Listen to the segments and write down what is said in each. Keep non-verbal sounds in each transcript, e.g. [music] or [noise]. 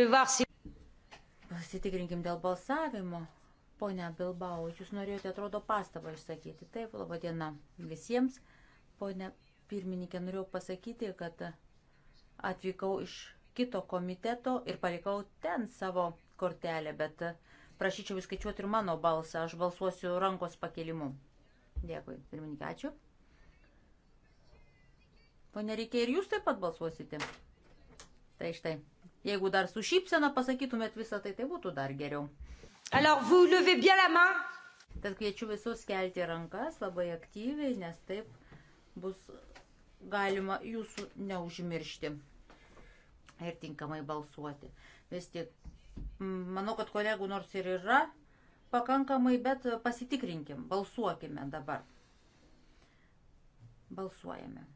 Pasitikrinkim dėl balsavimo. Pone Bilbao, jūs norėjote, atrodo, pastabą išsakyti. Taip, laba diena visiems. Pone pirmininkė, norėjau pasakyti, kad atvykau iš kito komiteto ir palikau ten savo kortelę, bet prašyčiau įskaičiuoti ir mano balsą. Aš balsuosiu rankos pakelimu. Dėkui, pirmininkė, ačiū. Pone Reikia, ir jūs taip pat balsuosite. Tai štai. Jeigu dar su šypsena pasakytumėt visą tai, tai būtų dar geriau. Alors, vous levez bien la main. Tad kviečiu visus kelti rankas labai aktyviai, nes taip bus galima jūsų neužmiršti ir tinkamai balsuoti. Vis tik, manau, kad kolegų nors ir yra pakankamai, bet pasitikrinkim, balsuokime dabar. Balsuojame.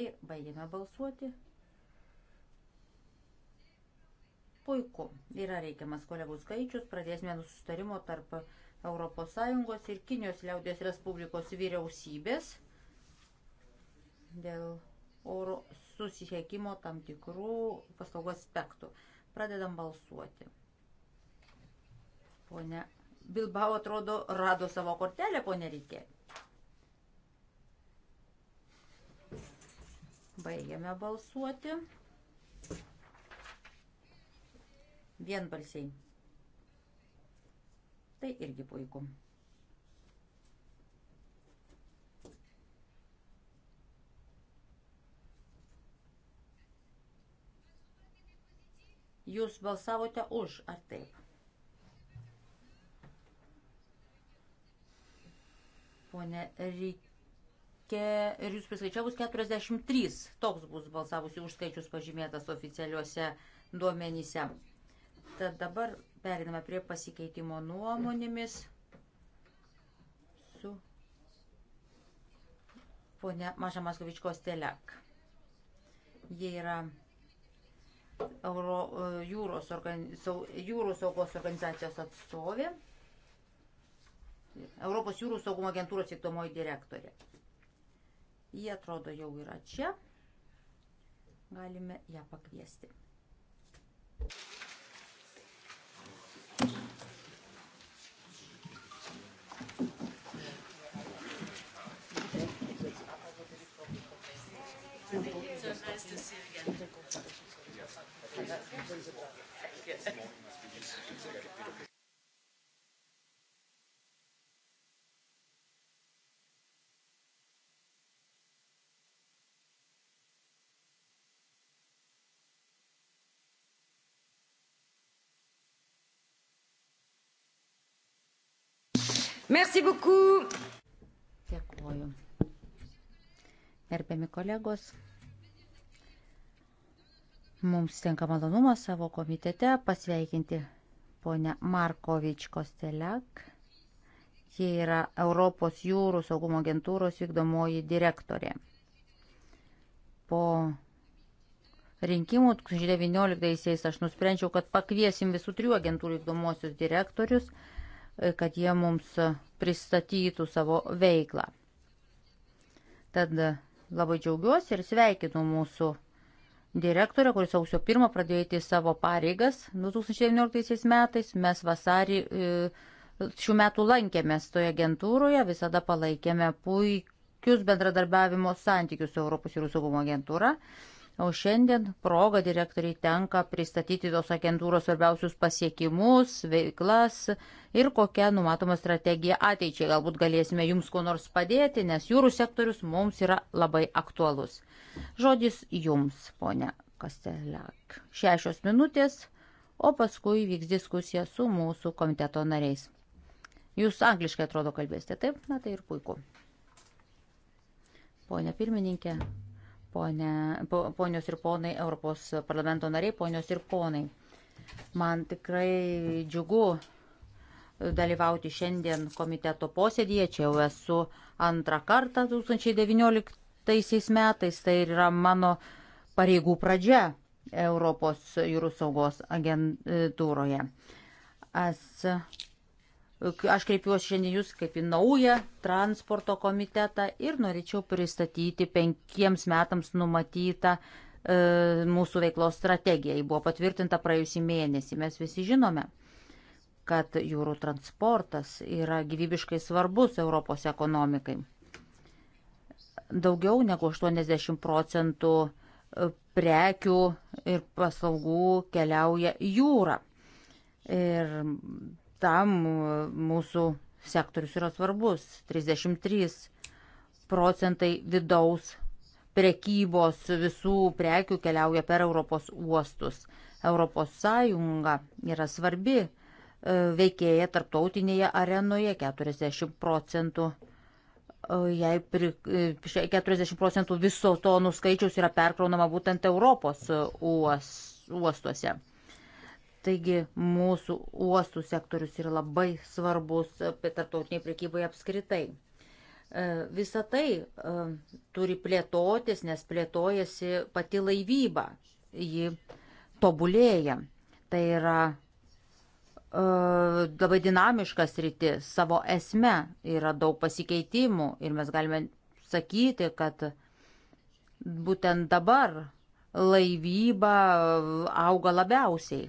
Ir baigėme balsuoti. Puiku, yra reikiamas kolegų skaičius, pradėsime nuo sustarimo tarp ES ir Kinijos liaudės Respublikos vyriausybės dėl oro susisiekimo tam tikrų paslaugų aspektų. Pradedam balsuoti. Pone Bilbao atrodo rado savo kortelę, ponė Reikėlė. Baigiame balsuoti. Vienbalsiai. Tai irgi puiku. Jūs balsavote už, ar taip? Pone Ryk ir jūs priskaičiavus 43, toks bus balsavusių užskaičius pažymėtas oficialiuose duomenyse. Tad dabar periname prie pasikeitimo nuomonėmis su ponia Maša Maskovičkos Telek. Jie yra Euro, e, jūros, organi, jūrų saugos organizacijos atstovė, Europos jūrų saugumo agentūros įktomoji direktorė. Jie atrodo jau yra čia. Galime ją pakviesti. So nice to see you again. Yes. Merci beaucoup. Dėkuoju. Gerbiami kolegos, mums tenka malonumas savo komitete pasveikinti ponę Markovič Kostelek. Ji yra Europos jūrų saugumo agentūros vykdomoji direktorė. Po rinkimų 2019-aisiais aš nusprendžiau, kad pakviesim visų trijų agentūrų vykdomosius direktorius kad jie mums pristatytų savo veiklą. Tad labai džiaugiuosi ir sveikinu mūsų direktorę, kuris sausio 1 pradėjo įti savo pareigas 2019 metais. Mes vasarį e, šių metų lankėmės toje agentūroje, visada palaikėme puikius bendradarbiavimo santykius su Europos jūrų saugumo agentūra. O šiandien proga direktoriai tenka pristatyti tos agentūros svarbiausius pasiekimus, veiklas ir kokią numatomą strategiją ateičiai. Galbūt galėsime jums kuo nors padėti, nes jūrų sektorius mums yra labai aktualus. Žodis jums, ponia Kasteliak. Šešios minutės, o paskui vyks diskusija su mūsų komiteto nariais. Jūs angliškai atrodo kalbėsite, taip? Na tai ir puiku. Pone pirmininkė, Pone, ponios ir ponai, Europos parlamento nariai, ponios ir ponai. Man tikrai džiugu dalyvauti šiandien komiteto posėdėje. Čia jau esu antrą kartą 2019 metais. Tai yra mano pareigų pradžia Europos jūrų saugos agentūroje. E, Aš Aš kreipiuosi šiandien jūs kaip į naują transporto komitetą ir norėčiau pristatyti penkiems metams numatytą e, mūsų veiklos strategiją. Ji buvo patvirtinta praėjusį mėnesį. Mes visi žinome, kad jūrų transportas yra gyvybiškai svarbus Europos ekonomikai. Daugiau negu 80 procentų e, prekių ir paslaugų keliauja jūra. Ir tam e, mūsų sektorius yra svarbus. 33 procentai vidaus prekybos visų prekių keliauja per Europos uostus. Europos Sąjunga yra svarbi e, veikėja tarptautinėje arenoje 40 procentų. E, Jei pri, 40 procentų viso tonų skaičiaus yra perkraunama būtent Europos uos, uostuose. Taigi mūsų uostų sektorius yra labai svarbus e, tarptautiniai priekybai apskritai. E, Visą tai e, turi plėtotis, nes plėtojasi pati laivyba, ji tobulėja. Tai yra labai dinamiškas rytis, savo esme yra daug pasikeitimų ir mes galime sakyti, kad būtent dabar laivyba auga labiausiai.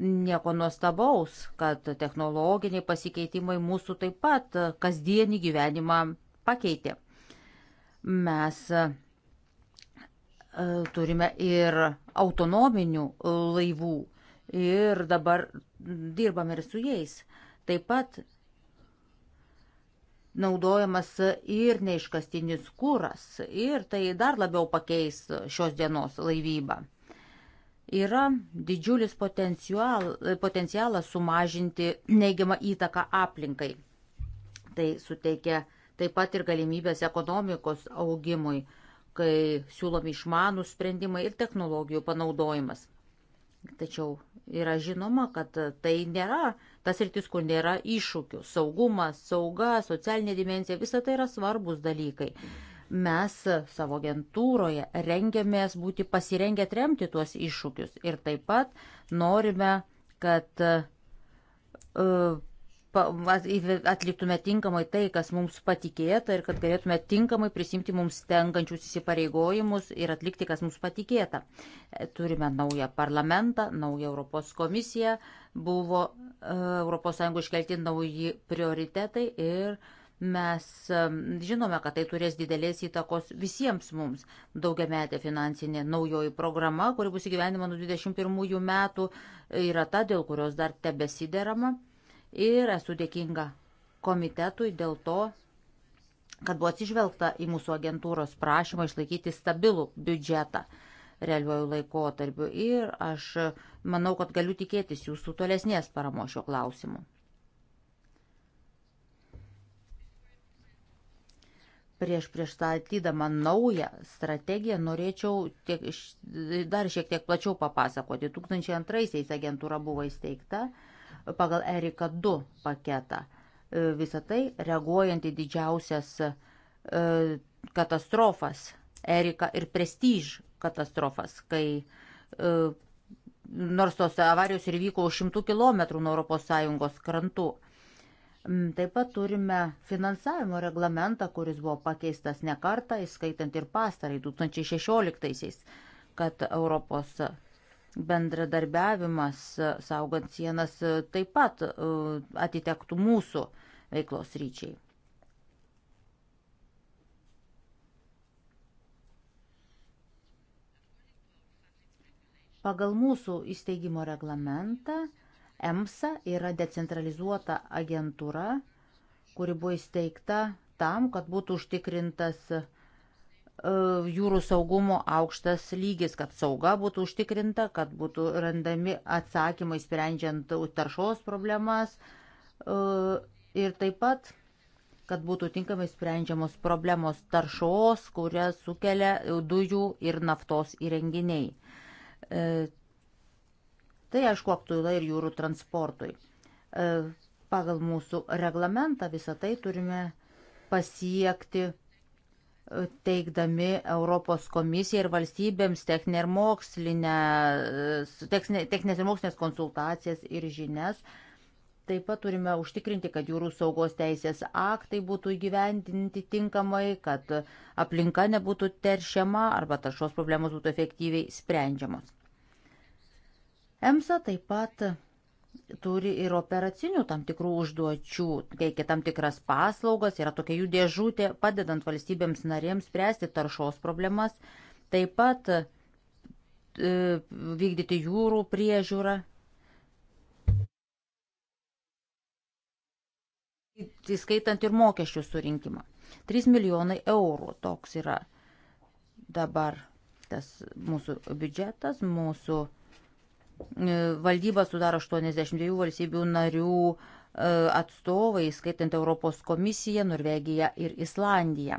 Nieko nuostabaus, kad technologiniai pasikeitimai mūsų taip pat kasdienį gyvenimą pakeitė. Mes e, turime ir autonominių laivų ir dabar dirbame ir su jais. Taip pat naudojamas ir neiškastinis kūras ir tai dar labiau pakeis šios dienos laivybą. Yra didžiulis potencial, potencialas sumažinti neigiamą įtaką aplinkai. Tai suteikia taip pat ir galimybės ekonomikos augimui, kai siūlomi išmanų sprendimai ir technologijų panaudojimas. Tačiau yra žinoma, kad tai nėra tas rytis, kur nėra iššūkių. Saugumas, sauga, socialinė dimencija - visa tai yra svarbus dalykai. Mes savo agentūroje rengiamės būti pasirengę tremti tuos iššūkius ir taip pat norime, kad e, atliktume tinkamai tai, kas mums patikėta ir kad galėtume tinkamai prisimti mums tenkančius įsipareigojimus ir atlikti, kas mums patikėta. E, turime naują parlamentą, naują Europos komisiją, buvo ES iškelti nauji prioritetai ir Mes žinome, kad tai turės didelės įtakos visiems mums. Daugiametė finansinė naujoji programa, kuri bus įgyvenima nuo 21 metų, yra ta, dėl kurios dar tebesiderama. Ir esu dėkinga komitetui dėl to, kad buvo atsižvelgta į mūsų agentūros prašymą išlaikyti stabilų biudžetą realiuoju laikotarpiu ir aš manau, kad galiu tikėtis jūsų tolesnės paramos šio klausimu. prieš priešstatydama naują strategiją norėčiau tiek, dar šiek tiek plačiau papasakoti. 2002-aisiais agentūra buvo įsteigta pagal Erika 2 paketą. E, Visą tai reaguojant į didžiausias e, katastrofas, Erika ir Prestiž katastrofas, kai e, nors tos avarijos ir vyko už šimtų kilometrų nuo ES krantų Mm, taip pat turime finansavimo reglamentą, kuris buvo pakeistas ne kartą, įskaitant ir pastarai 2016-aisiais, kad Europos bendradarbiavimas, saugant sienas, taip pat e, atitektų mūsų veiklos ryčiai. Pagal mūsų įsteigimo reglamentą EMSA yra decentralizuota agentūra, kuri buvo įsteigta tam, kad būtų užtikrintas e, jūrų saugumo aukštas lygis, kad sauga būtų užtikrinta, kad būtų randami atsakymai sprendžiant taršos problemas e, ir taip pat, kad būtų tinkamai sprendžiamos problemos taršos, kurią sukelia dujų ir naftos įrenginiai. E, Tai aišku aktuila ir jūrų transportui. E, pagal mūsų reglamentą visą tai turime pasiekti e, teikdami Europos komisijai ir valstybėms e, techninės ir mokslinės konsultacijas ir žinias. Taip pat turime užtikrinti, kad jūrų saugos teisės aktai būtų įgyvendinti tinkamai, kad aplinka nebūtų teršiama arba taršos problemos būtų efektyviai sprendžiamos. EMSA taip pat turi ir operacinių tam tikrų užduočių, teikia tam tikras paslaugas, yra tokia jų dėžutė, padedant valstybėms narėms spręsti taršos problemas, taip pat e, vykdyti jūrų priežiūrą. Įskaitant ir mokesčių surinkimą. 3 milijonai eurų toks yra dabar tas mūsų biudžetas, mūsų E, valdyba sudaro 82 valstybių narių e, atstovai, skaitant Europos komisiją, Norvegiją ir Islandiją.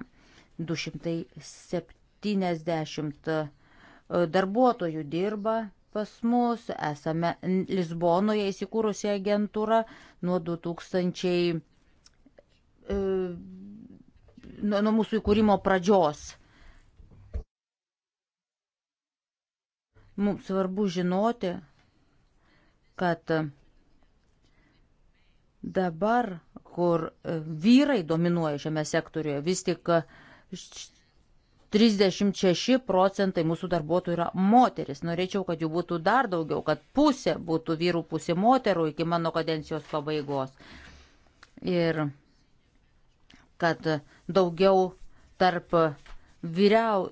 270 e, darbuotojų dirba pas mus, esame Lisbonoje įsikūrusi agentūra nuo 2000, nuo mūsų įkūrimo pradžios. Mums svarbu žinoti, kad dabar, kur vyrai dominuoja šiame sektoriuje, vis tik 36 procentai mūsų darbuotojų yra moteris. Norėčiau, kad jų būtų dar daugiau, kad pusė būtų vyrų, pusė moterų iki mano kadencijos pabaigos. Ir kad daugiau tarp Vyriau,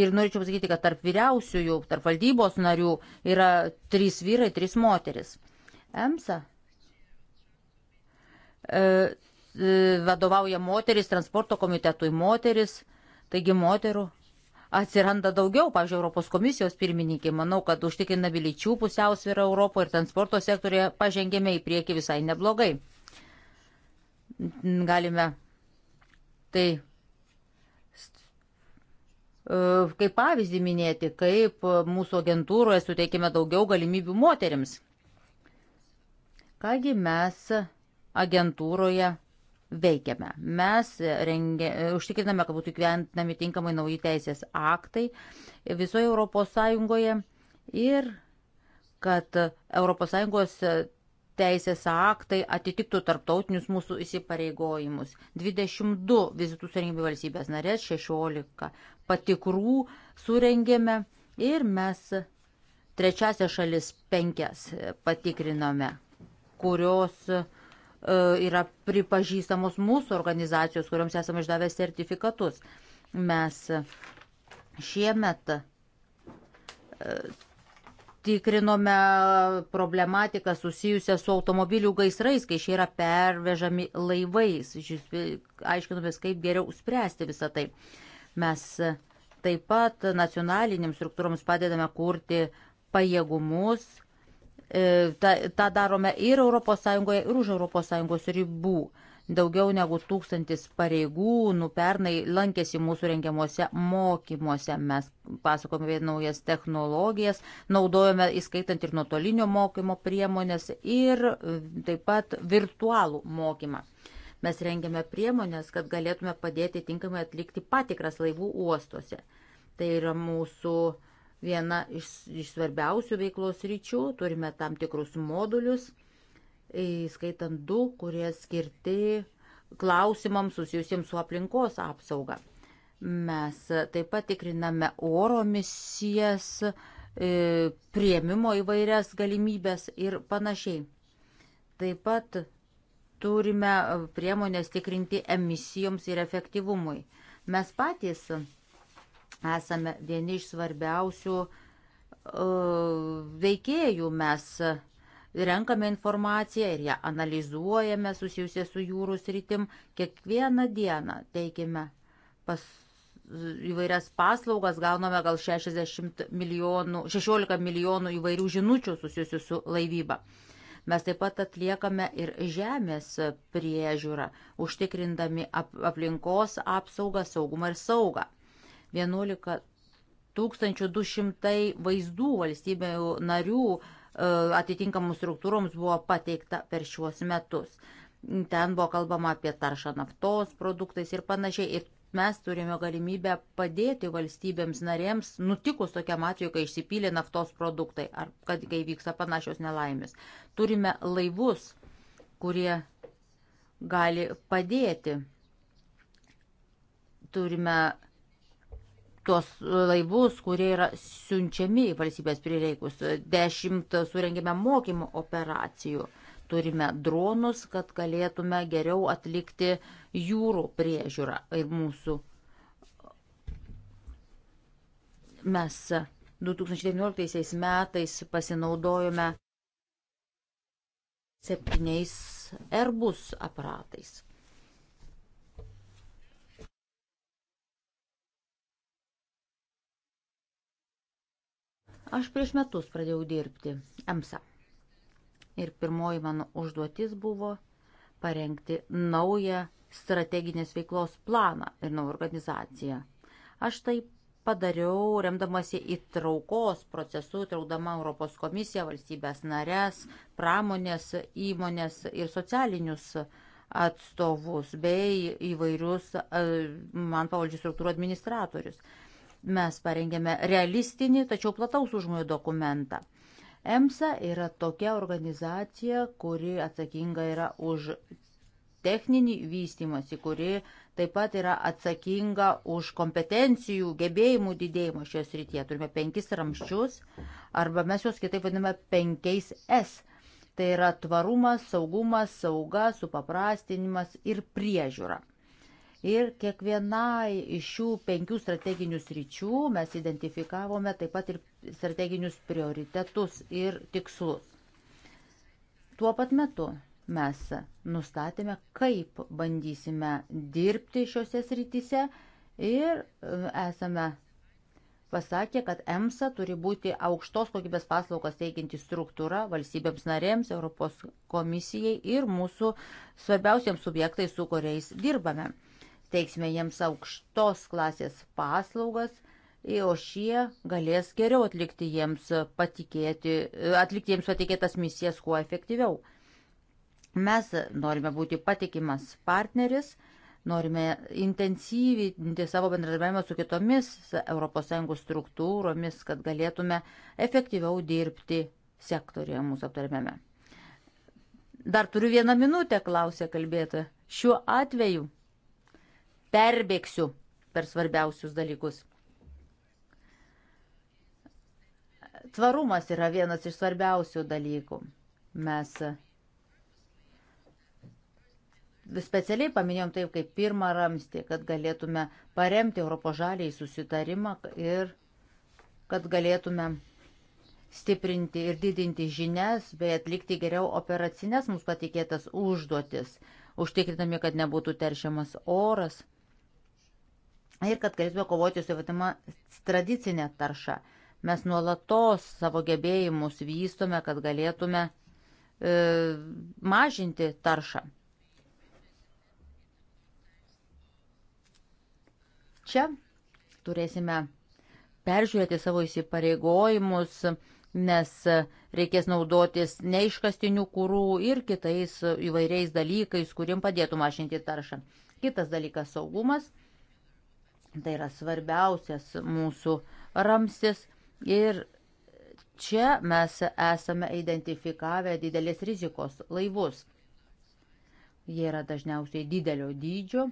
ir norėčiau pasakyti, kad tarp vyriausiųjų, tarp valdybos narių yra trys vyrai, trys moteris. EMSA e, e vadovauja moteris, transporto komitetui moteris, taigi moterų atsiranda daugiau, pavyzdžiui, Europos komisijos pirmininkė, manau, kad užtikrina vilyčių pusiausvyrą Europoje ir transporto sektorėje pažengėme į priekį visai neblogai. Galime tai E, kaip pavyzdį minėti, kaip mūsų agentūroje suteikime daugiau galimybių moteriams. Kągi mes agentūroje veikiame. Mes rengia, užtikriname, kad būtų gyventinami tinkamai nauji teisės aktai visoje ES ir kad ES teisės aktai atitiktų tarptautinius mūsų įsipareigojimus. 22 vizitus rengėme valstybės narės, 16 patikrų surengėme ir mes trečiasią šalis penkias patikrinome, kurios e, yra pripažįstamos mūsų organizacijos, kuriuoms esame išdavę sertifikatus. Mes šiemet e, tikrinome problematiką susijusią su automobilių gaisrais, kai šie yra pervežami laivais. Aiškinomės, kaip geriau spręsti visą tai. Mes taip pat nacionalinėms struktūroms padedame kurti pajėgumus. E, ta, tą darome ir ES, ir už ES ribų. Daugiau negu tūkstantis pareigūnų nu, pernai lankėsi mūsų rengiamuose mokymuose. Mes pasakome apie naujas technologijas, naudojame įskaitant ir nuotolinio mokymo priemonės ir e, taip pat virtualų mokymą. Mes rengiame priemonės, kad galėtume padėti tinkamai atlikti patikras laivų uostuose. Tai yra mūsų viena iš, iš svarbiausių veiklos ryčių. Turime tam tikrus modulius įskaitant du, kurie skirti klausimams susijusiems su aplinkos apsauga. Mes taip pat tikriname oro misijas, e, prieimimo įvairias galimybės ir panašiai. Taip pat turime priemonės tikrinti emisijoms ir efektyvumui. Mes patys esame vieni iš svarbiausių e, veikėjų, mes renkame informaciją ir ją analizuojame susijusią su jūrų sritim. Kiekvieną dieną teikime pas, įvairias paslaugas, gauname gal 60 milijonų, 16 milijonų įvairių žinučių susijusių su laivyba. Mes taip pat atliekame ir žemės priežiūrą, užtikrindami ap aplinkos apsaugą, saugumą ir saugą. 11 1200 vaizdų valstybių narių E, atitinkamus struktūroms buvo pateikta per šiuos metus. Ten buvo kalbama apie taršą naftos produktais ir panašiai. Ir mes turime galimybę padėti valstybėms narėms, nutikus tokiam atveju, kai išsipylė naftos produktai ar kad kai vyksta panašios nelaimės. Turime laivus, kurie gali padėti. Turime tuos laivus, kurie yra siunčiami į valstybės prireikus. Dešimt surengėme mokymo operacijų. Turime dronus, kad galėtume geriau atlikti jūrų priežiūrą ir mūsų. Mes 2019 metais pasinaudojome septyniais Airbus aparatais. Aš prieš metus pradėjau dirbti EMSA. Ir pirmoji mano užduotis buvo parengti naują strateginės veiklos planą ir naują organizaciją. Aš tai padariau remdamasi įtraukos procesu, traukdama Europos komisiją, valstybės narės, pramonės įmonės ir socialinius atstovus bei įvairius e, man pavaldžių struktūrų administratorius. Mes parengėme realistinį, tačiau plataus užmojo dokumentą. EMSA yra tokia organizacija, kuri atsakinga yra už techninį vystimąsi, kuri taip pat yra atsakinga už kompetencijų, gebėjimų didėjimą šioje srityje. Turime penkis ramščius, arba mes juos kitaip vadiname penkiais S. Tai yra tvarumas, saugumas, sauga, supaprastinimas ir priežiūra. Ir kiekvienai iš šių penkių strateginių sričių mes identifikavome taip pat ir strateginius prioritetus ir tikslus. Tuo pat metu mes nustatėme, kaip bandysime dirbti šiuose srityse ir e, esame pasakė, kad EMSA turi būti aukštos kokybės paslaugas teikianti struktūra valstybėms narėms, Europos komisijai ir mūsų svarbiausiams subjektais, su kuriais dirbame teiksime jiems aukštos klasės paslaugas, o šie galės geriau atlikti jiems, patikėti, atlikti jiems patikėtas misijas kuo efektyviau. Mes norime būti patikimas partneris, norime intensyvinti savo bendradarbiavimą su kitomis ES struktūromis, kad galėtume efektyviau dirbti sektorėje mūsų aptarėme. Dar turiu vieną minutę, klausė kalbėtoja. Šiuo atveju perbėgsiu per svarbiausius dalykus. Tvarumas yra vienas iš svarbiausių dalykų. Mes specialiai paminėjom taip kaip pirmą ramstį, kad galėtume paremti Europos žaliai susitarimą ir kad galėtume stiprinti ir didinti žinias bei atlikti geriau operacinės mums patikėtas užduotis, užtikrinami, kad nebūtų teršiamas oras ir kad galėtume kovoti su vadinama tradicinė tarša. Mes nuolatos savo gebėjimus vystome, kad galėtume e, mažinti taršą. Čia turėsime peržiūrėti savo įsipareigojimus, nes reikės naudotis neiškastinių kūrų ir kitais įvairiais dalykais, kurim padėtų mažinti taršą. Kitas dalykas - saugumas Tai yra svarbiausias mūsų ramstis ir čia mes esame identifikavę didelės rizikos laivus. Jie yra dažniausiai didelio dydžio,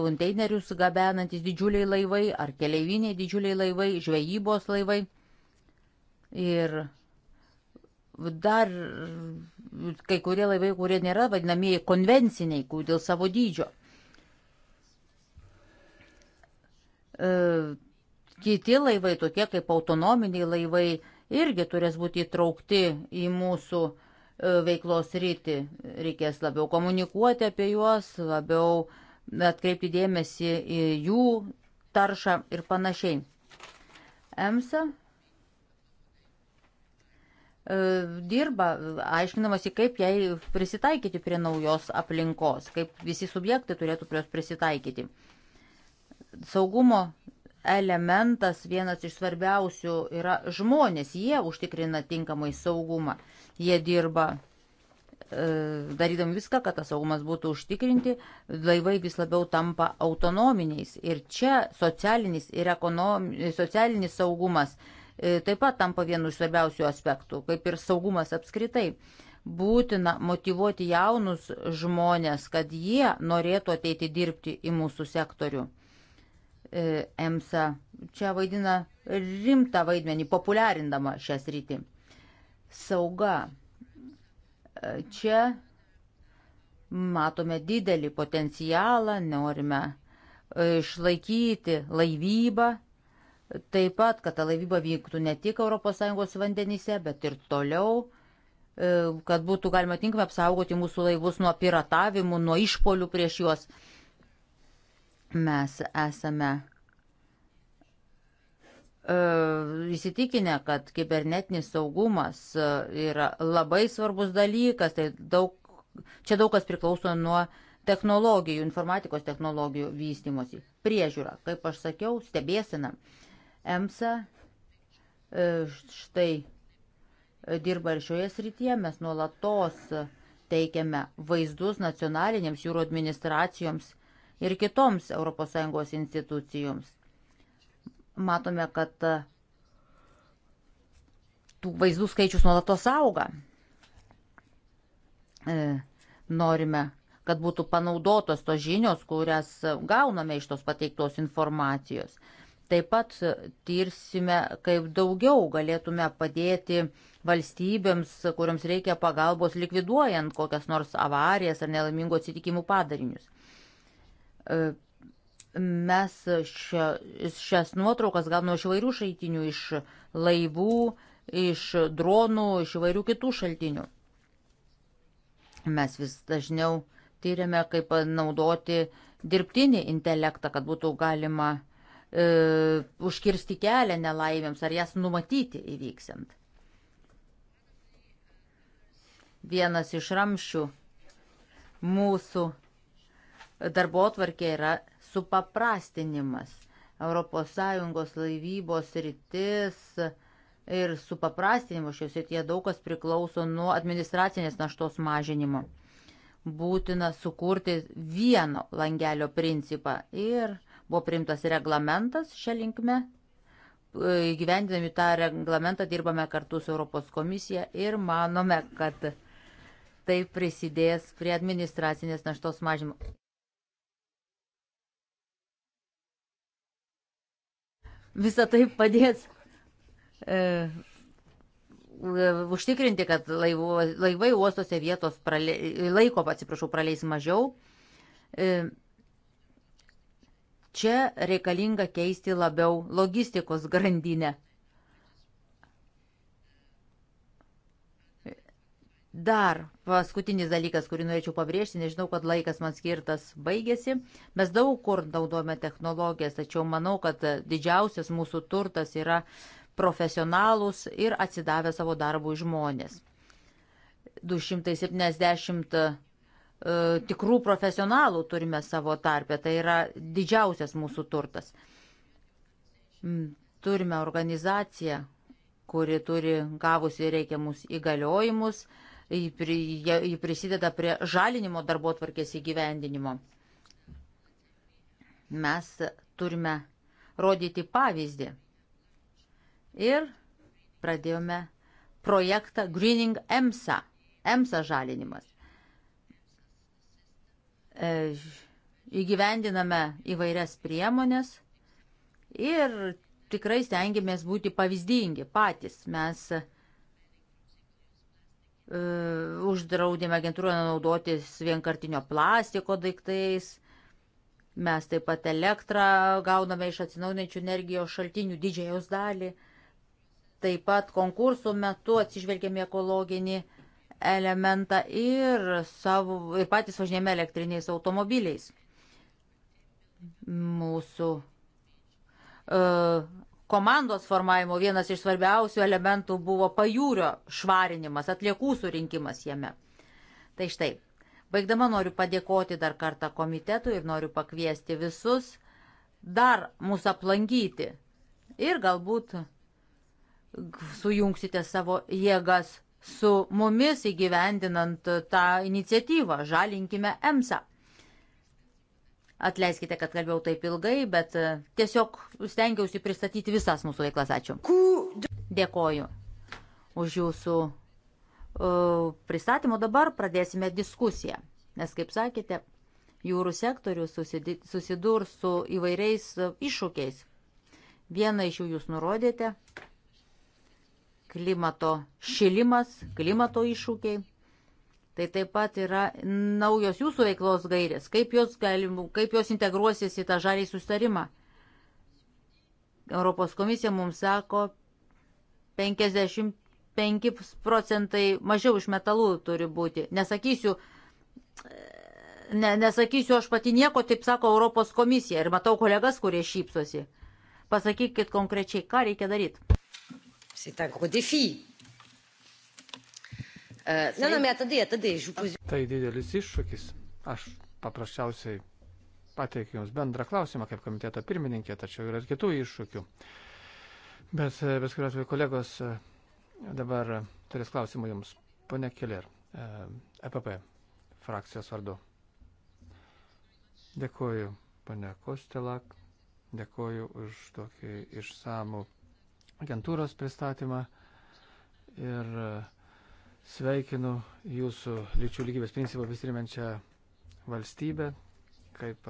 konteinerius gabenantis didžiuliai laivai ar keleiviniai didžiuliai laivai, žvejybos laivai. Ir dar kai kurie laivai, kurie nėra vadinamieji konvenciniai, dėl savo dydžio. E, kiti laivai, tokie kaip autonominiai laivai, irgi turės būti įtraukti į mūsų e, veiklos rytį. Reikės labiau komunikuoti apie juos, labiau atkreipti dėmesį į jų taršą ir panašiai. EMSA e, dirba, aiškinamasi, kaip jai prisitaikyti prie naujos aplinkos, kaip visi subjektai turėtų prie jos prisitaikyti saugumo elementas vienas iš svarbiausių yra žmonės. Jie užtikrina tinkamai saugumą. Jie dirba e, darydami viską, kad tas saugumas būtų užtikrinti, laivai vis labiau tampa autonominiais. Ir čia socialinis, ir ekonomi, socialinis saugumas e, taip pat tampa vienu iš svarbiausių aspektų, kaip ir saugumas apskritai. Būtina motivuoti jaunus žmonės, kad jie norėtų ateiti dirbti į mūsų sektorių. E, EMSA čia vaidina rimtą vaidmenį, populiarindama šią sritį. Sauga. E, čia matome didelį potencialą, norime e, išlaikyti laivybą, taip pat, kad ta laivyba vyktų ne tik ES vandenyse, bet ir toliau, kad būtų galima tinkamai apsaugoti mūsų laivus nuo piratavimų, nuo išpolių prieš juos. Mes esame e, įsitikinę, kad kibernetinis saugumas e, yra labai svarbus dalykas, tai daug, čia daug kas priklauso nuo technologijų, informatikos technologijų vystimosi. Priežiūra, kaip aš sakiau, stebėsina. EMSA e, štai dirba ir šioje srityje, mes nuolatos teikiame vaizdus nacionalinėms jūrų administracijoms ir kitoms ES institucijoms. Matome, kad e, tų vaizdų skaičius nuolatos auga. E, norime, kad būtų panaudotos tos žinios, kurias gauname iš tos pateiktos informacijos. Taip pat tirsime, kaip daugiau galėtume padėti valstybėms, kuriams reikia pagalbos likviduojant kokias nors avarijas ar nelaimingų atsitikimų padarinius. E, mes šia, šias nuotraukas gauname iš vairių šaltinių, iš laivų, iš dronų, iš vairių kitų šaltinių. Mes vis dažniau tyriame, kaip naudoti dirbtinį intelektą, kad būtų galima e, užkirsti kelią nelaimėms ar jas numatyti įvyksiant. Vienas iš ramščių mūsų darbo atvarkė yra supaprastinimas. ES laivybos rytis ir supaprastinimo šios rytyje daug kas priklauso nuo administracinės naštos mažinimo. Būtina sukurti vieno langelio principą ir buvo priimtas reglamentas šią linkmę. Įgyvendinami tą reglamentą dirbame kartu su Europos komisija ir manome, kad tai prisidės prie administracinės naštos mažimo. visą tai padės e, užtikrinti, kad laivo, laivai uostose vietos prale, laiko, atsiprašau, praleis mažiau. E, čia reikalinga keisti labiau logistikos grandinę. Dar paskutinis dalykas, kurį norėčiau pabrėžti, nežinau, kad laikas man skirtas baigėsi. Mes daug kur naudojame technologijas, tačiau manau, kad didžiausias mūsų turtas yra profesionalus ir atsidavę savo darbų žmonės. 270 e, tikrų profesionalų turime savo tarpę, tai yra didžiausias mūsų turtas. Turime organizaciją, kuri turi gavusi reikiamus įgaliojimus ji prisideda prie žalinimo darbo tvarkės įgyvendinimo. Mes turime rodyti pavyzdį. Ir pradėjome projektą Greening EMSA, EMSA žalinimas. E, įgyvendiname įvairias priemonės ir tikrai stengiamės būti pavyzdingi patys. Mes E, uždraudėme agentūroje naudotis vienkartinio plastiko daiktais. Mes taip pat elektrą gauname iš atsinaujinančių energijos šaltinių didžiąją jos dalį. Taip pat konkursų metu atsižvelgėme ekologinį elementą ir, savo, ir patys važinėjame elektriniais automobiliais. Mūsų uh, komandos formavimo vienas iš svarbiausių elementų buvo pajūrio švarinimas, atliekų surinkimas jame. Tai štai, baigdama noriu padėkoti dar kartą komitetui ir noriu pakviesti visus dar mūsų aplankyti ir galbūt sujungsite savo jėgas su mumis įgyvendinant tą iniciatyvą Žalinkime EMSA. Atleiskite, kad kalbėjau taip ilgai, bet e, tiesiog stengiausi pristatyti visas mūsų veiklas. Ačiū. Dėkoju už jūsų e, pristatymo. Dabar pradėsime diskusiją. Nes, kaip sakėte, jūrų sektorius susidurs su įvairiais e, iššūkiais. Vieną iš jų jūs nurodėte - klimato šilimas, klimato iššūkiai. Tai taip pat yra naujos jūsų veiklos gairės, kaip jos, galim, kaip jos integruosis į tą žalį sustarimą. Europos komisija mums sako, 55 procentai mažiau iš metalų turi būti. Nesakysiu, e, ne, nesakysiu aš pati nieko, taip sako Europos komisija ir matau kolegas, kurie šypsosi. Pasakykit konkrečiai, ką reikia daryti. C'est un gros défi. Na, na, metadai, tada išpūsiu. Tai didelis iššūkis. Aš paprasčiausiai pateikiu Jums bendrą klausimą kaip komiteto pirmininkė, tačiau yra ir kitų iššūkių. Bet, e, bet kuriuo atveju, kolegos, e, dabar turės klausimų Jums. Pone Keller, EPP e frakcijos vardu. Dėkuoju, pane Kostelak, dėkuoju už tokį išsamų agentūros pristatymą ir uh, Sveikinu jūsų lyčių lygybės principą visrimenčią valstybę, kaip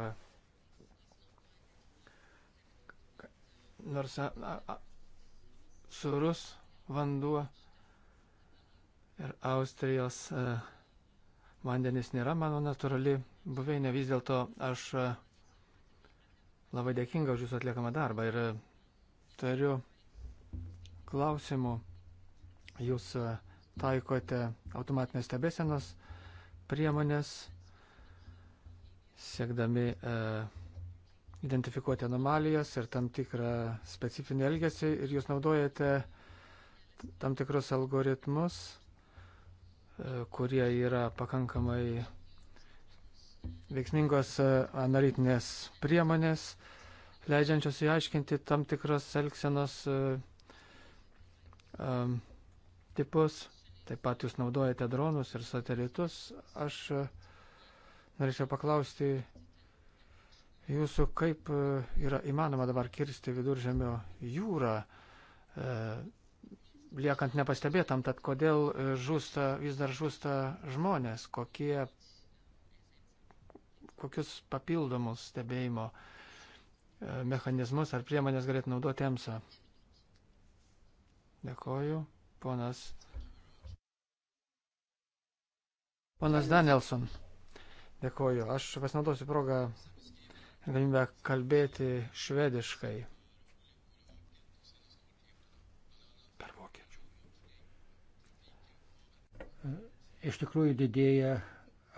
nors a, a, surus vanduo ir Austrijos a, vandenis nėra mano natūrali buveinė, vis dėlto aš a, labai dėkinga už jūsų atliekamą darbą ir a, turiu klausimų. Jūs a, taikote automatinės stebėsenos priemonės, siekdami e, identifikuoti anomalijas ir tam tikrą specifinį elgesį ir jūs naudojate tam tikrus algoritmus, e, kurie yra pakankamai veiksmingos e, analitinės priemonės, leidžiančios įaiškinti tam tikros elgsenos e, e, tipus. Taip pat jūs naudojate dronus ir satelitus. Aš e, norėčiau paklausti jūsų, kaip e, yra įmanoma dabar kirsti viduržemio jūrą, e, liekant nepastebėtam, tad kodėl žūsta, vis dar žūsta žmonės, kokie, kokius papildomus stebėjimo mechanizmus ar priemonės galėtų naudoti EMSA. Dėkoju, ponas Ponas Danielson, dėkoju. Aš pasinaudosiu progą galimybę kalbėti švediškai. Per vokiečių. Iš tikrųjų didėja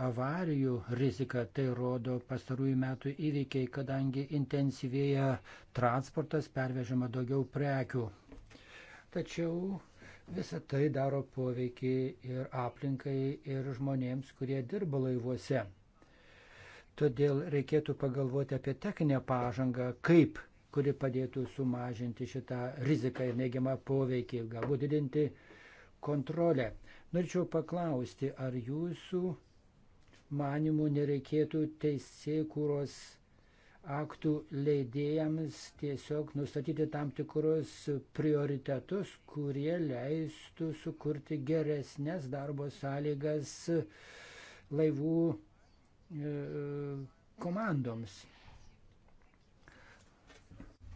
avarijų rizika, tai rodo pastarųjų metų įvykiai, kadangi intensyvėja transportas, pervežama daugiau prekių. Tačiau Visą tai daro poveikį ir aplinkai, ir žmonėms, kurie dirba laivuose. Todėl reikėtų pagalvoti apie techninę pažangą, kaip, kuri padėtų sumažinti šitą riziką ir neigiamą poveikį, galbūt didinti kontrolę. Norėčiau paklausti, ar jūsų manimų nereikėtų teisėkūros aktų leidėjams tiesiog nustatyti tam tikrus prioritetus, kurie leistų sukurti geresnės darbo sąlygas laivų e, komandoms.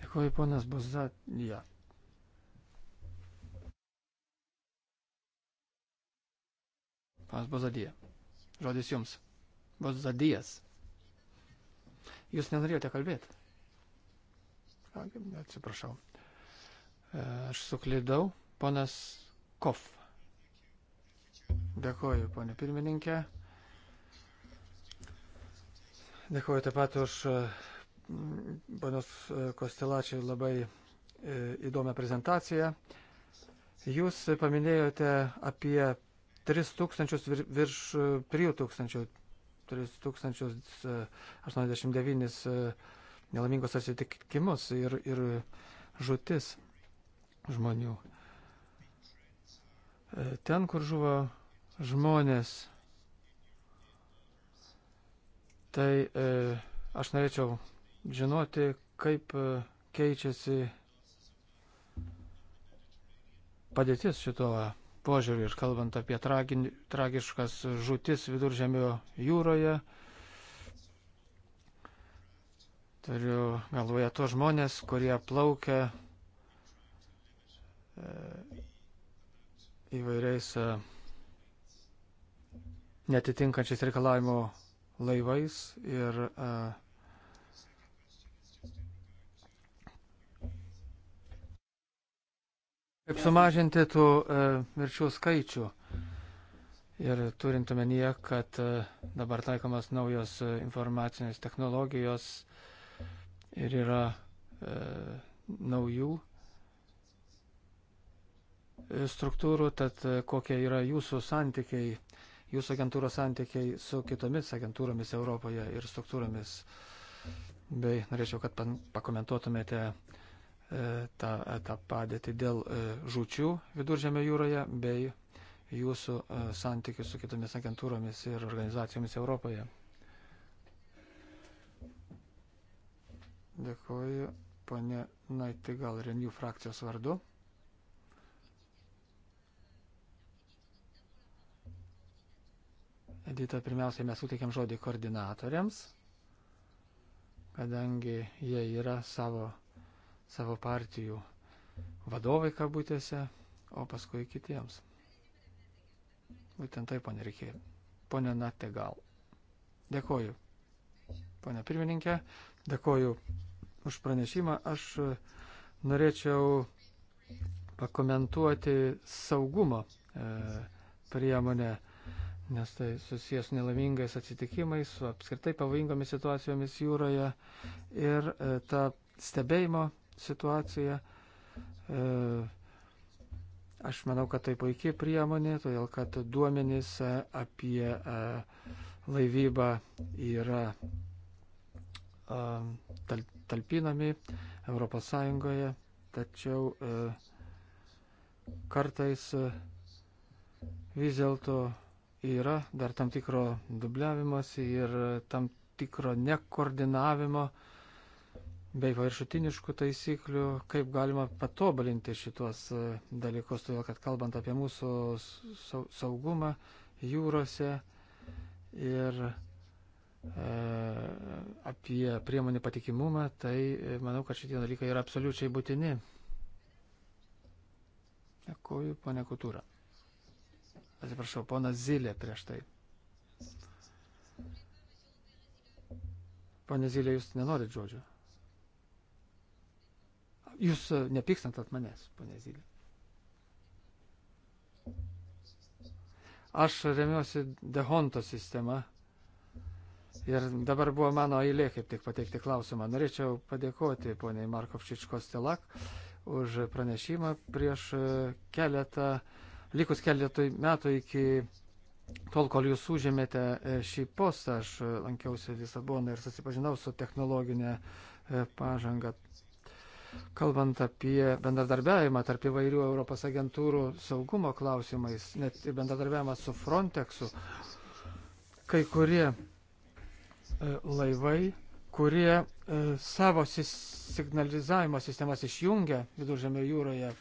Dėkuoju, ponas Bozatija. Ponas Bozadija. Žodis jums. Bozadijas. Jūs nenorėjote kalbėti. Atsiprašau. E, aš suklydau. Ponas Kof. Dėkoju, ponė pirmininkė. Dėkoju taip pat už e, ponios e, Kostelačiai labai įdomią prezentaciją. Jūs paminėjote apie 3 tūkstančius virš 3 tūkstančių 4089 e, e, nelaimingus atsitikimus ir, ir žutis žmonių. E, ten, kur žuvo žmonės, tai e, aš norėčiau žinoti, kaip keičiasi padėtis šitoje požiūrių ir kalbant apie tragin, tragiškas žūtis viduržemio jūroje. Turiu galvoje tos žmonės, kurie plaukia e, įvairiais e, netitinkančiais reikalavimo laivais ir uh, Kaip sumažinti tų e, mirčių skaičių? Ir turint omenyje, kad e, dabar taikomas naujos e, informacinės technologijos ir yra e, naujų e, struktūrų, tad kokie yra jūsų santykiai, jūsų agentūros santykiai su kitomis agentūromis Europoje ir struktūromis. Bei norėčiau, kad pakomentuotumėte E, tą, tą padėtį dėl e, žučių viduržėmio jūroje bei jūsų e, santykių su kitomis agentūromis ir organizacijomis Europoje. Dėkuoju, ponė Naiti, gal Renijų frakcijos vardu. Edita, pirmiausiai mes suteikėm žodį koordinatoriams, kadangi jie yra savo savo partijų vadovai kabutėse, o paskui kitiems. Būtent taip, ponė reikėjo. Pone Natė gal. Dėkoju. Pone pirmininkė, dėkoju už pranešimą. Aš e, norėčiau pakomentuoti saugumo e, priemonę, nes tai susijęs su nelaimingais atsitikimais, su apskritai pavojingomis situacijomis jūroje ir e, ta stebėjimo situaciją. E, Aš manau, kad tai puikiai priemonė, todėl kad duomenys apie e, laivybą yra e, talpinami ES, tačiau e, kartais vis dėlto yra dar tam tikro dubliavimas ir tam tikro nekoordinavimo uh, bei paviršutiniškų taisyklių, kaip galima patobulinti šitos e, dalykus, todėl kad kalbant apie mūsų saugumą jūrose ir e, apie priemonių patikimumą, tai e, manau, kad šitie dalykai yra absoliučiai būtini. Dėkuoju, ponia Kultūra. Atsiprašau, ponas Zilė prieš tai. Pone Zilė, jūs nenorit žodžio? Jūs e, nepykstant at manęs, ponė Zylė. Aš remiuosi Dehonto sistema. Ir dabar buvo mano eilė kaip tik pateikti klausimą. Norėčiau padėkoti poniai Markovčičkos Telak už pranešimą prieš e, keletą, likus keletui metų iki tol, kol jūs užėmėte e, šį postą, aš lankiausi Lisaboną ir susipažinau su technologinė pažanga kalbant apie bendradarbiavimą tarp įvairių Europos agentūrų saugumo klausimais, net ir bendradarbiavimą su Frontexu, kai kurie e, laivai, kurie e, savo signalizavimo sistemas išjungia viduržėmio jūroje,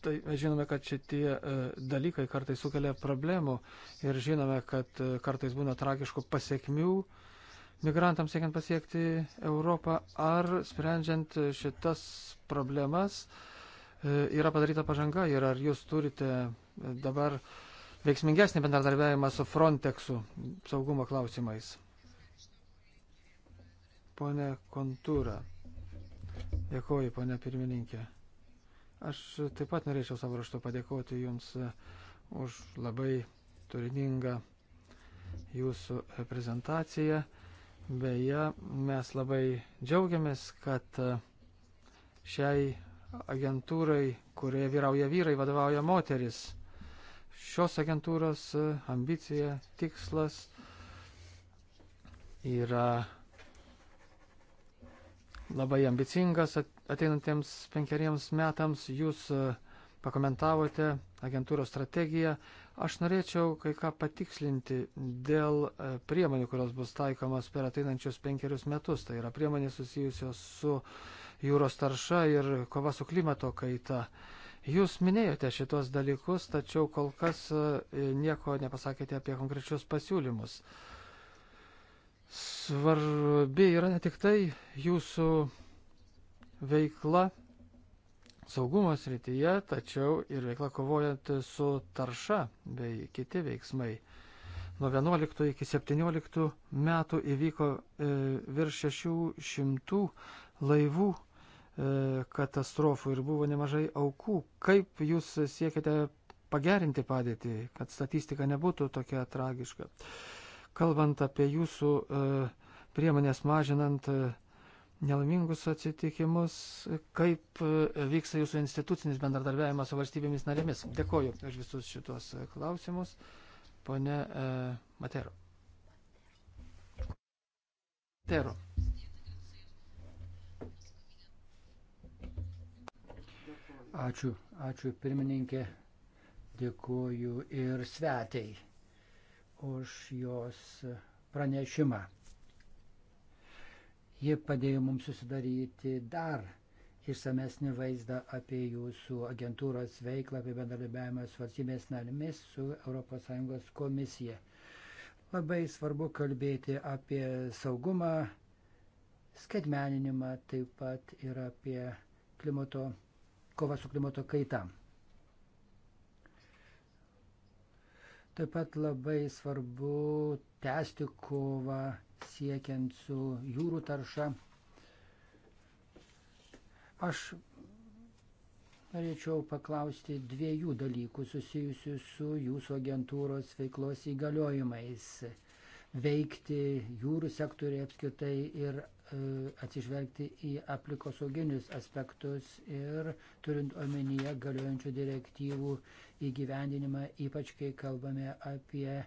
Tai mes žinome, kad šitie e, dalykai kartais sukelia problemų ir žinome, kad e, kartais būna tragiškų pasiekmių migrantams siekiant pasiekti Europą ar sprendžiant šitas problemas e, yra padaryta pažanga ir ar jūs turite dabar veiksmingesnį bendradarbiavimą su Frontexu saugumo klausimais. Pone Kontūra. Dėkuoju, pone pirmininkė. Aš taip pat norėčiau savo raštu padėkoti Jums e, už labai turiningą Jūsų e, prezentaciją. Beje, mes labai džiaugiamės, kad e, šiai agentūrai, kurioje vyrauja vyrai, vadovauja moteris. Šios agentūros ambicija, tikslas yra labai ambicingas, ateinantiems penkeriems metams. Jūs e, pakomentavote agentūros strategiją. Aš norėčiau kai ką patikslinti dėl e, priemonių, kurios bus taikomas per ateinančius penkerius metus. Tai yra priemonės susijusios su jūros tarša ir kova su klimato kaita. Jūs minėjote šitos dalykus, tačiau kol kas e, nieko nepasakėte apie konkrečius pasiūlymus. Svarbi yra ne tik tai jūsų veikla saugumo srityje, tačiau ir veikla kovojant su tarša bei kiti veiksmai. Nuo 11 iki 17 metų įvyko e, virš 600 laivų e, katastrofų ir buvo nemažai aukų. Kaip jūs siekite pagerinti padėtį, kad statistika nebūtų tokia tragiška? Kalbant apie jūsų e, priemonės mažinant e, nelaimingus atsitikimus, kaip e, vyksta jūsų institucinis bendradarbiavimas su valstybėmis narėmis. Dėkoju už visus šitos e, klausimus. Pone e, Matero. Matero. Ačiū, ačiū pirmininkė. Dėkuoju ir svetiai už jos pranešimą. Ji padėjo mums susidaryti dar išsamesnį vaizdą apie jūsų agentūros veiklą, apie bendradarbiavimą su valstybės narimis, su ES komisija. Labai svarbu kalbėti apie saugumą, skaitmeninimą, taip pat ir apie klimato, kovą su klimato kaita. Taip pat labai svarbu tęsti kovą siekiant su jūrų tarša. Aš norėčiau paklausti dviejų dalykų susijusių su jūsų agentūros veiklos įgaliojimais. Veikti jūrų sektoriai apskritai ir e, atsižvelgti į aplikosauginius aspektus ir turint omenyje galiojančių direktyvų įgyvendinimą, ypač kai kalbame apie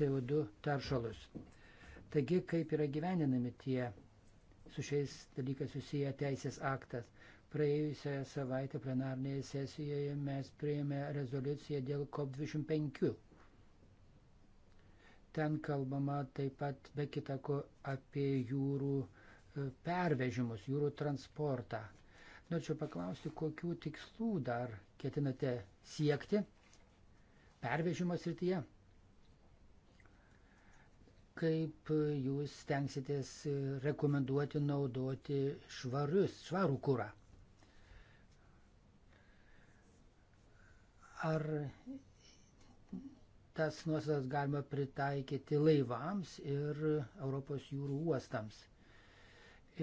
CO2 taršalus. Taigi, kaip yra gyveninami tie su šiais dalykais susiję teisės aktas. Praėjusią savaitę plenarnėje sesijoje mes priėmė rezoliuciją dėl COP25. Ten kalbama taip pat be kitako apie jūrų e, pervežimus, jūrų transportą. Norėčiau paklausti, kokių tikslų dar ketinate siekti pervežimo srityje? kaip jūs tenksitės rekomenduoti naudoti švarius, švarų kūrą? Ar tas nuostatas galima pritaikyti laivams ir Europos jūrų uostams?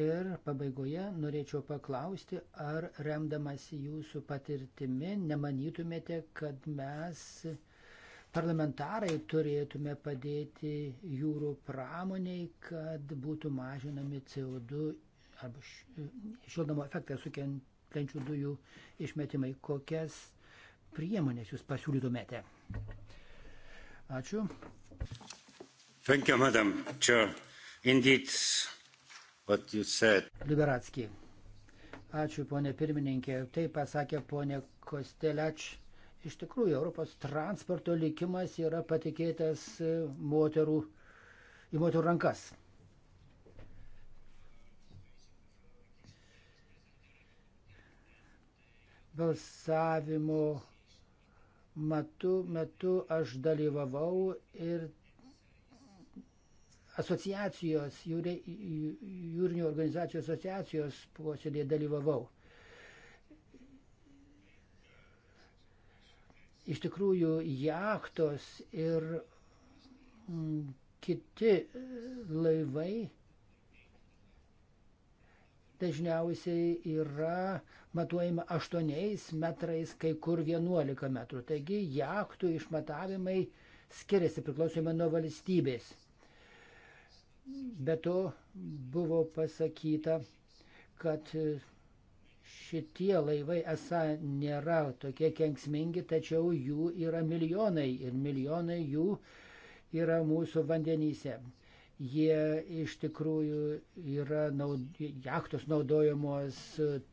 Ir pabaigoje norėčiau paklausti, ar remdamasi jūsų patirtimi nemanytumėte, kad mes uh, parlamentarai turėtume padėti jūrų pramoniai, kad būtų mažinami CO2 arba šildomo efektą sukeliančių dujų išmetimai. Kokias priemonės jūs pasiūlytumėte? Ačiū. Thank you, Madam Chair. Indeed, what you said. Liberatski. Ačiū, ponė pirmininkė. Taip pasakė ponė Kostelač Iš tikrųjų, Europos transporto likimas yra patikėtas e, moterų, į moterų rankas. Balsavimo metu, metu aš dalyvavau ir asociacijos, jūrinių organizacijų asociacijos posėdėje dalyvavau. iš tikrųjų jachtos ir mm, kiti e, laivai dažniausiai yra matuojama 8 metrais, kai kur 11 metrų. Taigi jachtų išmatavimai skiriasi priklausomai nuo valstybės. Be to buvo pasakyta, kad e, šitie laivai esą nėra tokie kenksmingi, tačiau jų yra milijonai ir milijonai jų yra mūsų vandenyse. Jie iš tikrųjų yra, naud... jachtos naudojamos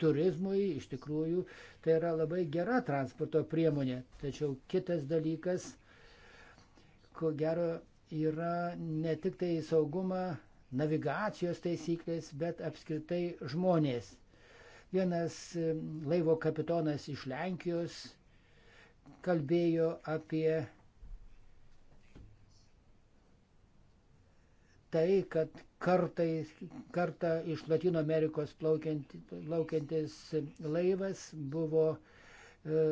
turizmui, iš tikrųjų tai yra labai gera transporto priemonė. Tačiau kitas dalykas, ko gero, yra ne tik tai saugumą, navigacijos taisyklės, bet apskritai žmonės Vienas e, laivo kapitonas iš Lenkijos kalbėjo apie tai, kad kartais, kartą iš Latino Amerikos plaukiantis laivas buvo e,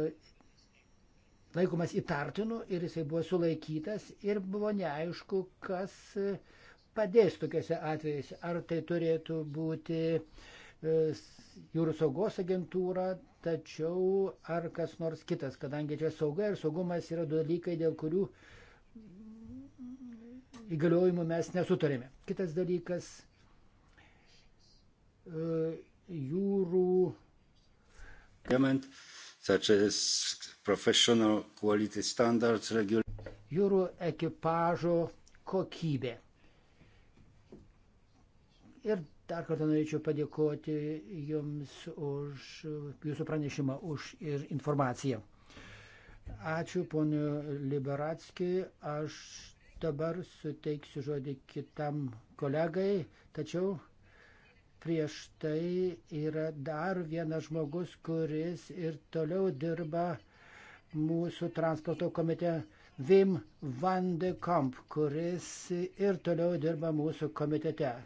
laikomas įtartinu ir jisai buvo sulaikytas ir buvo neaišku, kas e, padės tokiuose atvejuose. Ar tai turėtų būti e, E, jūrų saugos agentūra, tačiau ar kas nors kitas, kadangi čia sauga ir saugumas yra du dalykai, dėl kurių įgaliojimų mes nesutarėme. Kitas dalykas e, - jūrų. Government, such as professional quality standards, regular. Jūrų ekipažo kokybė. Ir Dar kartą norėčiau padėkoti Jums už Jūsų pranešimą, už ir informaciją. Ačiū, ponio Liberatskiai. Aš dabar suteiksiu žodį kitam kolegai, tačiau prieš tai yra dar vienas žmogus, kuris ir toliau dirba mūsų transporto komitete. Vim van de Kamp, kuris ir toliau dirba mūsų komitete.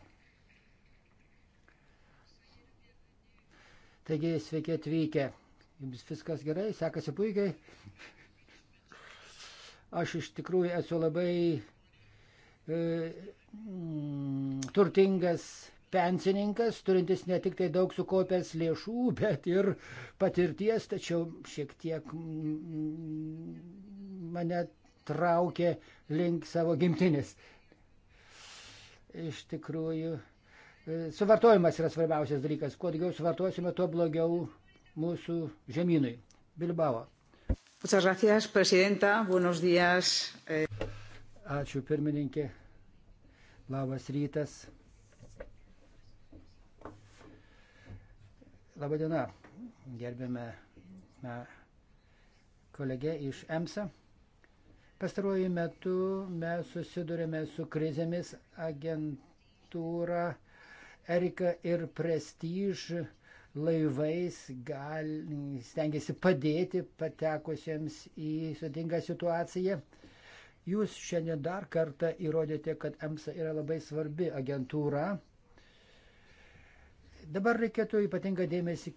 Taigi sveiki atvykę. Jums viskas gerai, sekasi puikiai. Aš iš tikrųjų esu labai e, mm, turtingas pensininkas, turintis ne tik tai daug sukaupęs lėšų, [laughs] bet ir patirties, tačiau šiek tiek mm, mane traukė link savo gimtinės. Iš tikrųjų, E, suvartojimas yra svarbiausias dalykas. Kuo daugiau suvartosime, tuo blogiau mūsų žemynui. Bilbao. Muchas gracias, presidenta. Buenos días. Eh. Ačiū, pirmininkė. Labas rytas. Labadiena, gerbėme kolegė iš EMSA. Pastaruoju metu mes susidurėme su krizėmis agentūra Erika ir Prestige laivais gal, stengiasi padėti patekusiems į sudingą situaciją. Jūs šiandien dar kartą įrodėte, kad EMSA yra labai svarbi agentūra. Dabar reikėtų ypatingą dėmesį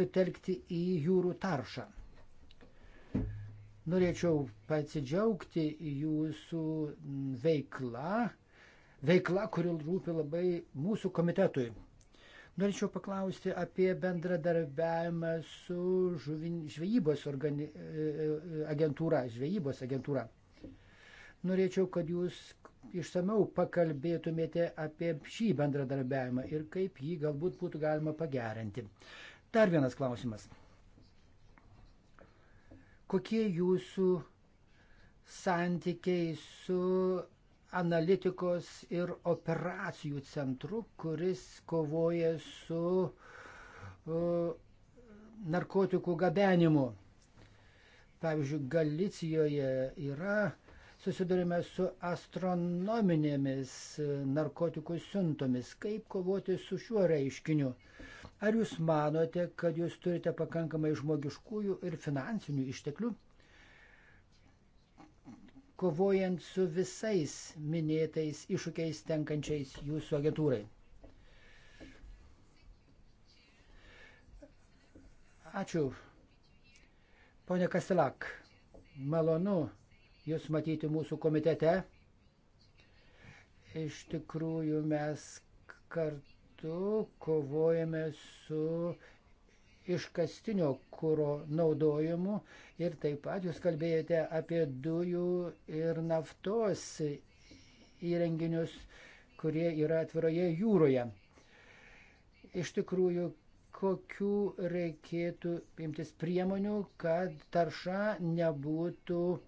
sutelkti į jūrų taršą. Norėčiau pasidžiaugti jūsų veikla veikla, kuri rūpi labai mūsų komitetui. Norėčiau paklausti apie bendradarbiavimą su žuvin, žvejybos organi, e, e, agentūra, žvejybos agentūra. Norėčiau, kad jūs išsameu pakalbėtumėte apie šį bendradarbiavimą ir kaip jį galbūt būtų galima pagerinti. Dar vienas klausimas. Kokie jūsų santykiai su analitikos ir operacijų centru, kuris kovoja su uh, narkotikų gabenimu. Pavyzdžiui, Galicijoje yra susidurime su astronominėmis e, narkotikų siuntomis. Kaip kovoti su šiuo reiškiniu? Ar jūs manote, kad jūs turite pakankamai žmogiškųjų ir finansinių išteklių? kovojant su visais minėtais iššūkiais tenkančiais jūsų agentūrai. Ačiū. Pone Kastelak, malonu Jūs matyti mūsų komitete. Iš tikrųjų mes kartu kovojame su iškastinio kūro naudojimu ir taip pat jūs kalbėjote apie dujų ir naftos įrenginius, kurie yra atviroje jūroje. Iš tikrųjų, kokių reikėtų imtis priemonių, kad tarša nebūtų e,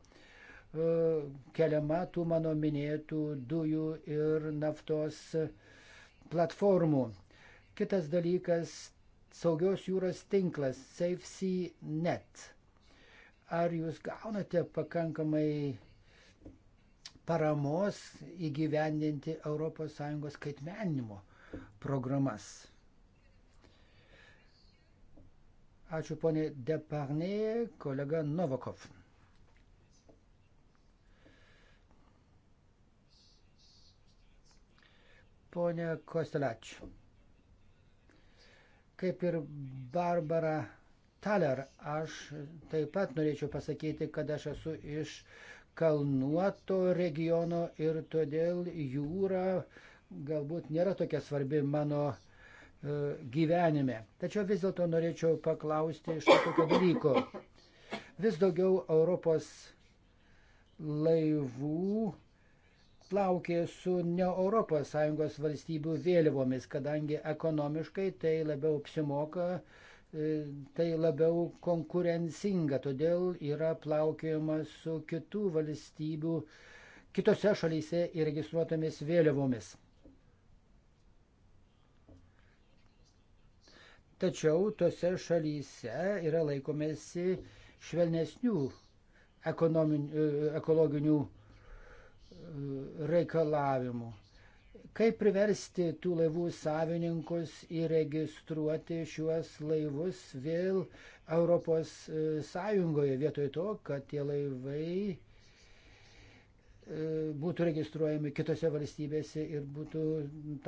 keliama tų mano minėtų dujų ir naftos platformų. Kitas dalykas saugios jūros tinklas SafeSeaNet. Ar jūs gaunate pakankamai paramos įgyvendinti ES skaitmeninimo programas? Ačiū ponė Deparnė, kolega Novakov. Pone Kostelačiu. Kaip ir Barbara Taler, aš taip pat norėčiau pasakyti, kad aš esu iš kalnuoto regiono ir todėl jūra galbūt nėra tokia svarbi mano e, gyvenime. Tačiau vis dėlto norėčiau paklausti iš tokio dalyko. Vis daugiau Europos laivų plaukė su ne ES valstybių vėliavomis, kadangi ekonomiškai tai labiau apsimoka, e, tai labiau konkurencinga, todėl yra plaukiama su kitų valstybių, kitose šalyse įregistruotomis vėliavomis. Tačiau tose šalyse yra laikomėsi švelnesnių ekonominių, e, ekologinių reikalavimų. Kaip priversti tų laivų savininkus įregistruoti šiuos laivus vėl Europos e, Sąjungoje vietoj to, kad tie laivai e, būtų registruojami kitose valstybėse ir būtų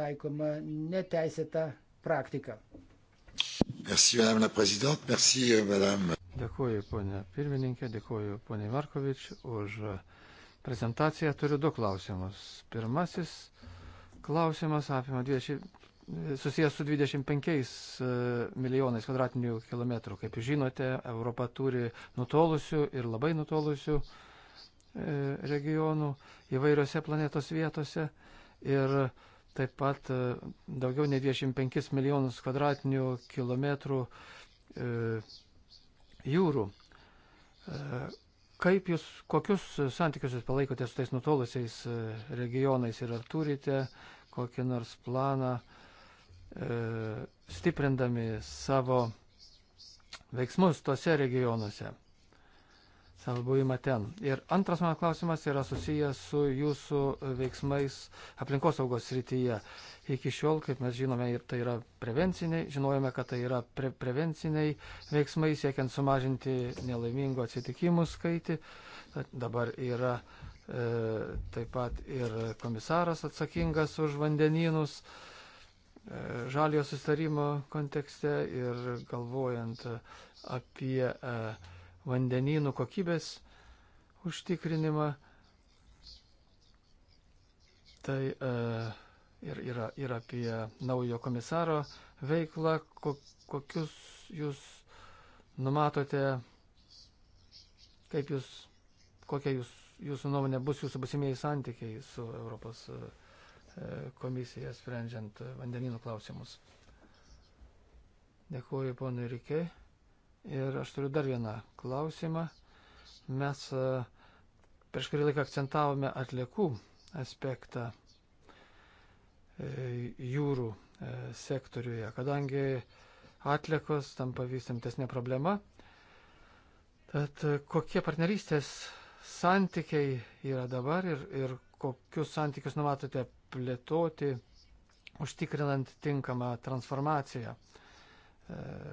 taikoma neteisėta praktika. Merci, Madame la Présidente. Merci, euh, Madame. Dėkuoju, ponė pirmininkė, dėkuoju, ponė Markovič, už uh, prezentaciją turiu du klausimus. Pirmasis klausimas apima 20, susijęs su 25 e, milijonais kvadratinių kilometrų. Kaip žinote, Europa turi nutolusių ir labai nutolusių e, regionų įvairiose planetos vietose ir taip pat e, daugiau nei 25 milijonus kvadratinių kilometrų jūrų Kaip jūs, kokius santykius jūs palaikote su tais nutolusiais e, regionais ir ar turite kokį nors planą, e, stiprindami savo veiksmus tose regionuose? savo buvimą ten. Ir antras mano klausimas yra susijęs su jūsų veiksmais aplinkosaugos srityje. Iki šiol, kaip mes žinome, ir tai yra prevenciniai, žinojame, kad tai yra pre prevenciniai veiksmai siekiant sumažinti nelaimingų atsitikimų skaitį. Dabar yra e, taip pat ir komisaras atsakingas už vandenynus e, žalio sustarimo kontekste ir galvojant apie e, vandenynų kokybės užtikrinimą. Tai e, ir, ir, ir apie naujo komisaro veiklą, ko, kokius jūs numatote, kaip jūs, kokia jūs, jūsų nuomonė bus jūsų busimieji santykiai su Europos e, komisija sprendžiant vandenynų klausimus. Dėkuoju ponui Rikiai. Ir aš turiu dar vieną klausimą. Mes e, prieš kurį laiką akcentavome atliekų aspektą e, jūrų e, sektoriuje, kadangi atliekos tampa vis rimtesnė problema. Tad kokie partnerystės santykiai yra dabar ir, ir kokius santykius numatote plėtoti, užtikrinant tinkamą transformaciją,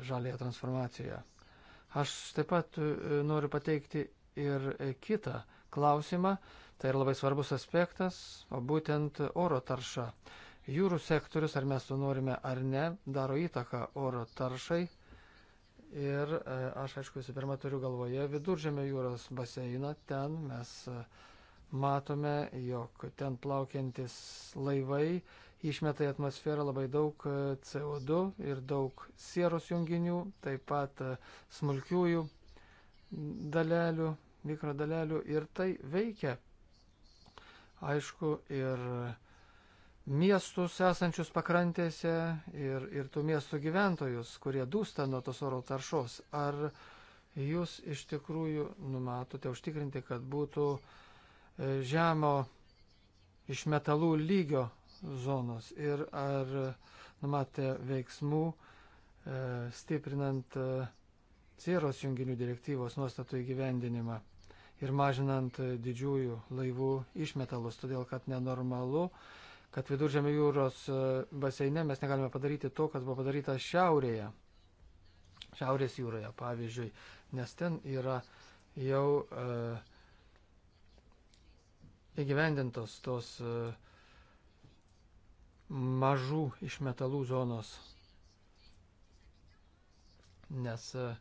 žalėją transformaciją Aš taip pat e, noriu pateikti ir e, kitą klausimą. Tai yra labai svarbus aspektas, o būtent oro tarša. Jūrų sektorius, ar mes to norime ar ne, daro įtaką oro taršai. Ir e, aš, aišku, visų pirma turiu galvoje viduržėmio jūros baseiną. Ten mes matome, jog ten plaukiantis laivai išmeta į atmosferą labai daug e, CO2 ir daug sieros junginių, taip pat e, smulkiųjų dalelių, mikrodalelių ir tai veikia, aišku, ir miestus esančius pakrantėse ir, ir tų miestų gyventojus, kurie dūsta nuo tos oro taršos. Ar jūs iš tikrųjų numatote užtikrinti, kad būtų e, žemo iš metalų lygio zonos ir ar numatė veiksmų e, stiprinant e, sieros junginių direktyvos nuostatų įgyvendinimą ir mažinant e, didžiųjų laivų išmetalus, todėl kad nenormalu, kad viduržėmio jūros baseine mes negalime padaryti to, kas buvo padaryta šiaurėje, šiaurės jūroje pavyzdžiui, nes ten yra jau e, įgyvendintos tos e, mažų išmetalų zonos. Nes e,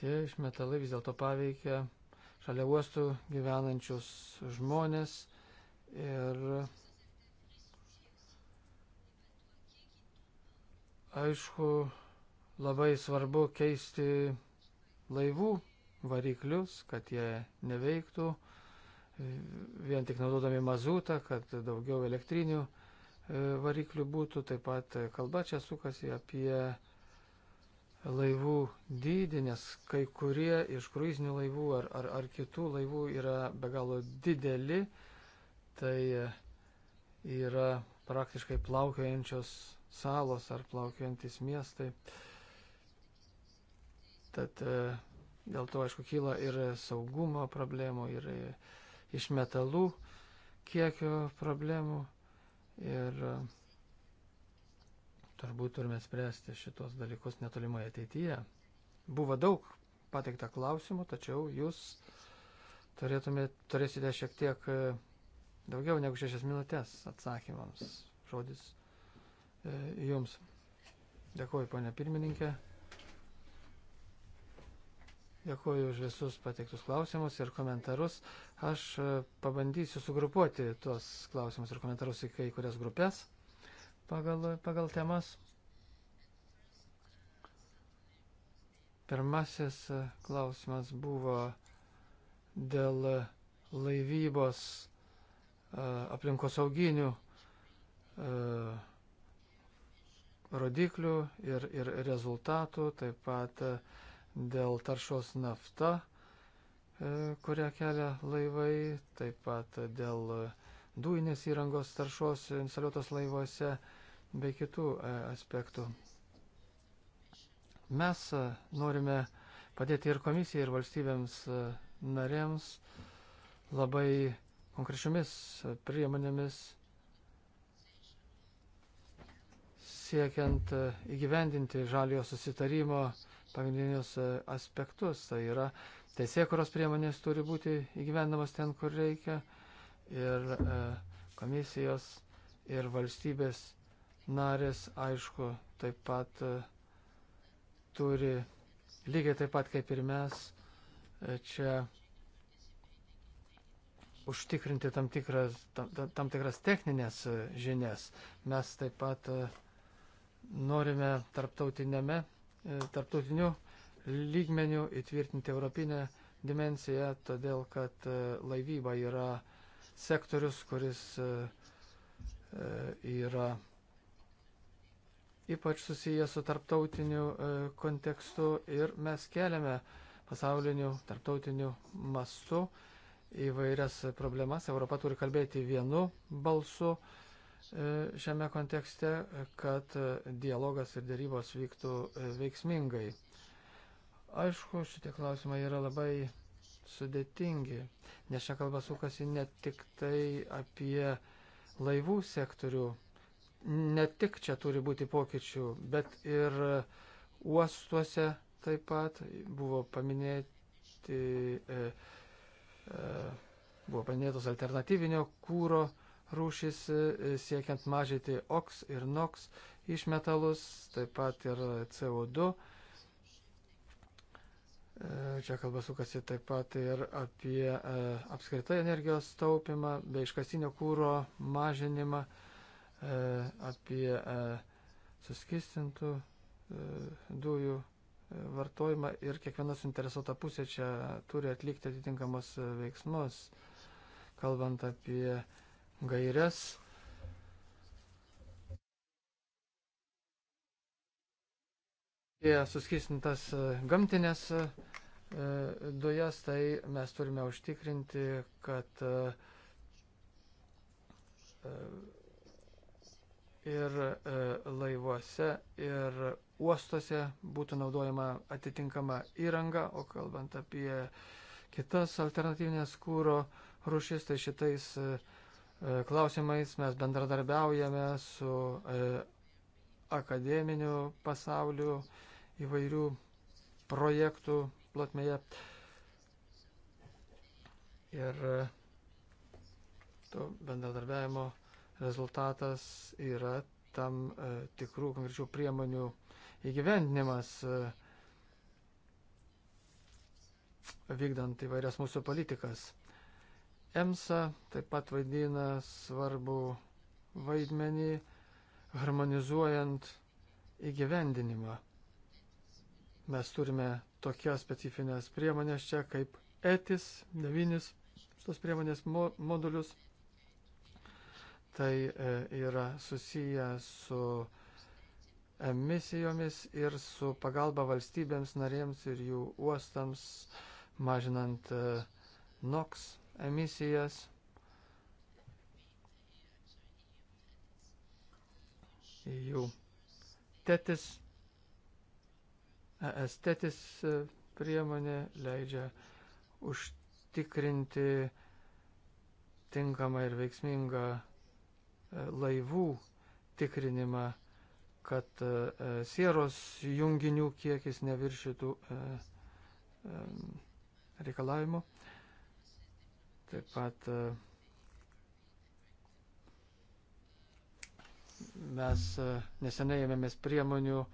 tie išmetalai vis dėlto paveikia šalia uostų gyvenančius žmonės ir aišku labai svarbu keisti laivų variklius, kad jie neveiktų vien tik naudodami mazutą, kad daugiau elektrinių E, variklių būtų, taip pat e, kalba čia sukasi apie laivų dydį, nes kai kurie iš kruizinių laivų ar, ar, ar kitų laivų yra be galo dideli, tai e, yra praktiškai plaukiojančios salos ar plaukiojantis miestai. Tad dėl to, aišku, kyla ir saugumo problemų, ir iš metalų kiekio problemų ir e, turbūt turime spręsti šitos dalykus netolimoje ateityje. Buvo daug pateikta klausimų, tačiau jūs turėtumėt, turėsite šiek tiek e, daugiau negu šešias minutės atsakymams. Žodis e, jums. Dėkuoju, ponė pirmininkė. Dėkuoju už visus pateiktus klausimus ir komentarus. Aš e, pabandysiu sugrupuoti tuos klausimus ir komentarus į kai kurias grupės pagal, pagal temas. Pirmasis e, klausimas buvo dėl laivybos e, aplinkosauginių rodiklių ir, ir rezultatų, taip pat uh, dėl taršos nafta, e, kurią kelia laivai, taip pat dėl dujinės įrangos taršos instaliuotos laivuose bei kitų e, aspektų. Mes e, norime padėti ir komisijai, ir valstybėms narėms labai konkrečiomis priemonėmis siekiant įgyvendinti žalio susitarimo uh, pagrindinius e, aspektus. Tai yra teisėkuros priemonės turi būti įgyvendamas ten, kur reikia ir e, komisijos ir valstybės narės, aišku, taip pat e, turi lygiai taip pat kaip ir mes čia užtikrinti tam tikras, tam, tam tikras techninės žinias. Mes taip pat norime tarptautinėme E, tarptautiniu lygmeniu įtvirtinti europinę dimensiją, todėl kad e, laivyba yra sektorius, kuris e, yra ypač susijęs su tarptautiniu kontekstu ir mes keliame pasauliniu, tarptautiniu mastu įvairias problemas. Europa turi kalbėti vienu balsu E, šiame kontekste, kad dialogas ir dėrybos vyktų e, veiksmingai. Aišku, šitie klausimai yra labai sudėtingi, nes čia kalba sukasi ne tik tai apie laivų sektorių, ne tik čia turi būti pokyčių, bet ir uostuose taip pat buvo paminėti, e, e, buvo paminėtos alternatyvinio kūro e, rūšis, e, siekiant mažyti OX ir NOX išmetalus, taip pat ir CO2. E, čia kalba sukasi taip pat ir apie e, apskritai energijos taupimą, bei iškastinio kūro mažinimą, apie suskistintų dujų vartojimą ir kiekviena suinteresuota pusė čia turi atlikti atitinkamus veiksmus, kalbant apie gairias. Suskistintas e, gamtinės e, e, dujas, tai mes turime užtikrinti, kad ir laivuose, ir uostuose būtų naudojama atitinkama įranga, o kalbant apie kitas alternatyvinės kūro rušis, tai šitais uh, E, klausimais mes bendradarbiaujame su e, akademiniu pasauliu įvairių projektų plotmėje. Ir e, to bendradarbiavimo rezultatas yra tam tikrų konkrečių priemonių įgyvendinimas vykdant įvairias mūsų politikas. EMSA taip pat vaidina svarbu vaidmenį harmonizuojant įgyvendinimą. Mes turime tokias specifines priemonės čia kaip ETIS, devynis tos priemonės mo modulius. Tai e, yra susiję su emisijomis ir su pagalba valstybėms narėms ir jų uostams mažinant e, NOX emisijas. Jau tetis, ES tetis e, priemonė leidžia užtikrinti tinkamą ir veiksmingą e, laivų tikrinimą, kad e, sieros junginių kiekis neviršytų reikalavimo. Taip pat e, mes e, nesenai ėmėmės priemonių e,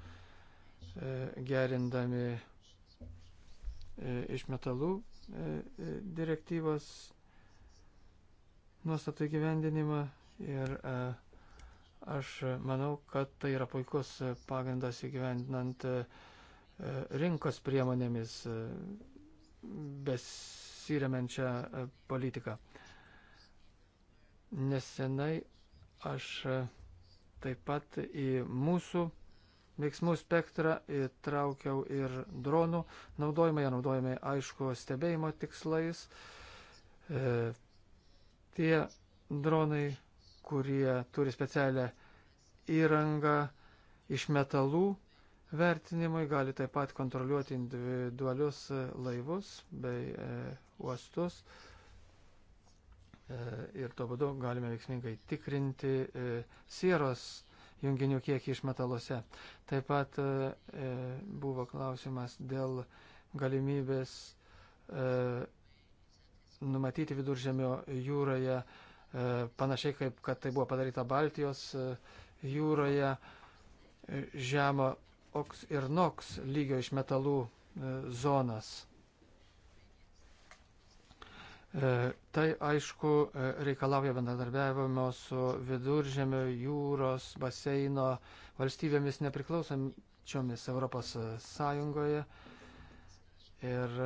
gerindami iš metalų direktyvos nuostatų įgyvendinimą ir aš manau, kad tai yra puikus pagrindas įgyvendinant rinkos priemonėmis bes apsiremenčią e, politiką. Nesenai aš e, taip pat į mūsų veiksmų spektrą įtraukiau ir dronų naudojimą, jie naudojami aišku stebėjimo tikslais. E, tie dronai, kurie turi specialią įrangą iš metalų vertinimui, gali taip pat kontroliuoti individualius laivus bei e, uostus e, ir tuo būdu galime veiksmingai tikrinti e, sieros junginių kiekį išmetaluose. Taip pat e, buvo klausimas dėl galimybės numatyti viduržemio jūroje, panašiai kaip kad tai buvo padaryta Baltijos jūroje, žemo oks ir noks lygio išmetalų zonas. E, tai aišku e, reikalauja bendradarbiavimo su viduržėmio jūros baseino valstybėmis nepriklausančiomis Europos Sąjungoje. Ir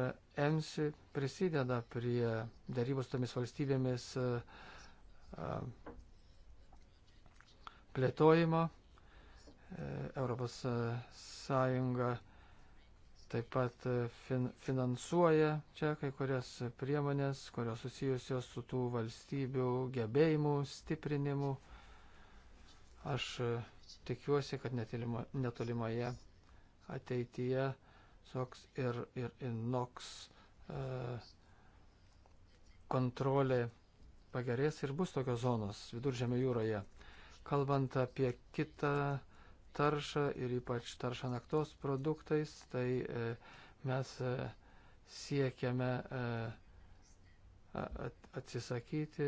EMSI prisideda prie darybos tomis valstybėmis e, plėtojimo. Europos Sąjunga taip pat e, fin, finansuoja čia kai kurias priemonės, kurios susijusios su tų valstybių gebėjimų stiprinimu. Aš e, tikiuosi, kad netilimo, netolimoje ateityje SOX ir, ir INOX e, kontrolė pagerės ir bus tokios zonos viduržėmio jūroje. Kalbant apie kitą taršą ir ypač taršą naktos produktais, tai e, mes e, siekiame e, atsisakyti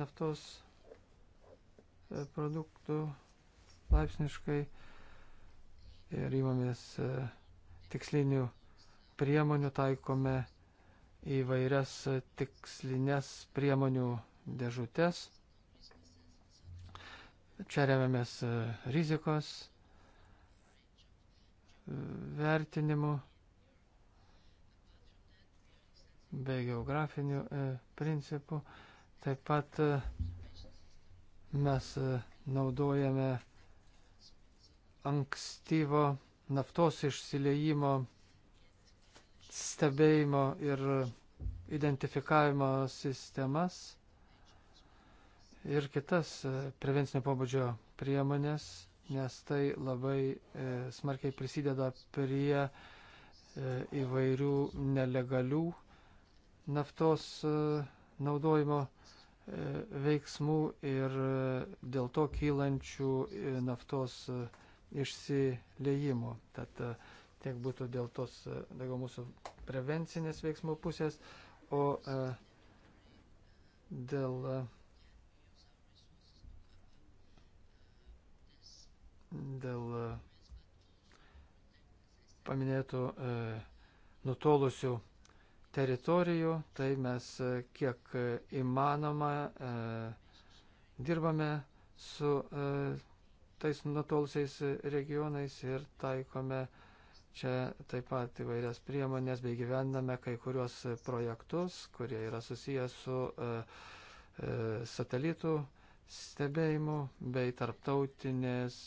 naftos produktų laipsniškai ir įmamės tikslinių priemonių, taikome įvairias tikslinės priemonių dėžutės Čia remiamės e, rizikos e, vertinimu bei geografiniu e, principu. Taip pat mes naudojame ankstyvo naftos išsileimo stebėjimo ir identifikavimo sistemas ir kitas e, prevencinio pobūdžio priemonės, nes tai labai e, smarkiai prisideda prie e, įvairių nelegalių naftos naudojimo veiksmų ir dėl to kylančių naftos išsileimų. Tad tiek būtų dėl tos, dėl mūsų prevencinės veiksmų pusės, o dėl dėl e, paminėtų e, nutolusių teritorijų, tai mes e, kiek įmanoma e, dirbame su e, tais nutolusiais regionais ir taikome čia taip pat įvairias priemonės bei gyvendame kai kuriuos projektus, kurie yra susijęs su e, e, satelitų stebėjimu bei tarptautinės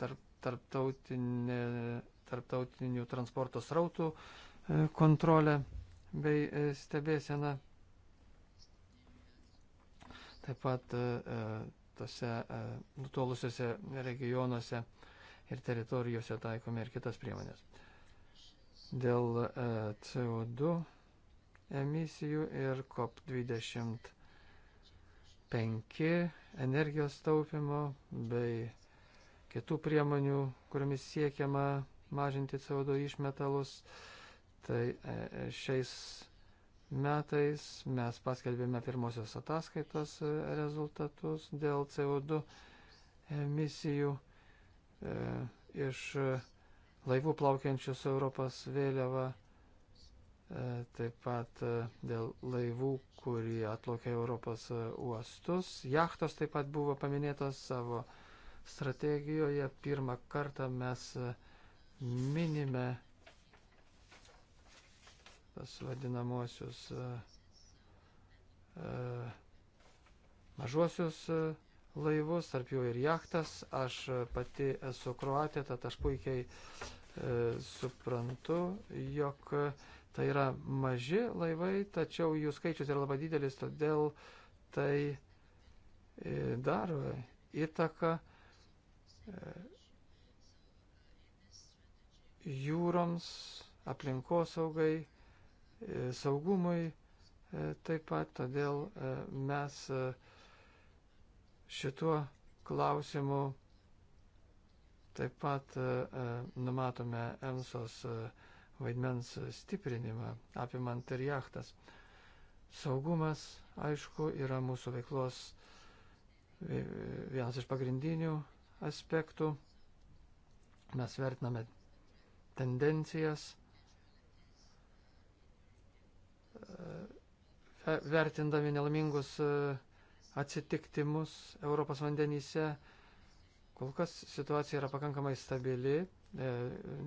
tarp, tarptautinė, tarptautinių transporto srautų e, kontrolę bei e, stebėseną. Taip pat e, tose nutolusiuose regionuose ir teritorijose taikome ir kitas priemonės. Dėl CO2 emisijų ir COP25 energijos taupimo bei kitų priemonių, kuriomis siekiama mažinti CO2 išmetalus. Tai e, e, šiais metais mes paskelbėme pirmosios ataskaitos e, rezultatus dėl CO2 emisijų iš laivų plaukiančių su Europos vėliava, taip pat dėl laivų, kurie atplaukė Europos uostus. Jachtos taip pat buvo paminėtos savo uh, strategijoje pirmą kartą mes e, minime tas vadinamosius e, e, mažuosius laivus, tarp jų ir jachtas. Aš pati esu kroatė, tad aš puikiai suprantu, jog tai yra maži laivai, tačiau jų skaičius yra labai didelis, todėl tai daro įtaką jūroms, aplinkosaugai, e, saugumui e, taip pat, todėl e, mes šituo klausimu taip pat numatome EMSOS vaidmens stiprinimą, apimant ir jachtas. Saugumas, aišku, yra mūsų veiklos vienas iš pagrindinių aspektų. Mes vertiname tendencijas, vertindami nelamingus e, atsitiktimus Europos vandenyse. Kol kas situacija yra pakankamai stabili. E,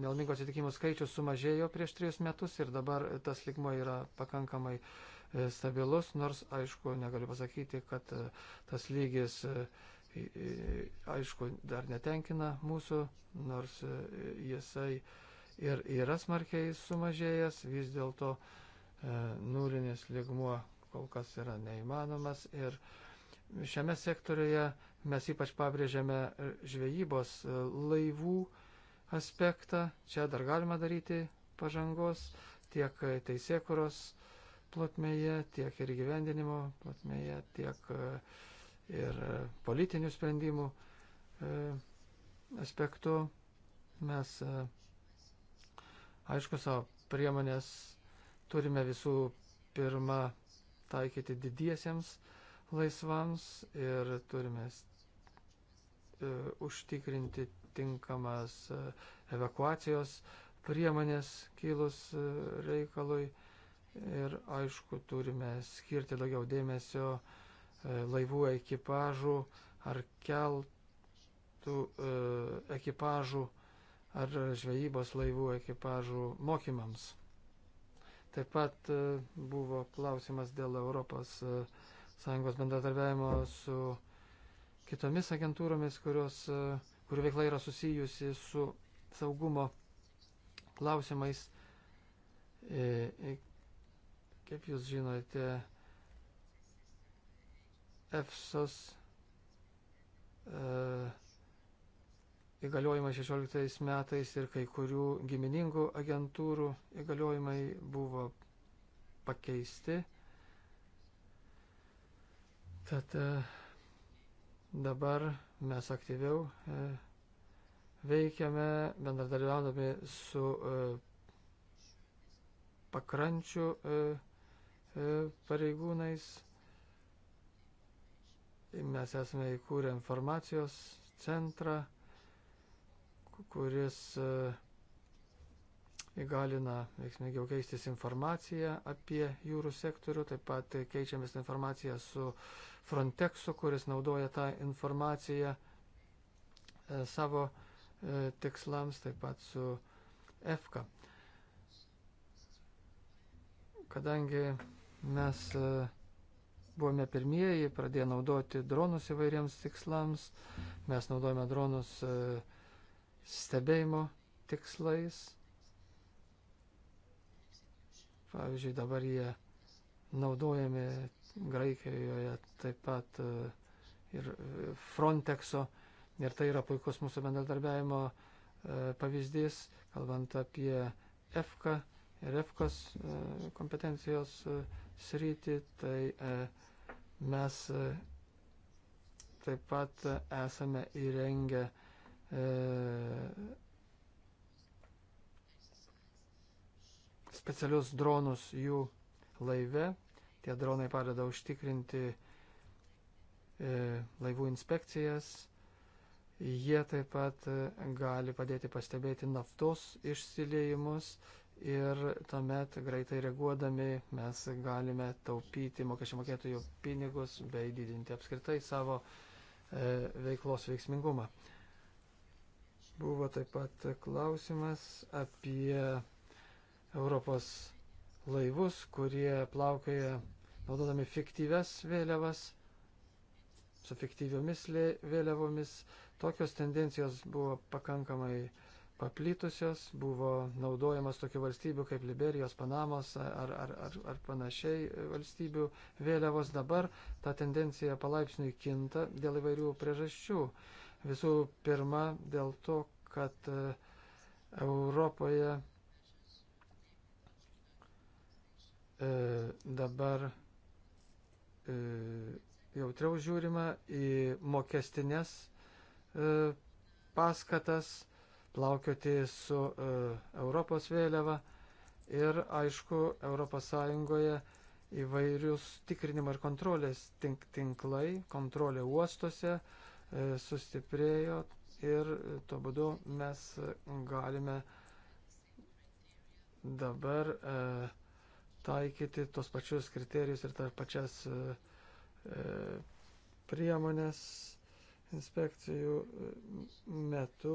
Nelmingo atsitikimų skaičius sumažėjo prieš trijus metus ir dabar tas ligmo yra pakankamai e, stabilus, nors aišku negaliu pasakyti, kad tas lygis aišku, dar netenkina mūsų, nors e, jisai ir yra smarkiai sumažėjęs, vis dėlto e, nulinis ligmuo kol kas yra neįmanomas ir šiame sektoriuje mes ypač pabrėžiame e, žvejybos laivų aspektą, čia dar galima daryti pažangos tiek teisėkuros plotmėje, tiek ir gyvendinimo plotmėje, tiek uh, ir e, politinių sprendimų e, aspektu. Mes, e, aišku, savo priemonės turime visų pirma taikyti didiesiems laisvams ir turime užtikrinti tinkamas evakuacijos priemonės kilus reikalui ir aišku turime skirti daugiau dėmesio uh, E, laivų ekipažų ar keltų e, ekipažų ar žvejybos laivų ekipažų mokymams. Taip pat e, buvo klausimas dėl Europos Sąjungos bendradarbiavimo su kitomis agentūromis, kurios, kurių veikla yra susijusi su saugumo klausimais. Kaip jūs žinote, EFSOS e, įgaliojimai 16 metais ir kai kurių giminingų agentūrų įgaliojimai buvo pakeisti. Tad e, dabar mes aktyviau e, veikiame bendradarbiaudami su pakrančių pareigūnais Mes esame įkūrę informacijos centrą, kuris e, įgalina veiksmingiau keistis informaciją apie jūrų sektorių, taip pat keičiamės informaciją su Frontexu, kuris naudoja tą informaciją e, savo e, tikslams, taip pat su EFKA. Kadangi mes uh, buvome pirmieji, pradėjo naudoti dronus įvairiems tikslams. Mes naudojame dronus e, stebėjimo tikslais. Pavyzdžiui, dabar jie naudojami Graikijoje taip pat e, ir e, Frontexo. Ir tai yra puikus mūsų bendradarbiavimo pavyzdys, kalbant apie EFKA ir EFKOS kompetencijos sritį, tai e, mes e, taip pat esame įrengę e, specialius dronus jų laive. Tie dronai padeda užtikrinti laivų inspekcijas. Jie taip pat gali padėti pastebėti naftos išsiliejimus ir tuomet greitai reaguodami mes galime taupyti mokesčių mokėtojų pinigus bei didinti apskritai savo e, veiklos veiksmingumą. Buvo taip pat klausimas apie Europos laivus, kurie plaukioja naudodami fiktyves vėliavas, su fiktyviomis vėliavomis. Tokios tendencijos buvo pakankamai uh, paplitusios, buvo naudojamos tokių valstybių kaip Liberijos, Panamos ar, ar, ar, ar panašiai valstybių vėliavos. Dabar ta tendencija palaipsniui kinta dėl įvairių priežasčių. Visų pirma, dėl to, kad e, Europoje e, dabar e, jautriau žiūrima į mokestinės e, paskatas, e, plaukioti su e, Europos vėliava ir, aišku, ES įvairius tikrinimo ir kontrolės tink, tinklai, kontrolė uostuose e, sustiprėjo ir tuo būdu mes galime dabar e, taikyti tos pačius kriterijus ir tas pačias e, e priemonės inspekcijų e, metu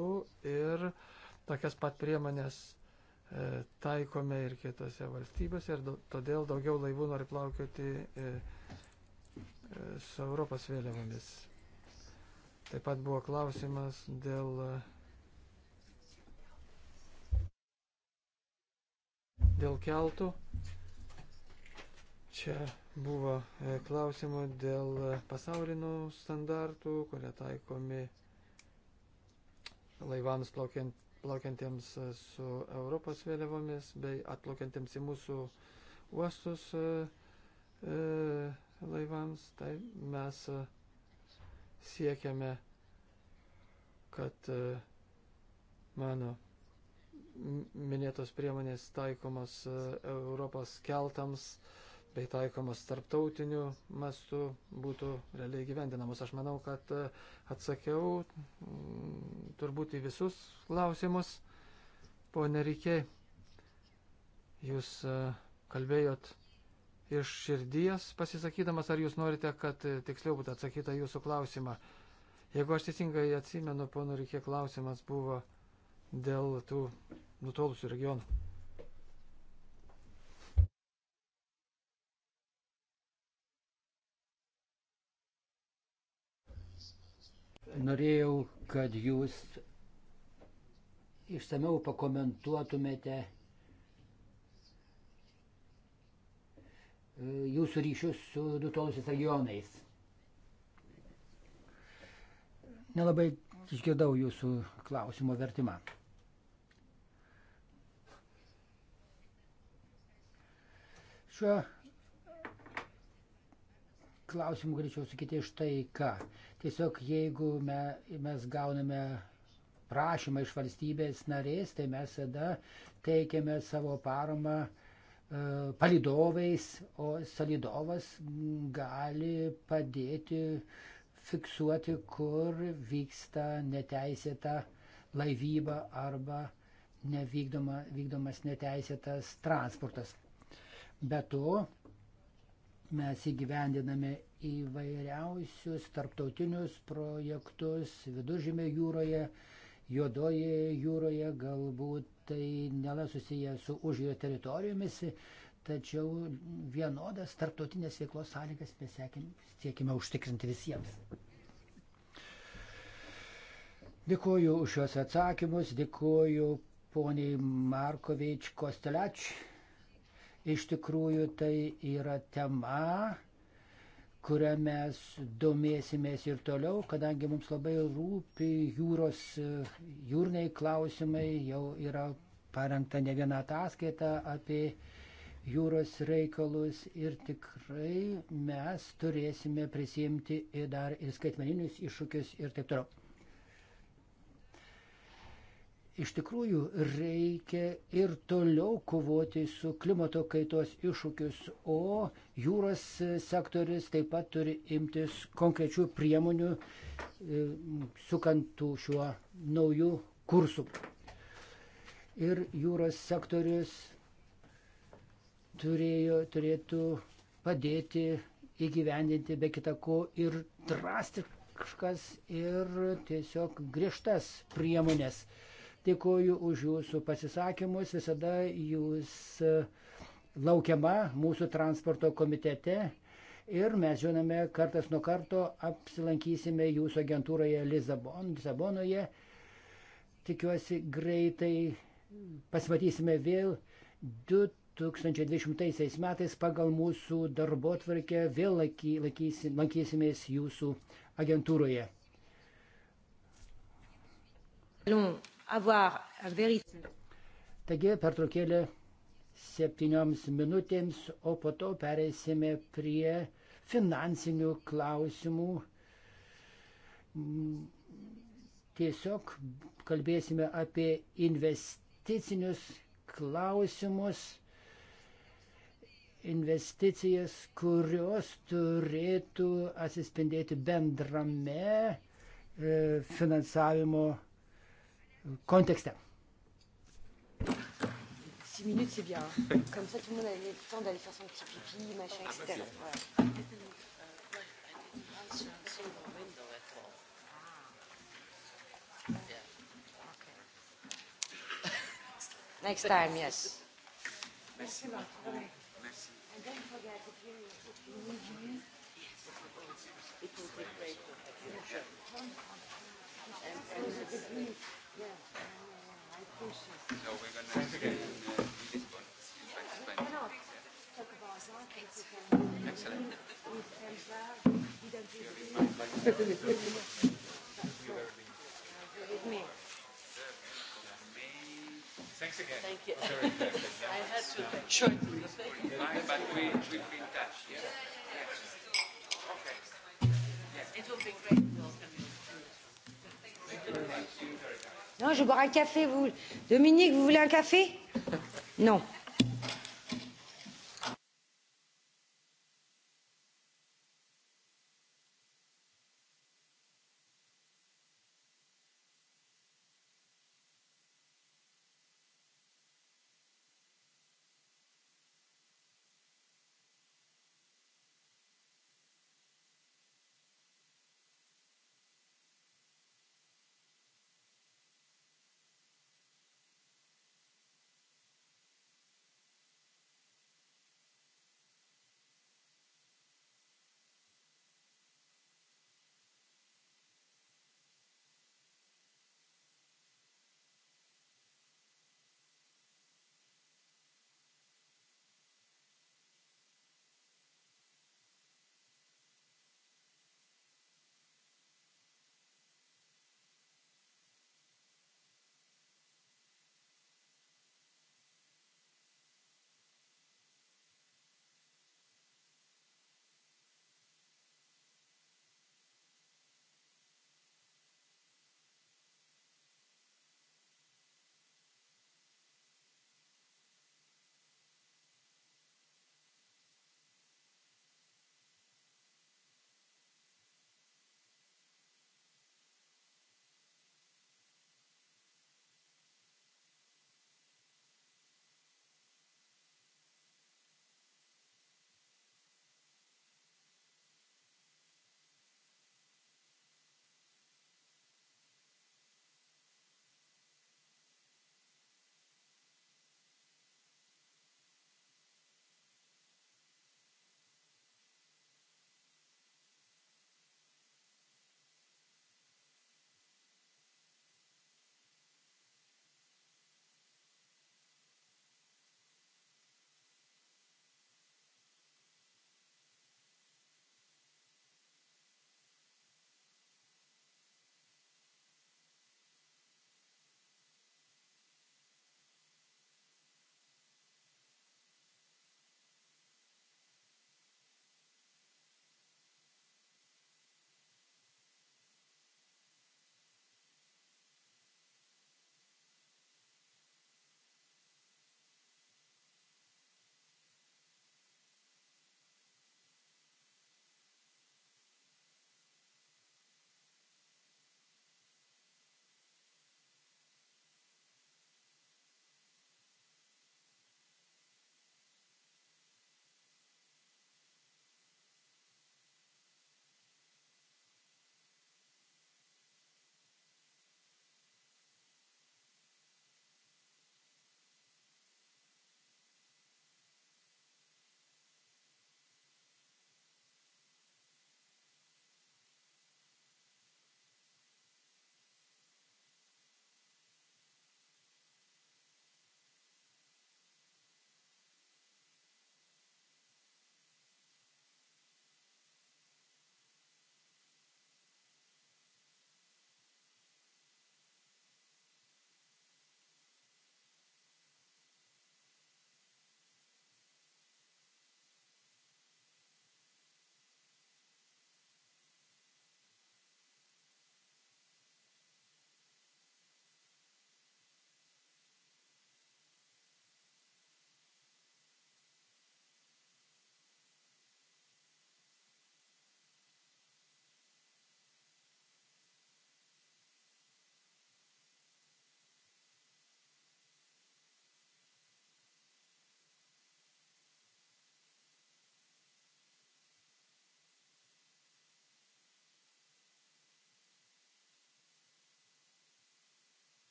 ir tokias pat priemonės e, taikome ir kitose valstybėse ir todėl daugiau laivų nori plaukioti e, su Europos vėliavomis. Taip pat buvo klausimas dėl dėl keltų Čia buvo e, klausimų dėl e, pasaulinių standartų, kurie taikomi laivams plaukiant, plaukiantiems e, su Europos vėliavomis bei atplaukiantiems į mūsų uostus laivams. Tai mes siekiame, kad mano minėtos priemonės taikomos Europos keltams bei taikomos tarptautiniu mastu būtų realiai gyvendinamos. Aš manau, kad e, atsakiau mm, turbūt į visus klausimus. Pone Rikė, jūs e, kalbėjot iš širdies pasisakydamas, ar jūs norite, kad e, tiksliau būtų atsakyta jūsų klausimą. Jeigu aš teisingai atsimenu, pono Rikė klausimas buvo dėl tų nutolusių regionų. Norėjau, kad jūs išsameu pakomentuotumėte e, jūsų ryšius su nutolusiais regionais. Nelabai išgirdau jūsų klausimo vertimą. Šiuo klausimų galėčiau sakyti štai ką. Tiesiog jeigu me, mes gauname prašymą iš valstybės narės, tai mes tada teikiame savo paramą e, palidovais, o salidovas gali padėti fiksuoti, kur vyksta neteisėta laivyba arba nevykdomas neteisėtas transportas. Be to, Mes įgyvendiname įvairiausius tarptautinius projektus viduržymė jūroje, juodoje jūroje, galbūt tai nėra susiję su užjūrio teritorijomis, tačiau vienodas tarptautinės veiklos sąlygas mes siekime užtikrinti visiems. Dėkuoju už šios atsakymus, dėkuoju poniai Markovič Kostelač. Iš tikrųjų tai yra tema, kurią mes domėsimės ir toliau, kadangi mums labai rūpi jūros, jūrniai klausimai, jau yra parengta ne viena ataskaita apie jūros reikalus ir tikrai mes turėsime prisimti ir dar ir skaitmeninius iššūkius ir taip toliau iš tikrųjų reikia ir toliau kovoti su klimato kaitos iššūkius, o jūros sektoris taip pat turi imtis konkrečių priemonių e, sukantų šiuo naujų kursų. Ir jūros sektorius turėjo, turėtų padėti įgyvendinti be kitako ir drastiškas ir tiesiog griežtas priemonės Dėkuoju už jūsų pasisakymus. Visada jūs e, laukiama mūsų transporto komitete. Ir mes žinome, kartas nuo karto apsilankysime jūsų agentūroje Lizabon, Lisabonoje. Tikiuosi, greitai pasimatysime vėl 2020 metais pagal mūsų darbo tvarkę vėl lankysim, lankysimės jūsų agentūroje. Allons Taigi pertraukėlė septynioms minutėms, o po to pereisime prie finansinių klausimų. Tiesiog kalbėsime apie investicinius klausimus, investicijas, kurios turėtų atsispindėti bendrame e, finansavimo kontekste. Minutes, c'est bien. Comme ça, tout le monde a le temps d'aller faire son petit pipi, machin, ah, etc. Voilà. Ah. Next time, yes. Merci, Marc. Merci. And don't forget, if you, if you need me, it will be great to have you. And, and, and, and, and, and, and, So we're going to do this one in 2020. Excellent. Thanks again. Thank you. I had to shortly. But we, we'll be in touch. Yeah. yeah. Okay. Yeah. It will be great. Thank you very much. Non, je vais boire un café. Vous... Dominique, vous voulez un café Non.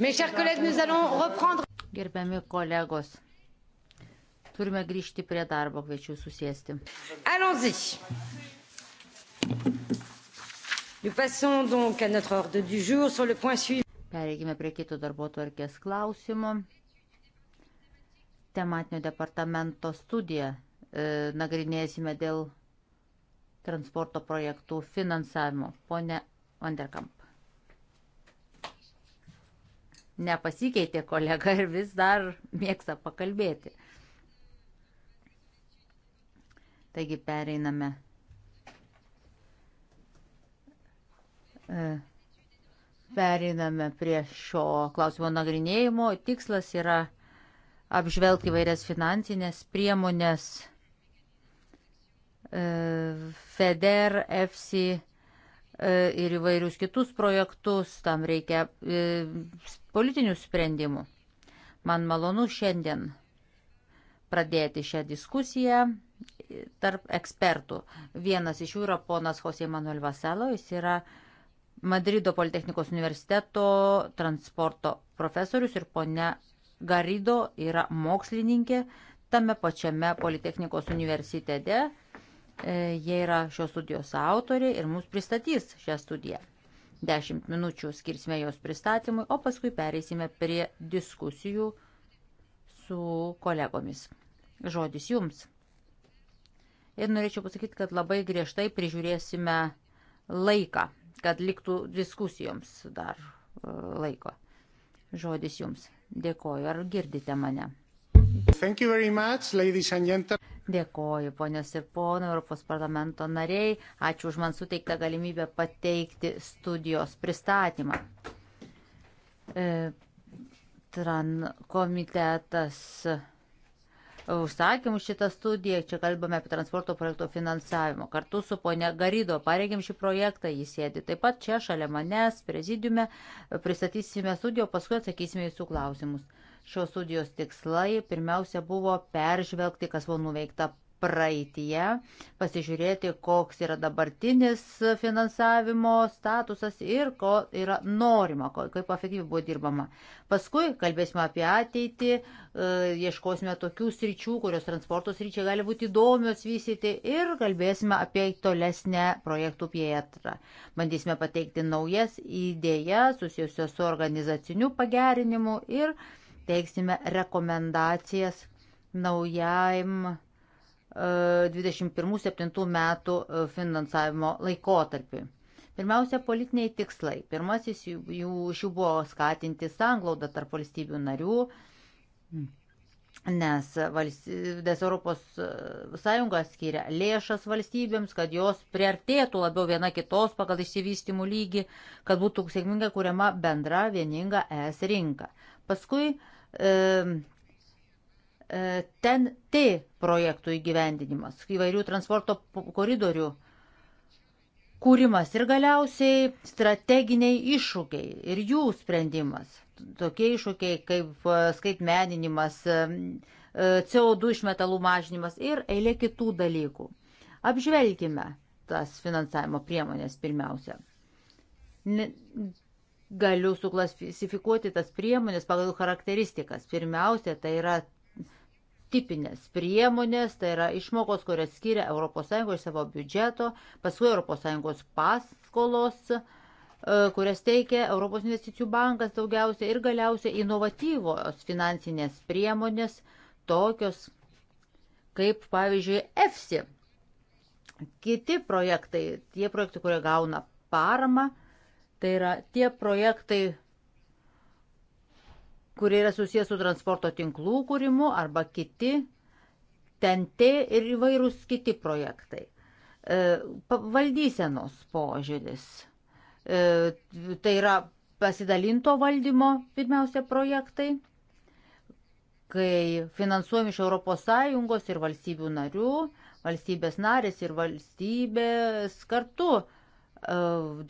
Gerbiami kolegos, turime grįžti prie darbo, kviečiu susėsti. Allons-y. Nous passons donc à notre ordre du jour sur le point suivant. Pereikime prie kito darbo tvarkės klausimo. Tematinio departamento studiją e, nagrinėsime dėl transporto projektų finansavimo. Pone Vanderkamp nepasikeitė kolega ir vis dar mėgsta pakalbėti. Taigi pereiname. E, pereiname prie šio klausimo nagrinėjimo. Tikslas yra apžvelgti vairias finansinės priemonės e, FEDER, EFSI E, ir įvairius kitus projektus, tam reikia e, politinių sprendimų. Man malonu šiandien pradėti šią diskusiją tarp ekspertų. Vienas iš jų yra ponas Jose Manuel Vaselo, jis yra Madrido Politechnikos universiteto transporto profesorius ir ponia Garido yra mokslininkė tame pačiame Politechnikos universitete E, jie yra šios studijos autoriai ir mums pristatys šią studiją. Dešimt minučių skirsime jos pristatymui, o paskui pereisime prie diskusijų su kolegomis. Žodis jums. Ir norėčiau pasakyti, kad labai griežtai prižiūrėsime laiką, kad liktų diskusijoms dar e, laiko. Žodis jums. Dėkoju, ar girdite mane? Much, Dėkoju, ponios ir ponai, Europos parlamento nariai. Ačiū už man suteiktą galimybę pateikti studijos pristatymą. E, Tran komitetas užsakymų šitą studiją, čia kalbame apie transporto projekto finansavimo. Kartu su ponia Garido pareigėm šį projektą, jis sėdi taip pat čia šalia manęs, prezidiume, pristatysime studiją, paskui atsakysime jūsų klausimus. Šios studijos tikslai pirmiausia buvo peržvelgti, kas buvo nuveikta praeitie, pasižiūrėti, koks yra dabartinis finansavimo statusas ir ko yra norima, kaip efektyviai buvo dirbama. Paskui kalbėsime apie ateitį, e, ieškosime tokių sričių, kurios transporto sričiai gali būti įdomios vystyti ir kalbėsime apie tolesnę projektų pietrą. Bandysime pateikti naujas idėjas susijusios su organizaciniu pagerinimu ir uh, teiksime rekomendacijas naujajam 21-7 e, metų e, finansavimo laikotarpiui. Pirmiausia, politiniai tikslai. Pirmasis jų, iš jų buvo skatinti sanglaudą tarp valstybių narių, nes, nes Europos e, Sąjunga skiria lėšas valstybėms, kad jos priartėtų labiau viena kitos pagal išsivystimų lygį, kad būtų sėkmingai kuriama bendra vieninga ES rinka. Paskui uh, E, ten T projektų įgyvendinimas, įvairių transporto koridorių kūrimas ir galiausiai strateginiai iššūkiai ir jų sprendimas. Tokie iššūkiai kaip e, skaitmeninimas, e, CO2 išmetalų mažinimas ir eilė kitų dalykų. Apžvelgime tas finansavimo priemonės pirmiausia galiu suklasifikuoti tas priemonės pagal charakteristikas. Pirmiausia, tai yra tipinės priemonės, tai yra išmokos, kurias skiria ES iš savo biudžeto, paskui ES paskolos, e, kurias teikia Europos investicijų bankas daugiausia ir galiausiai inovatyvos finansinės priemonės, tokios kaip pavyzdžiui EFSI. Kiti projektai, tie projektai, kurie gauna paramą, Tai yra tie projektai, kurie yra susijęs su transporto tinklų kūrimu arba kiti, TNT ir įvairūs kiti projektai. E, valdysenos požiūris. E, tai yra pasidalinto valdymo pirmiausia projektai, kai finansuojami iš ES ir valstybių narių, valstybės narės ir valstybės kartu E,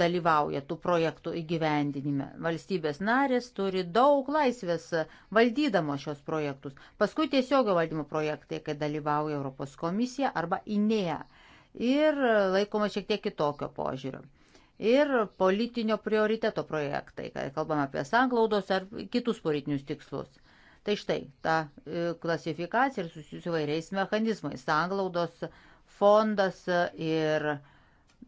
dalyvauja tų projektų įgyvendinime. Valstybės narės turi daug laisvės valdydamo šios projektus. Paskui tiesiogio valdymo projektai, kai dalyvauja Europos komisija arba INEA. Ir laikoma šiek tiek kitokio požiūrio. Ir politinio prioriteto projektai, kai kalbame apie sanglaudos ar kitus politinius tikslus. Tai štai, ta e, klasifikacija ir susijusi vairiais mechanizmais. Sanglaudos fondas ir uh,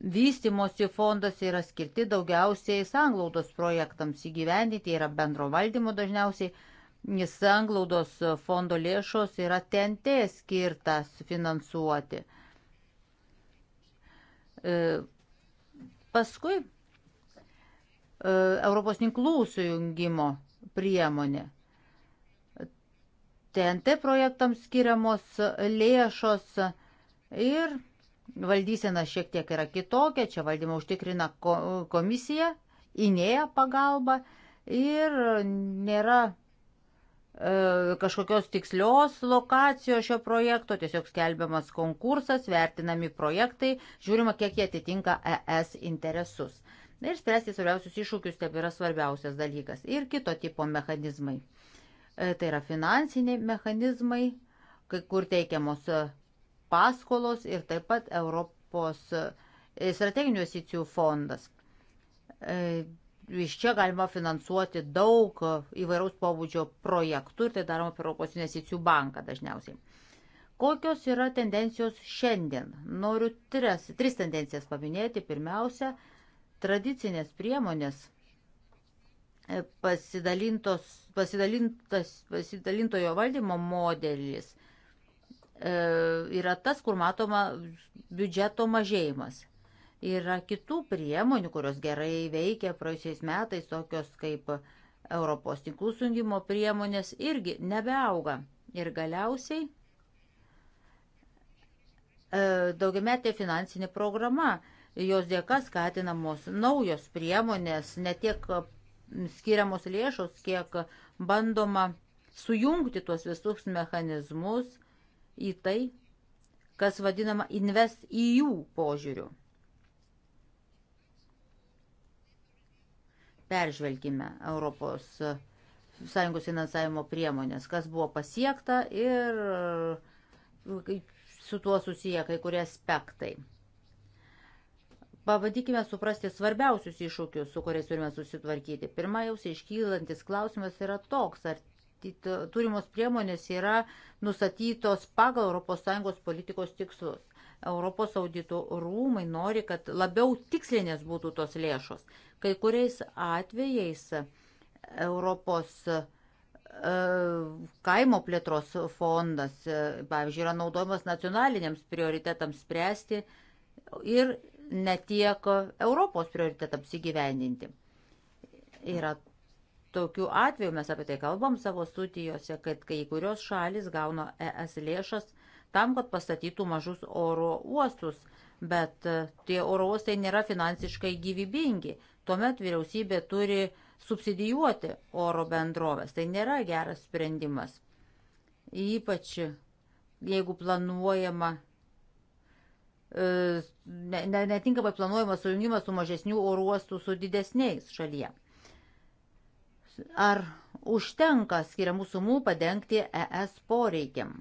vystimosi fondas yra skirti daugiausiai sanglaudos projektams įgyvendyti, yra bendro valdymo dažniausiai. Sanglaudos fondo lėšos yra TNT skirtas finansuoti. E, paskui e, Europos tinklų sujungimo priemonė. TNT projektams skiriamos lėšos ir Valdysena šiek tiek yra kitokia, čia valdymą užtikrina komisija, inėja pagalba ir nėra e, kažkokios tikslios lokacijos šio projekto, tiesiog skelbiamas konkursas, vertinami projektai, žiūrima, kiek jie atitinka ES interesus. Na ir spręsti svarbiausius iššūkius taip yra svarbiausias dalykas. Ir kito tipo mechanizmai. E, tai yra finansiniai mechanizmai, kur teikiamos e, paskolos ir taip pat Europos e, strateginių investicijų fondas. E, iš čia galima finansuoti daug įvairaus pobūdžio projektų ir tai daroma per Europos investicijų banką dažniausiai. Kokios yra tendencijos šiandien? Noriu tris, tris tendencijas paminėti. Pirmiausia, tradicinės priemonės e, pasidalintos, pasidalintas, pasidalintojo valdymo modelis E, yra tas, kur matoma biudžeto mažėjimas. Yra kitų priemonių, kurios gerai veikia praėjusiais metais, tokios kaip Europos tinklų sungimo priemonės, irgi nebeauga. Ir galiausiai e, daugiametė finansinė programa, jos dėka skatinamos naujos priemonės, ne tiek skiriamos lėšos, kiek bandoma sujungti tuos visus mechanizmus į tai, kas vadinama invest į jų požiūrių. Peržvelgime Europos Sąjungos finansavimo priemonės, kas buvo pasiekta ir e, su tuo susiję kai kurie aspektai. Pavadykime suprasti svarbiausius iššūkius, su kuriais turime susitvarkyti. Pirmiausia, iškylantis klausimas yra toks, ar turimos priemonės yra nustatytos pagal ES politikos tikslus. Europos audito rūmai nori, kad labiau tikslinės būtų tos lėšos. Kai kuriais atvejais Europos e, kaimo plėtros fondas, e, pavyzdžiui, yra naudojamas nacionaliniams prioritetams spręsti ir netiek Europos prioritetams įgyvendinti. Yra Tokiu atveju mes apie tai kalbam savo studijose, kad kai kurios šalis gauna ES lėšas tam, kad pastatytų mažus oro uostus, bet e, tie oro uostai nėra finansiškai gyvybingi. Tuomet vyriausybė turi subsidijuoti oro bendrovės. Tai nėra geras sprendimas. Ypač jeigu planuojama e, netinkamai ne, planuojamas sujungimas su mažesnių oro uostų su didesniais šalyje ar užtenka skiriamų sumų padengti ES poreikiam.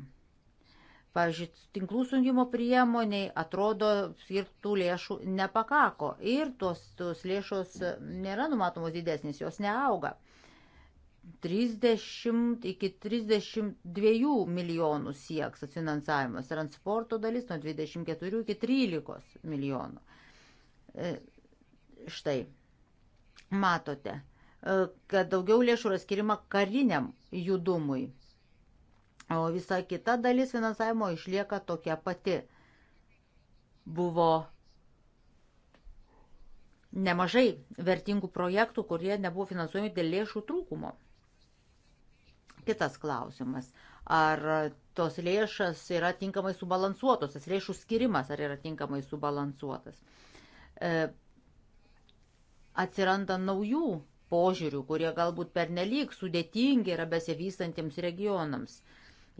Pavyzdžiui, tinklų sungimo priemoniai atrodo skirtų lėšų nepakako ir tos, tos lėšos nėra numatomos didesnės, jos neauga. 30 iki 32 milijonų sieks finansavimas, transporto dalis nuo 24 iki 13 milijonų. E, štai, matote, kad daugiau lėšų yra skirima kariniam judumui. O visa kita dalis finansavimo išlieka tokia pati. Buvo nemažai vertingų projektų, kurie nebuvo finansuojami dėl lėšų trūkumo. Kitas klausimas. Ar tos lėšas yra tinkamai subalansuotos, tas lėšų skirimas ar yra tinkamai subalansuotas? E, atsiranda naujų požiūrių, kurie galbūt pernelyg sudėtingi yra besivystantiems regionams.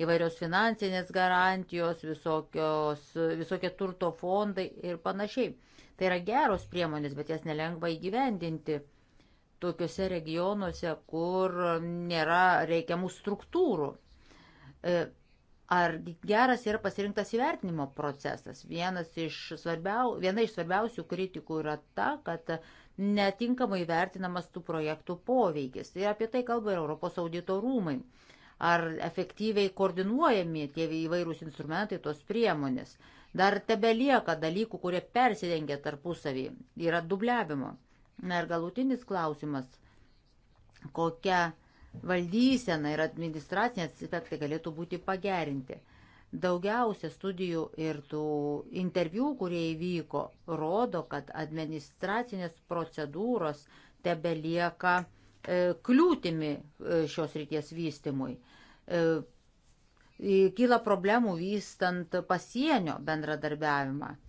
Įvairios finansinės garantijos, visokios, visokie turto fondai ir panašiai. Tai yra geros priemonės, bet jas nelengva įgyvendinti tokiuose regionuose, kur nėra reikiamų struktūrų. E, ar geras yra pasirinktas įvertinimo procesas? Vienas iš svarbiau, viena iš svarbiausių kritikų yra ta, kad netinkamai vertinamas tų projektų poveikis. Ir apie tai kalba ir Europos audito rūmai. Ar efektyviai koordinuojami tie įvairūs instrumentai, tos priemonės. Dar tebe lieka dalykų, kurie persidengia tarpusavį. Yra dubliavimo. Na ir galutinis klausimas, kokia valdysena ir administraciniai aspektai galėtų būti pagerinti. Daugiausia studijų ir tų interviu, kurie įvyko, rodo, kad administracinės procedūros tebe lieka e, kliūtimi e, šios ryties vystimui. E, kyla problemų vystant pasienio bendradarbiavimą. E,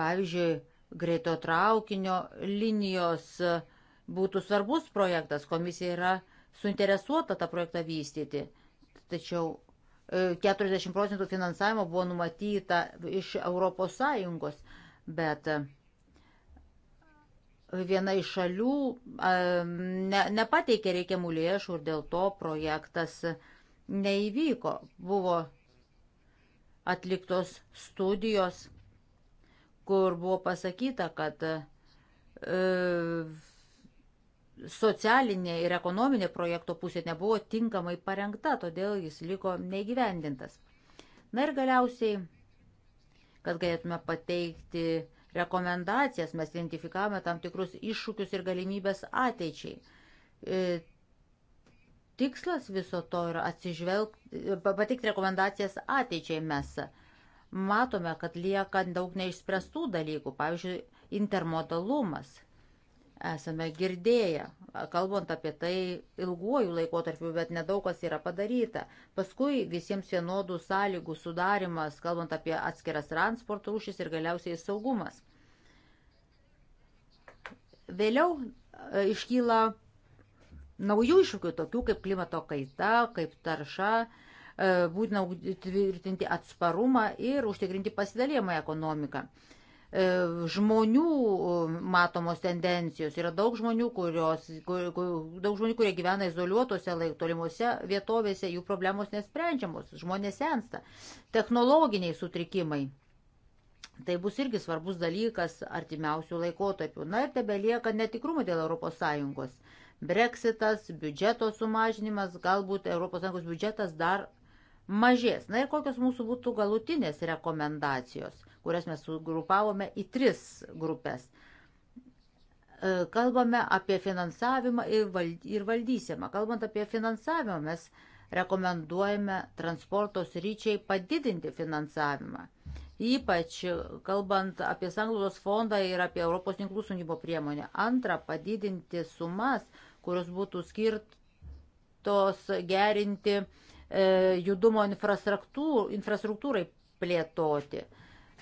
pavyzdžiui, greito traukinio linijos būtų svarbus projektas, komisija yra suinteresuota tą projektą vystyti. Tačiau 40 procentų finansavimo buvo numatyta iš ES, bet e, viena iš šalių e, ne, nepateikė reikiamų lėšų ir dėl to projektas neįvyko. Buvo atliktos studijos, kur buvo pasakyta, kad e, socialinė ir ekonominė projekto pusė nebuvo tinkamai parengta, todėl jis liko neįgyvendintas. Na ir galiausiai, kad galėtume pateikti rekomendacijas, mes identifikavome tam tikrus iššūkius ir galimybės ateičiai. E, tikslas viso to yra atsižvelgti, pateikti rekomendacijas ateičiai mes. Matome, kad lieka daug neišspręstų dalykų, pavyzdžiui, intermodalumas. Esame girdėję, kalbant apie tai ilguoju laikotarpiu, bet nedaug kas yra padaryta. Paskui visiems vienodų sąlygų sudarimas, kalbant apie atskiras transporto rūšis ir galiausiai saugumas. Vėliau e, iškyla naujų iššūkių, tokių kaip klimato kaita, kaip tarša, e, būtina tvirtinti atsparumą ir užtikrinti pasidalėjimą ekonomiką. E, žmonių matomos tendencijos. Yra daug žmonių, kurios, kur, kur, daug žmonių kurie gyvena izoliuotose, laik, tolimuose vietovėse, jų problemos nesprendžiamos, žmonės sensta. Technologiniai sutrikimai. Tai bus irgi svarbus dalykas artimiausių laikotarpių. Na ir tebe lieka netikrumų dėl ES. Brexitas, biudžeto sumažinimas, galbūt ES biudžetas dar mažės. Na ir kokios mūsų būtų galutinės rekomendacijos kurias mes sugrupavome į tris grupės. E, kalbame apie finansavimą ir valdysimą. Kalbant apie finansavimą, mes rekomenduojame transporto sryčiai padidinti finansavimą. Ypač kalbant apie Sanglaudos fondą ir apie Europos tinklų sunimo priemonę. Antra, padidinti sumas, kurios būtų skirtos gerinti e, judumo infrastruktūrai plėtoti. E,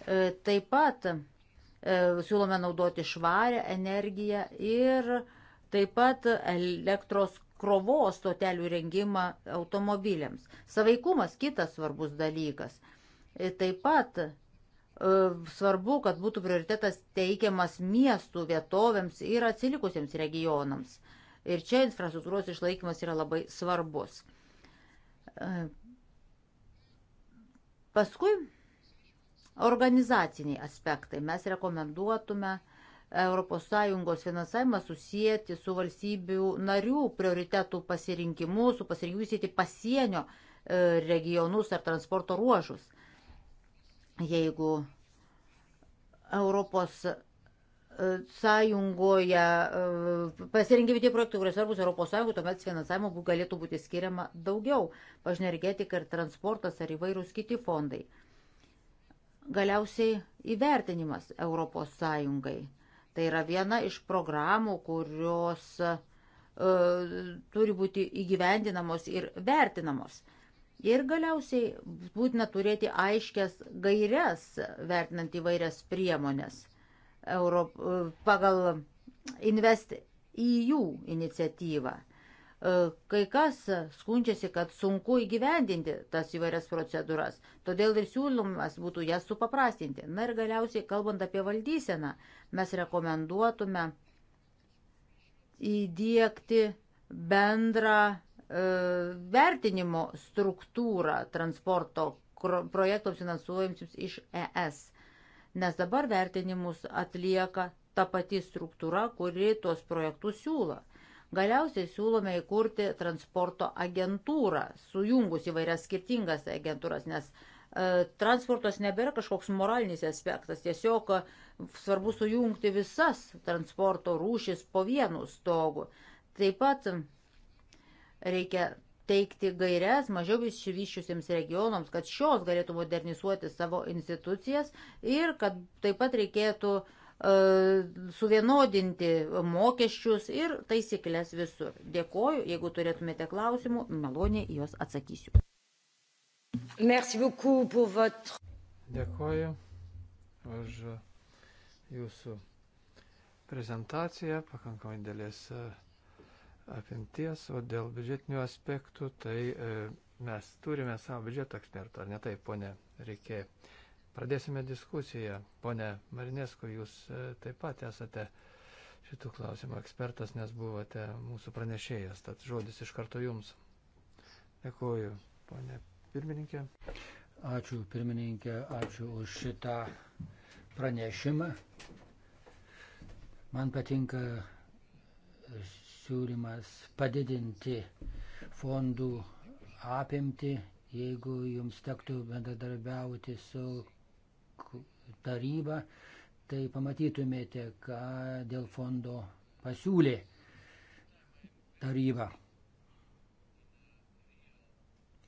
E, taip pat e, siūlome naudoti švarę energiją ir taip pat elektros krovos stotelių rengimą automobiliams. Savaikumas kitas svarbus dalykas. E, taip pat svarbu, kad būtų prioritetas teikiamas miestų vietovėms ir atsilikusiems regionams. Ir čia infrastruktūros išlaikymas yra labai svarbus. Paskui Organizaciniai aspektai. Mes rekomenduotume ES finansavimą susijęti su valstybių narių prioritetų pasirinkimu, su pasirinkimu įsiti pasienio e, regionus ar transporto ruožus. Jeigu Europos e, sąjungoje e, pasirinkimi tie projektai, kurie svarbus Europos sąjungoje, tuomet finansavimo galėtų būti skiriama daugiau. Pažiūrėjau, energetika ir transportas ar įvairūs kiti fondai. Galiausiai įvertinimas Europos Sąjungai. Tai yra viena iš programų, kurios uh, turi būti įgyvendinamos ir vertinamos. Ir galiausiai būtina turėti aiškias gairias, vertinant įvairias priemonės Euro, pagal Invest EU iniciatyvą. Uh, E, kai kas skundžiasi, kad sunku įgyvendinti tas įvairias procedūras, todėl ir siūlymas būtų jas supaprastinti. Na ir galiausiai, kalbant apie valdyseną, mes rekomenduotume įdėkti bendrą e, vertinimo struktūrą transporto projektams finansuojamiems iš ES. Nes dabar vertinimus atlieka ta pati struktūra, kuri tuos projektus siūlo. Galiausiai siūlome įkurti transporto agentūrą, sujungus įvairias skirtingas agentūras, nes e, transportas nebėra kažkoks moralinis aspektas, tiesiog e, svarbu sujungti visas transporto rūšis po vienu stogu. Taip pat e, reikia teikti gairias mažiau išsivyščiusiems regionams, kad šios galėtų modernizuoti savo institucijas ir kad taip pat reikėtų uh, E, suvienodinti mokesčius ir taisyklės visur. Dėkoju, jeigu turėtumėte klausimų, maloniai juos atsakysiu. Votre... Dėkoju už jūsų prezentaciją, pakankamai dėlės e, apimties, o dėl biudžetinių aspektų, tai e, mes turime savo biudžeto ekspertą, ar ne taip, ponė, reikėjo. Pradėsime diskusiją. Pone Marinesku, jūs e, taip pat esate šitų klausimų ekspertas, nes buvote mūsų pranešėjas. Tad žodis iš karto jums. Dėkuoju, ponė pirmininkė. Ačiū pirmininkė, ačiū už šitą pranešimą. Man patinka siūlymas padidinti fondų apimti, jeigu jums tektų bendradarbiauti su tarybą, tai pamatytumėte, ką dėl fondo pasiūlė taryba.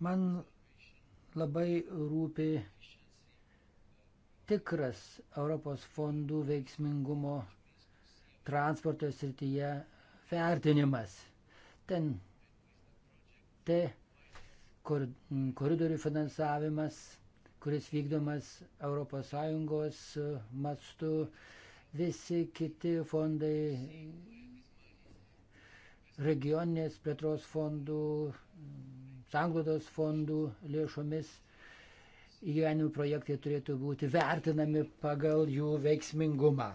Man labai rūpi tikras Europos fondų veiksmingumo transporto srityje vertinimas. Ten T koridorių finansavimas kuris vykdomas ES e, mastu. Visi kiti fondai, regioninės plėtros fondų, sanglodos fondų lėšomis įgyvenimų projektai turėtų būti vertinami pagal jų veiksmingumą.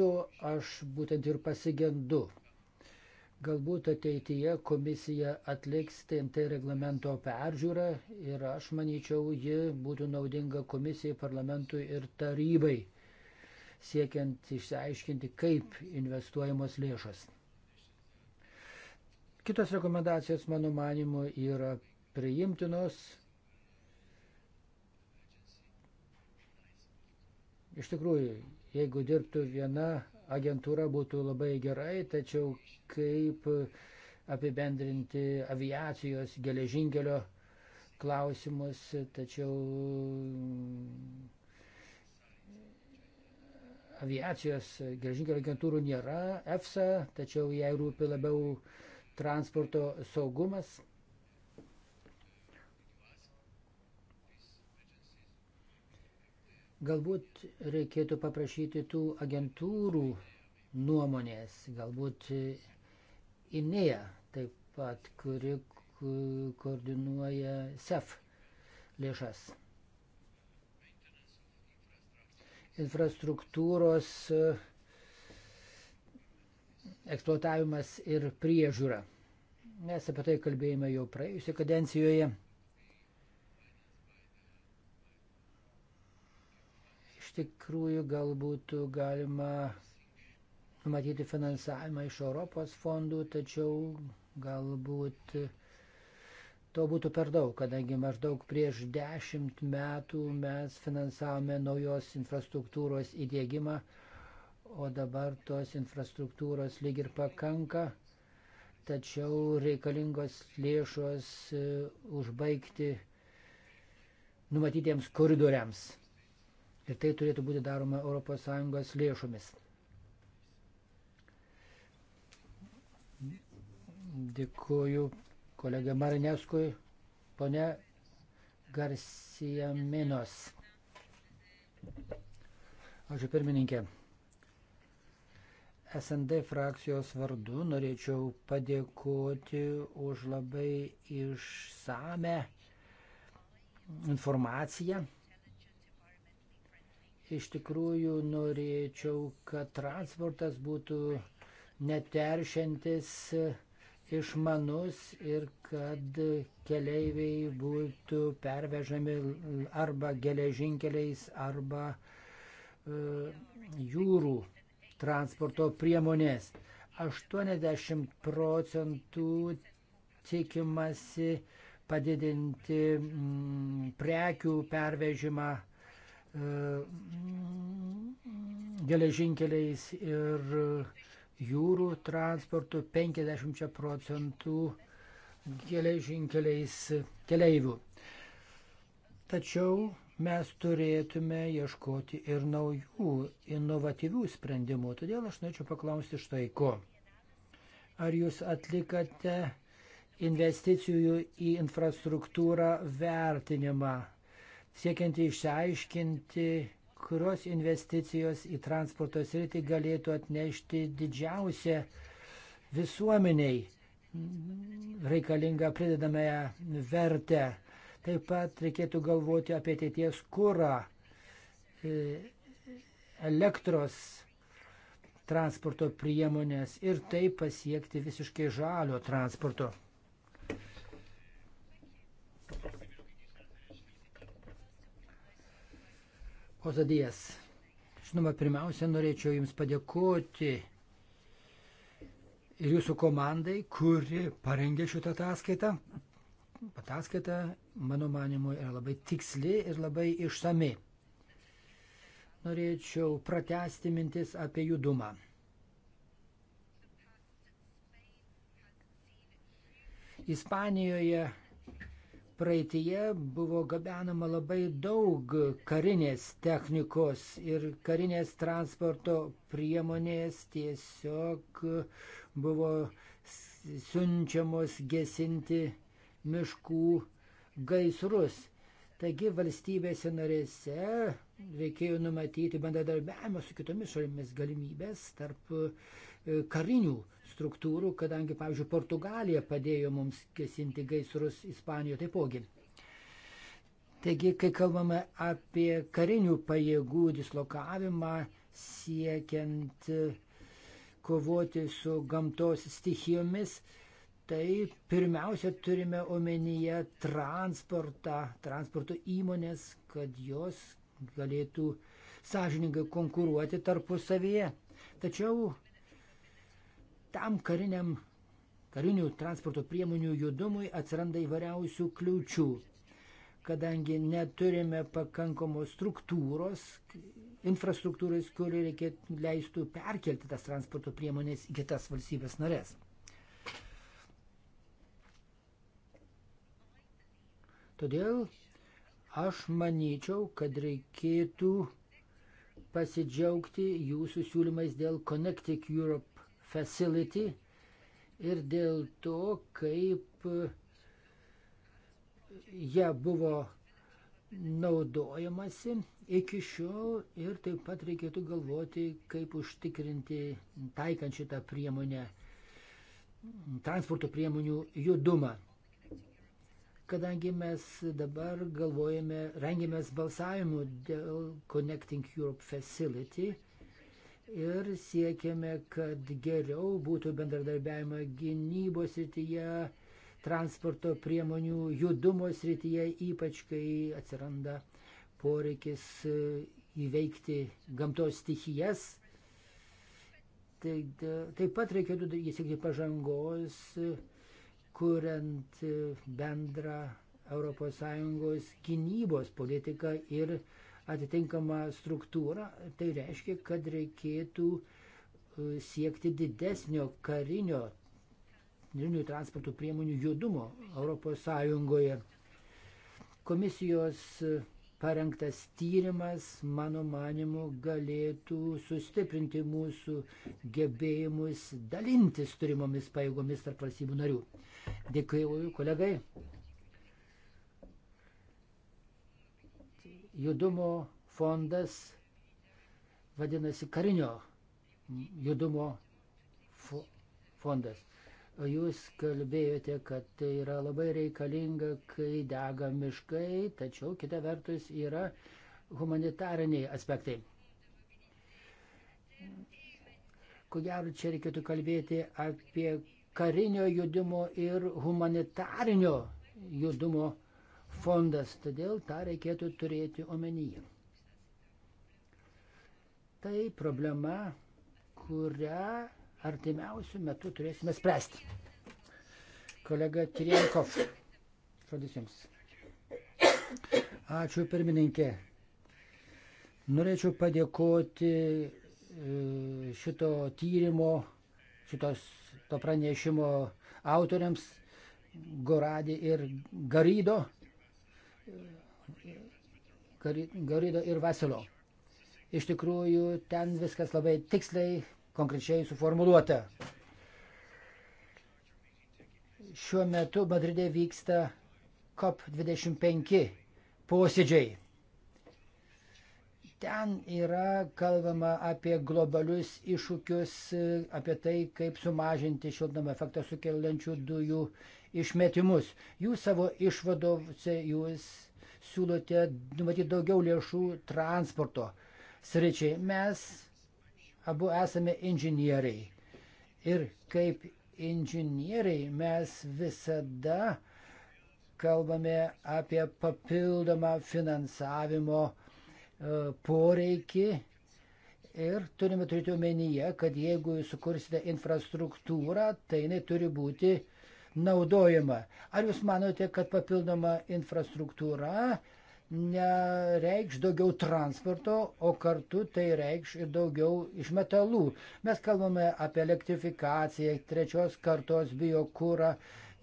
To aš būtent ir pasigendu Galbūt ateityje komisija atliks TNT reglamento peržiūrą ir aš manyčiau, ji būtų naudinga komisijai, parlamentui ir tarybai, siekiant išsiaiškinti, kaip investuojamos lėšas. Kitos rekomendacijos, mano manimu, yra priimtinos. Iš tikrųjų, jeigu dirbtų viena agentūra būtų labai gerai, tačiau kaip apibendrinti aviacijos geležinkelio klausimus, tačiau mm, aviacijos geležinkelio agentūrų nėra, EFSA, tačiau jai rūpi labiau transporto saugumas. Galbūt reikėtų paprašyti tų agentūrų nuomonės, galbūt INEA taip pat, kuri koordinuoja SEF lėšas. Infrastruktūros eksploatavimas ir priežiūra. Mes apie tai kalbėjome jau praėjusią kadencijoje. Iš tikrųjų, galbūt galima numatyti finansavimą iš Europos fondų, tačiau galbūt to būtų per daug, kadangi maždaug prieš dešimt metų mes finansavome naujos infrastruktūros įdėgymą, o dabar tos infrastruktūros lyg ir pakanka, tačiau reikalingos lėšos e, užbaigti numatytiems koridoriams. Ir tai turėtų būti daroma ES lėšomis. Dėkuoju kolega Marineskui, ponia Garcia Minos. Ačiū pirmininkė. SND frakcijos vardu norėčiau padėkoti už labai išsame informaciją. Iš tikrųjų norėčiau, kad transportas būtų neteršiantis, išmanus ir kad keleiviai būtų pervežami arba geležinkeliais, arba e, jūrų transporto priemonės. 80 procentų tikimasi padidinti prekių pervežimą E, geležinkeliais ir jūrų transportu 50 procentų geležinkeliais keleivių. Tačiau mes turėtume ieškoti ir naujų, inovatyvių sprendimų. Todėl aš norėčiau paklausti štai ko. Ar jūs atlikate investicijų į infrastruktūrą vertinimą? siekiant išsiaiškinti, kurios investicijos į transporto sritį galėtų atnešti didžiausią visuomeniai reikalingą pridedamąją vertę. Taip pat reikėtų galvoti apie ateities kūrą, e, elektros transporto priemonės ir taip pasiekti visiškai žalio transporto. Ozadijas. Žinoma, pirmiausia, norėčiau Jums padėkoti ir Jūsų komandai, kuri parengė šitą ataskaitą. Ataskaita, mano manimu, yra labai tiksli ir labai išsami. Norėčiau pratesti mintis apie judumą. Ispanijoje praeitie buvo gabenama labai daug karinės technikos ir karinės transporto priemonės tiesiog buvo siunčiamos gesinti miškų gaisrus. Taigi valstybėse narėse reikėjo numatyti bendradarbiavimo su kitomis šalimis galimybės tarp e, karinių struktūrų, kadangi, pavyzdžiui, Portugalija padėjo mums kesinti gaisrus Ispanijoje taipogi. Taigi, kai kalbame apie karinių pajėgų dislokavimą siekiant kovoti su gamtos stichijomis, tai pirmiausia turime omenyje transportą, transporto įmonės, kad jos galėtų sąžiningai konkuruoti tarpusavyje. Tačiau tam kariniam, karinių transporto priemonių judumui atsiranda įvairiausių kliūčių, kadangi neturime pakankamos struktūros, infrastruktūros, kuri reikėtų leistų perkelti tas transporto priemonės į kitas valstybės narės. Todėl aš manyčiau, kad reikėtų pasidžiaugti jūsų siūlymais dėl Connecting Europe Facility ir dėl to, kaip jie buvo naudojamasi iki šiol ir taip pat reikėtų galvoti, kaip užtikrinti taikant šitą priemonę transporto priemonių judumą. Kadangi mes dabar galvojame, rengiamės balsavimu dėl Connecting Europe Facility, ir siekiame, kad geriau būtų bendradarbiavimo gynybos srityje, transporto priemonių judumo srityje, ypač kai atsiranda poreikis e, įveikti gamtos stichijas. Tai, e, taip pat reikėtų įsigyti pažangos, e, kuriant bendrą ES gynybos politiką ir atitinkamą struktūrą, tai reiškia, kad reikėtų e, siekti didesnio karinio karinių transporto priemonių judumo ES. Komisijos e, parengtas tyrimas, mano manimu, galėtų sustiprinti mūsų gebėjimus dalintis turimomis paėgomis tarp valstybių narių. Dėkuoju kolegai. judumo fondas vadinasi karinio judumo fondas. Jūs kalbėjote, kad tai yra labai reikalinga, kai dega miškai, tačiau kita vertus yra humanitariniai aspektai. Ko gero, čia reikėtų kalbėti apie karinio judumo ir humanitarinio judumo fondas, todėl tą reikėtų turėti omenyje. Tai problema, kurią artimiausių metų turėsime spręsti. Kolega Kiriankov, žodis jums. Ačiū pirmininkė. Norėčiau padėkoti e, šito tyrimo, šitos to pranešimo autoriams Goradi ir Garydo. Garido ir Vasilo. Iš tikrųjų, ten viskas labai tiksliai, konkrečiai suformuluota. Šiuo metu Madride vyksta COP25 posėdžiai. Ten yra kalbama apie globalius iššūkius, apie tai, kaip sumažinti šiltnamą efektą sukeliančių dujų uh, išmetimus. Jūs savo išvadovose jūs siūlote numatyti daugiau lėšų transporto sričiai. Mes abu esame inžinieriai. Ir kaip inžinieriai mes visada kalbame apie papildomą finansavimo e, poreikį ir turime turėti omenyje, kad jeigu sukursite infrastruktūrą, tai jinai turi būti uh, naudojama. Ar jūs manote, kad papildoma infrastruktūra nereikš daugiau transporto, o kartu tai reikš ir daugiau iš metalų. Mes kalbame apie elektrifikaciją, trečios kartos biokūrą.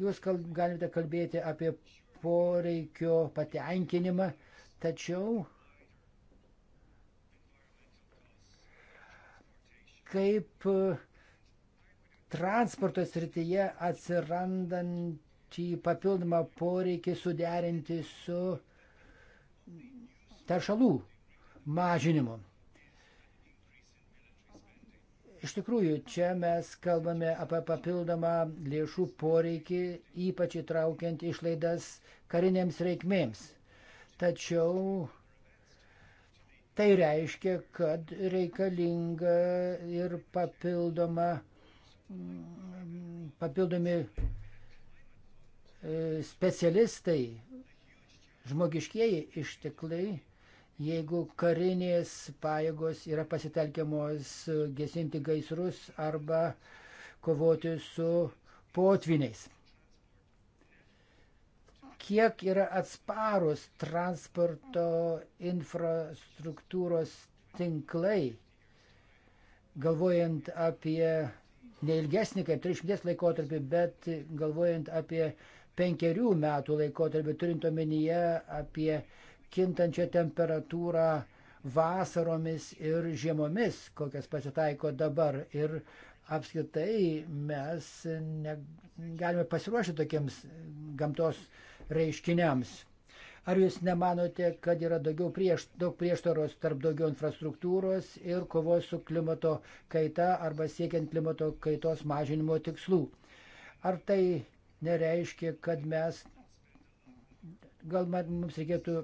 Jūs kal galite kalbėti apie poreikio patenkinimą, tačiau kaip transporto srityje atsirandantį papildomą poreikį suderinti su teršalų mažinimu. Iš tikrųjų, čia mes kalbame apie papildomą lėšų poreikį, ypač įtraukiant išlaidas karinėms reikmėms. Tačiau tai reiškia, kad reikalinga ir papildoma papildomi e, specialistai, žmogiškieji ištiklai, jeigu karinės pajėgos yra pasitelkiamos gesinti gaisrus arba kovoti su potviniais. Kiek yra atsparus transporto infrastruktūros tinklai, galvojant apie neilgesnį kaip 30 laikotarpį, bet galvojant apie penkerių metų laikotarpį, turint omenyje apie kintančią temperatūrą vasaromis ir žiemomis, kokias pasitaiko dabar. Ir apskritai mes negalime pasiruošti tokiems gamtos reiškiniams. Ar jūs nemanote, kad yra daugiau prieš, daug prieštaros tarp daugiau infrastruktūros ir kovos su klimato kaita arba siekiant klimato kaitos mažinimo tikslų? Ar tai nereiškia, kad mes, gal mums reikėtų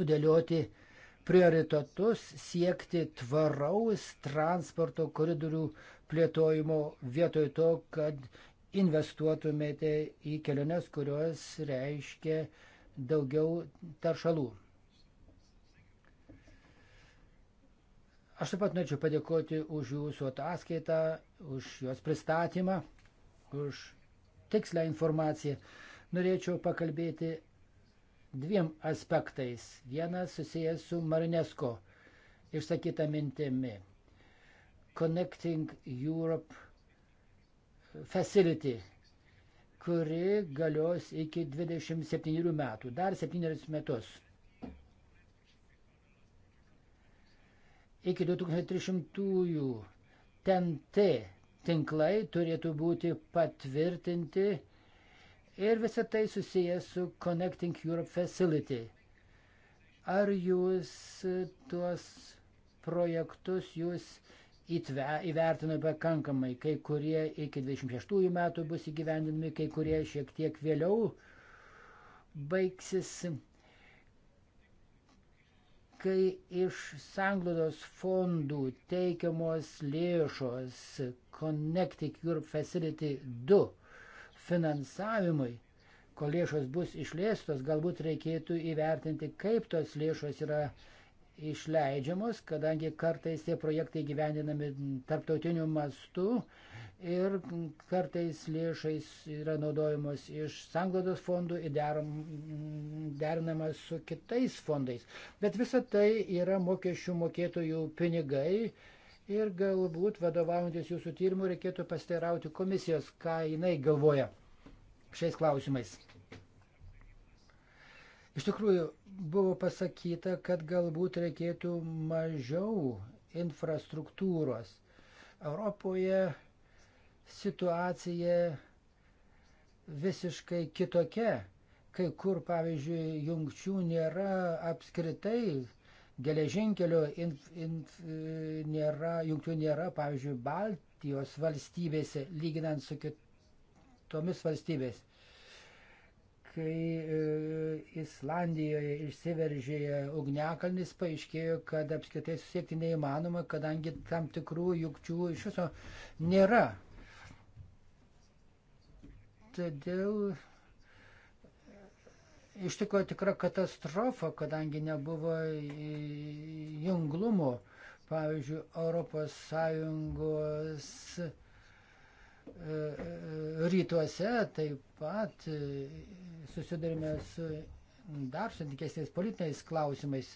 sudėlioti prioritetus, siekti tvaraus transporto koridorių plėtojimo vietoj to, kad investuotumėte į keliones, kurios reiškia uh, daugiau taršalų. Aš taip pat norėčiau padėkoti už jūsų ataskaitą, už jos pristatymą, už tikslę informaciją. Norėčiau pakalbėti dviem aspektais. Vienas susijęs su Marinesko išsakyta mintimi. Connecting Europe Facility kuri galios iki 27 metų, dar 7 metus. Iki 2300 TNT tinklai turėtų būti patvirtinti ir visą tai susijęs su Connecting Europe Facility. Ar jūs tuos projektus jūs įvertino pakankamai. Kai kurie iki 26 metų bus įgyvendinami, kai kurie šiek tiek vėliau baigsis. Kai iš sanglodos fondų teikiamos lėšos Connecting Europe Facility 2 finansavimui, kol lėšos bus išlėstos, galbūt reikėtų įvertinti, kaip tos lėšos yra uh, išleidžiamos, kadangi kartais tie projektai gyvendinami tarptautiniu mastu ir kartais lėšais yra naudojamos iš sanglados fondų ir derinamas su kitais fondais. Bet visa tai yra mokesčių mokėtojų pinigai. Ir galbūt vadovaujantis jūsų tyrimu reikėtų pasteirauti komisijos, ką jinai galvoja šiais klausimais. Iš tikrųjų, buvo pasakyta, kad galbūt reikėtų mažiau infrastruktūros. Europoje situacija visiškai kitokia. Kai kur, pavyzdžiui, jungčių nėra apskritai, geležinkelio inf, inf, nėra, jungčių nėra, pavyzdžiui, Baltijos valstybėse, lyginant su kitomis valstybės kai e, Islandijoje išsiveržė ugnekalnis, paaiškėjo, kad apskritai susiekti neįmanoma, kadangi tam tikrų jukčių iš viso nėra. Todėl e, ištiko tikra katastrofa, kadangi nebuvo junglumo. Pavyzdžiui, Europos Sąjungos rytuose taip pat e, susidurime su dar sudėkesniais politiniais klausimais.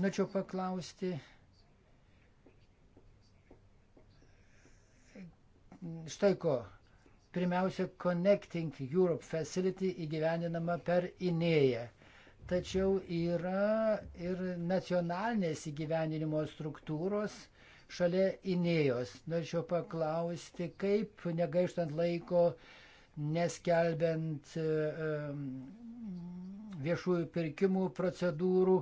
Norėčiau paklausti, štai ko. Pirmiausia, Connecting Europe Facility įgyvendinama per INEją. Tačiau yra ir nacionalinės įgyvendinimo struktūros, šalia Inėjos. Norėčiau paklausti, kaip negaištant laiko, neskelbent viešųjų pirkimų procedūrų,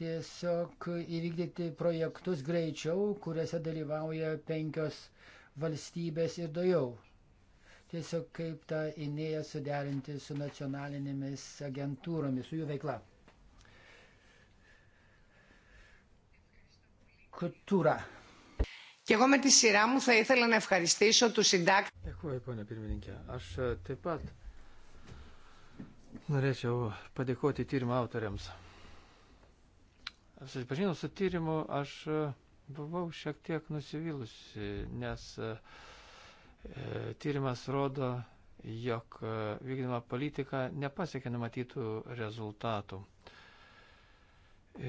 tiesiog įvykdyti projektus greičiau, kuriuose dalyvauja penkios valstybės ir daugiau. Tiesiog kaip tą inėją suderinti su nacionalinėmis agentūromis, su jų veikla. Kutūra. Και εγώ με τη σειρά μου θα ήθελα να ευχαριστήσω του συντάκτε. Dėkuoju, ponia pirmininkė. Aš taip pat norėčiau padėkoti tyrimo autoriams. Susipažinau su tyrimu, aš buvau šiek tiek nusivylusi, nes e, tyrimas rodo, jog e, vykdoma politika nepasiekė numatytų rezultatų.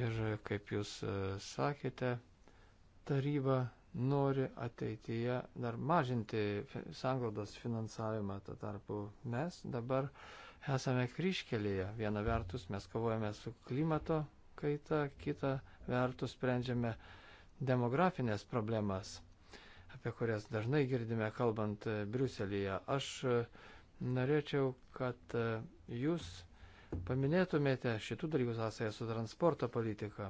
Ir kaip jūs e, sakėte, taryba nori ateityje dar mažinti sanglaudos finansavimą. Tuo tarpu mes dabar esame kryškelėje. Viena vertus mes kovojame su klimato kaita, kita vertus sprendžiame demografinės problemas, apie kurias dažnai girdime kalbant e, Briuselėje. Aš e, norėčiau, kad e, jūs paminėtumėte šitų dalykų sąsąją su transporto politika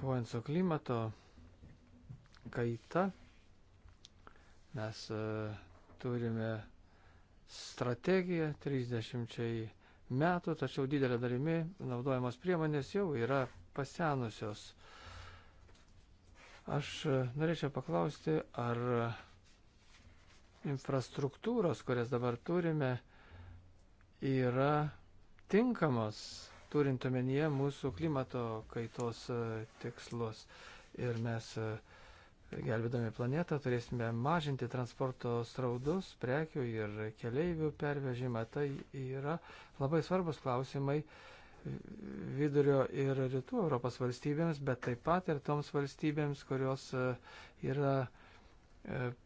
kovojant su klimato kaita, mes e, turime strategiją 30 metų, tačiau didelė dalimi naudojamos priemonės jau yra pasenusios. Aš e, norėčiau paklausti, ar infrastruktūros, kurias dabar turime, yra tinkamos turint omenyje mūsų klimato kaitos e, tikslus. Ir mes e, gelbėdami planetą turėsime mažinti transporto straudus, prekių ir keleivių pervežimą. Tai yra labai svarbus klausimai vidurio ir rytų Europos valstybėms, bet taip pat ir toms valstybėms, kurios e, yra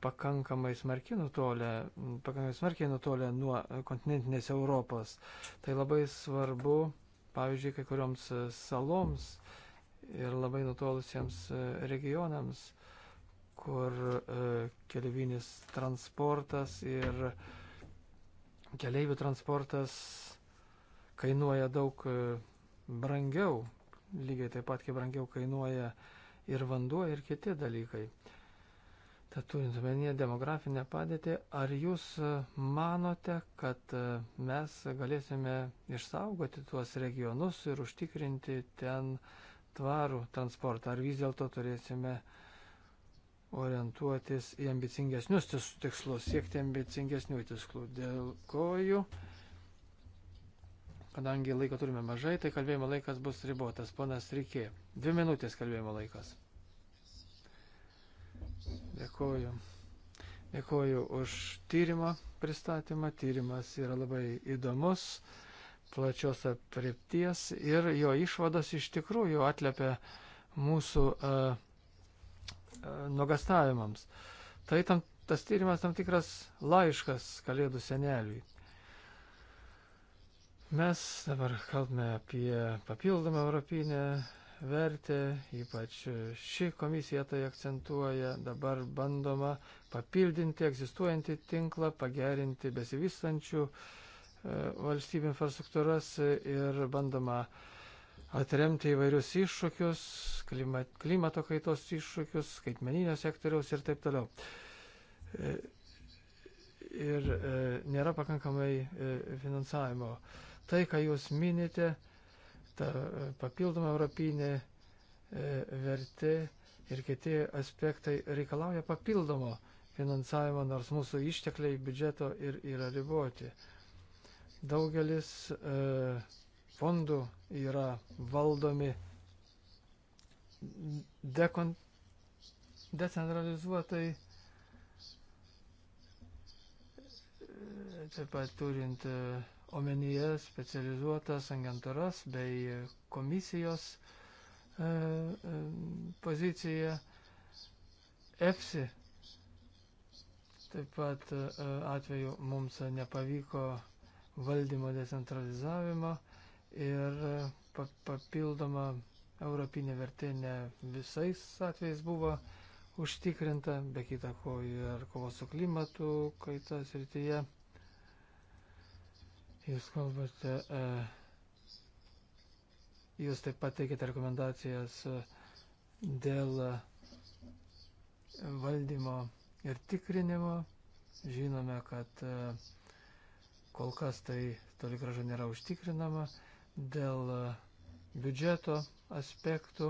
pakankamai smarkiai nutolę, pakankamai smarkiai nutolę nuo kontinentinės Europos. Tai labai svarbu pavyzdžiui, kai kurioms e, saloms ir labai nutolusiems e, regionams, kur e, keliavinis transportas ir keliaivių transportas kainuoja daug brangiau, lygiai taip pat kaip brangiau kainuoja ir vanduo ir kiti dalykai. Tad turint omenyje demografinę padėtį, ar jūs e, manote, kad e, mes galėsime išsaugoti tuos regionus ir užtikrinti ten tvarų transportą, ar vis dėlto turėsime orientuotis į ambicingesnius tikslus, siekti ambicingesnių tikslų. Dėl kojų, kadangi laiko turime mažai, tai kalbėjimo laikas bus ribotas. Ponas Rikė, dvi minutės kalbėjimo laikas. Dėkoju. Dėkoju už tyrimo pristatymą. Tyrimas yra labai įdomus, plačios apripties ir jo išvados iš tikrųjų atlepia mūsų uh, nuogastavimams. Tai tam, tas tyrimas tam tikras laiškas Kalėdų seneliui. Mes dabar kalbame apie papildomą europinę vertę, ypač ši komisija tai akcentuoja, dabar bandoma papildinti egzistuojantį tinklą, pagerinti besivystančių e, valstybių infrastruktūras ir bandoma atremti įvairius iššūkius, klimato kaitos iššūkius, skaitmeninio sektoriaus ir taip toliau. E, ir e, nėra pakankamai finansavimo. Tai, ką jūs minite, ta e, papildoma europinė e, vertė ir kiti aspektai reikalauja papildomo finansavimo, nors mūsų ištekliai biudžeto ir yra riboti. Daugelis e, fondų yra valdomi dekon, decentralizuotai, e, taip pat turint e, omenyje specializuotas agentūras bei komisijos e, e, poziciją. EFSI taip pat e, atveju mums nepavyko valdymo decentralizavimo ir e, papildoma europinė vertė ne visais atvejais buvo užtikrinta, be kita ko ir kovos su klimatu kaitos rytyje. Jūs kalbate, e, jūs taip pat teikite rekomendacijas e, dėl e, valdymo ir tikrinimo. Žinome, kad kol kas tai toli gražu nėra užtikrinama dėl biudžeto aspektų.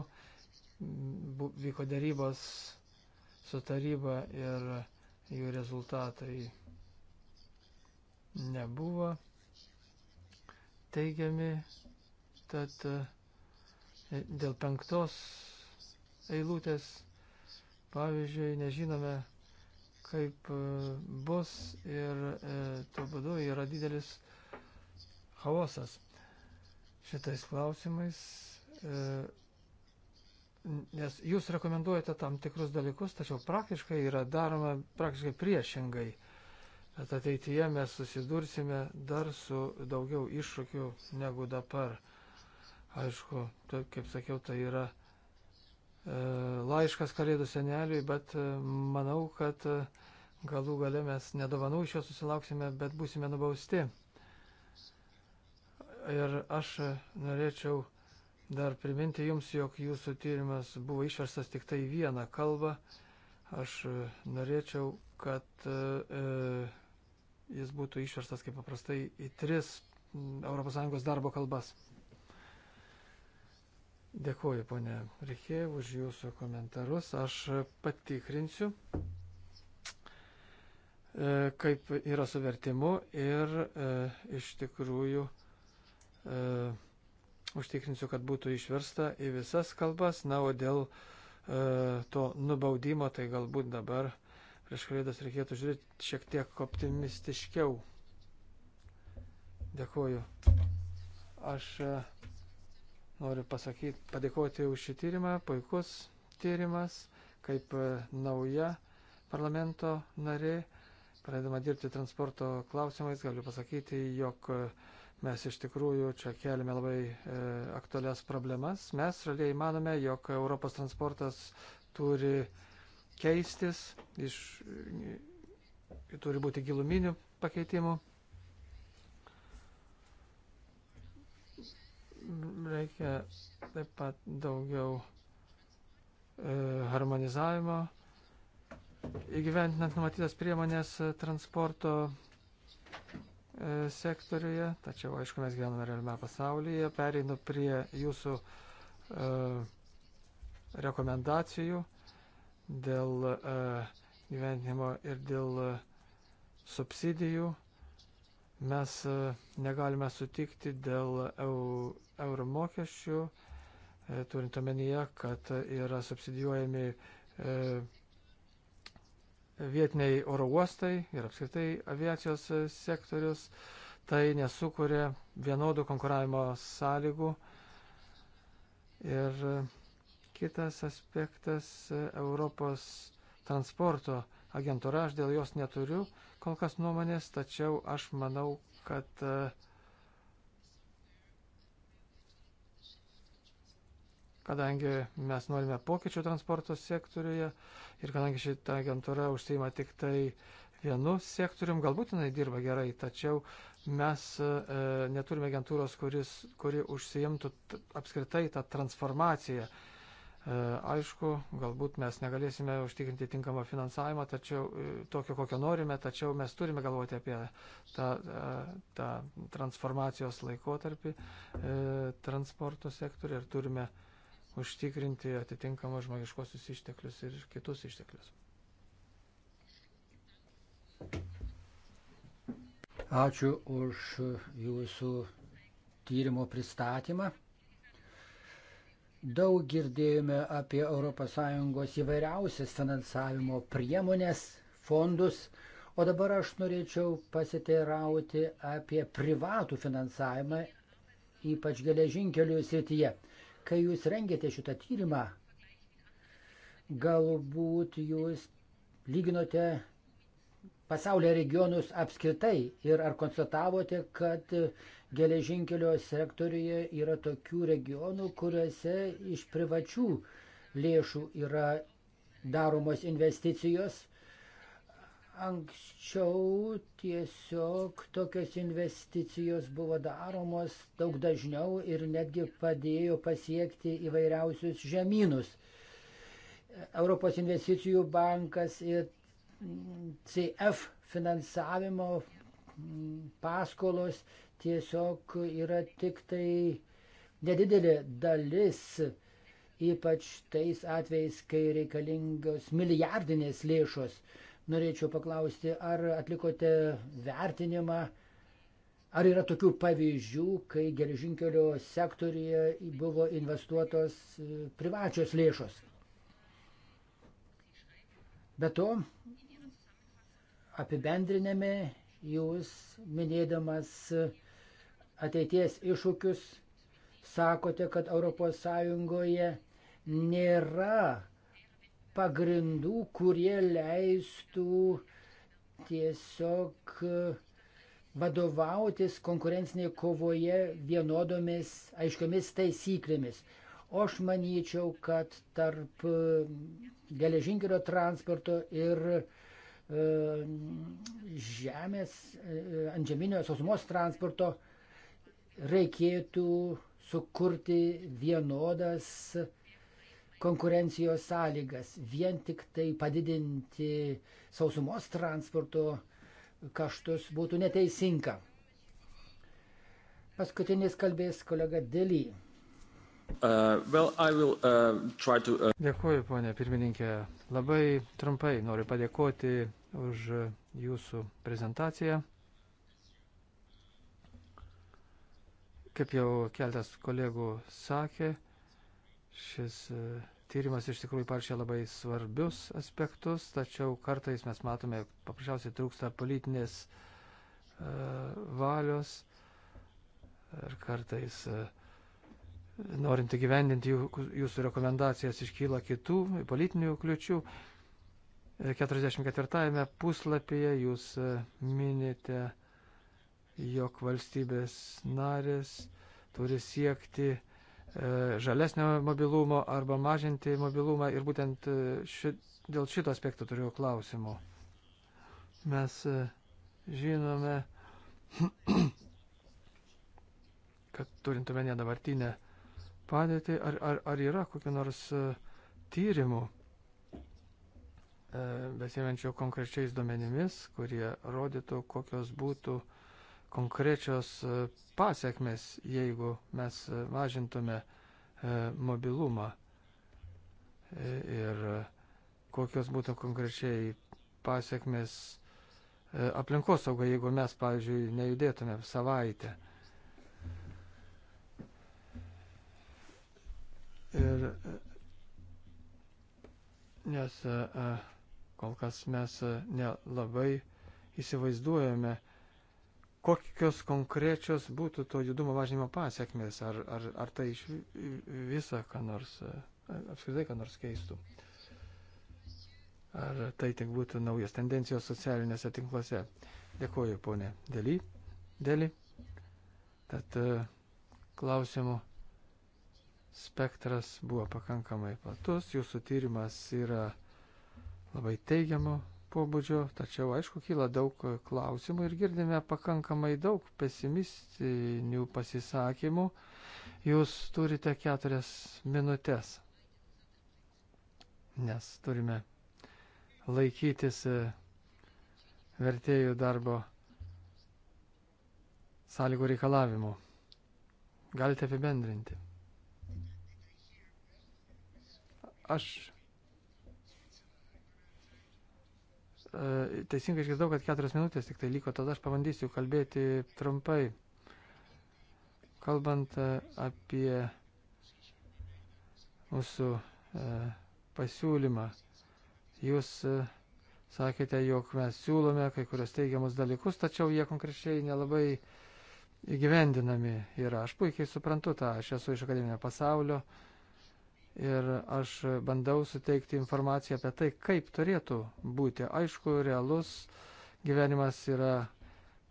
Vyko darybos su taryba ir jų rezultatai nebuvo teigiami, tad e, dėl penktos eilutės, pavyzdžiui, nežinome, kaip e, bus ir e, tuo būdu yra didelis chaosas šitais klausimais, nes jūs rekomenduojate tam tikrus dalykus, tačiau praktiškai yra daroma praktiškai priešingai. Bet ateityje mes susidursime dar su daugiau iššūkių negu dabar. Aišku, taip kaip sakiau, tai yra e, laiškas kalėdų seneliui, bet e, manau, kad e, galų gale mes nedovanų iš jo susilauksime, bet būsime nubausti. Ir aš e, norėčiau dar priminti jums, jog jūsų tyrimas buvo išverstas tik tai vieną kalbą. Aš e, norėčiau, kad e, e jis būtų išverstas kaip paprastai į tris ES darbo kalbas. Dėkuoju, ponė Rikė, už jūsų komentarus. Aš patikrinsiu, e, kaip yra su vertimu ir e, iš tikrųjų e, užtikrinsiu, kad būtų išversta į visas kalbas. Na, o dėl to nubaudimo, tai galbūt dabar prieš kalėdas reikėtų žiūrėti šiek tiek optimistiškiau. Dėkuoju. Aš e, noriu pasakyti, padėkoti už šį tyrimą, puikus tyrimas, kaip e, nauja parlamento narė, pradedama dirbti transporto klausimais, galiu pasakyti, jog e, mes iš tikrųjų čia keliame labai e, aktualias problemas. Mes realiai manome, jog Europos transportas turi keistis, iš, e, turi būti giluminių pakeitimų. Reikia taip pat daugiau e, harmonizavimo, įgyventinant numatytas priemonės e, transporto sektoriuje, tačiau aišku, mes gyvename realiame pasaulyje, pereinu prie jūsų rekomendacijų dėl e, gyvenimo ir dėl e, subsidijų. Mes e, negalime sutikti dėl eurų mokesčių, turint omenyje, kad yra subsidijuojami vietiniai oro uostai ir apskritai aviacijos sektorius. Tai nesukuria vienodų konkuravimo sąlygų ir Kitas aspektas - Europos transporto agentūra. Aš dėl jos neturiu kol kas nuomonės, tačiau aš manau, kad e, kadangi mes norime pokyčių transporto sektoriuje ir kadangi šita agentūra užsima tik tai vienu sektorium, galbūt jinai dirba gerai, tačiau mes e, neturime agentūros, kuris, kuri užsiimtų apskritai tą transformaciją E, aišku, galbūt mes negalėsime užtikrinti tinkamą finansavimą, tačiau e, tokio, kokio norime, tačiau mes turime galvoti apie tą, e, tą transformacijos laikotarpį transporto sektorių ir turime užtikrinti atitinkamus žmogiškosius išteklius ir kitus išteklius. Ačiū už jūsų tyrimo pristatymą. Daug girdėjome apie ES įvairiausias finansavimo priemonės, fondus, o dabar aš norėčiau pasiteirauti apie privatų finansavimą, ypač geležinkelių srityje. Kai jūs rengėte šitą tyrimą, galbūt jūs lyginote pasaulio regionus apskritai ir ar konstatavote, kad geležinkelio sektoriuje yra tokių regionų, kuriuose iš privačių lėšų yra daromos investicijos. Anksčiau tiesiog tokios investicijos buvo daromos daug dažniau ir netgi padėjo pasiekti įvairiausius žemynus. Europos investicijų bankas ir CF finansavimo paskolos tiesiog yra tik tai nedidelė dalis, ypač tais atvejais, kai reikalingos milijardinės lėšos. Norėčiau paklausti, ar atlikote vertinimą, ar yra tokių pavyzdžių, kai geležinkelio sektorija buvo investuotos e, privačios lėšos. Be to, apibendriname jūs minėdamas ateities iššūkius. Sakote, kad ES nėra pagrindų, kurie leistų tiesiog vadovautis konkurencinėje kovoje vienodomis aiškiomis taisyklėmis. O aš manyčiau, kad tarp e, geležinkelio transporto ir e, žemės, e, e antžeminio sausumos transporto e, reikėtų sukurti vienodas konkurencijos sąlygas, vien tik tai padidinti sausumos transporto kaštus būtų neteisinga. Paskutinis kalbės kolega Dely. Uh, well, will, uh, to, uh... Dėkuoju, ponė pirmininkė. Labai trumpai noriu padėkoti už jūsų prezentaciją. Kaip jau keltas kolegų sakė, šis e, tyrimas iš tikrųjų paršė labai svarbius aspektus, tačiau kartais mes matome, paprasčiausiai trūksta politinės e, valios ir kartais e, norint įgyvendinti jų, jūsų rekomendacijas iškyla kitų politinių kliučių. 44 e, puslapyje jūs e, minite jog valstybės narės turi siekti e, žalesnio mobilumo arba mažinti mobilumą ir būtent e, ši, dėl šito aspekto turiu klausimų. Mes e, žinome, [clears throat] kad turintume ne dabartinę padėtį, ar, ar, ar yra kokiu nors tyrimu besiemenčių konkrečiais duomenimis, kurie rodytų, kokios būtų uh, konkrečios e, pasiekmes, jeigu mes e, mažintume e, mobilumą ir kokios būtų konkrečiai pasiekmes aplinkosauga, jeigu mes, pavyzdžiui, nejudėtume savaitę. Ir nes kol kas mes nelabai įsivaizduojame, kokios konkrečios būtų to judumo mažinimo pasiekmes, ar, ar, ar tai iš visą, ką nors, apskritai, ką nors keistų. Ar tai tik būtų naujas tendencijos socialinėse tinkluose. Dėkuoju, ponė Dėly. Dėly. Tad e, klausimų spektras buvo pakankamai platus, jūsų tyrimas yra labai teigiamo pobūdžio, tačiau aišku, kyla daug klausimų ir girdime pakankamai daug pesimistinių pasisakymų. Jūs turite keturias minutės, nes turime laikytis e, vertėjų darbo sąlygų reikalavimų. Galite apibendrinti. Aš E, teisingai išgirdau, kad keturias minutės tik tai liko, tada aš pabandysiu kalbėti trumpai. Kalbant e, apie mūsų e, pasiūlymą, jūs sakėte, jog mes siūlome kai kurios teigiamus dalykus, tačiau jie konkrečiai nelabai įgyvendinami yra. Aš puikiai suprantu tą, aš esu iš akademinio pasaulio, uh, ir aš bandau suteikti informaciją apie tai, kaip turėtų būti. Aišku, realus gyvenimas yra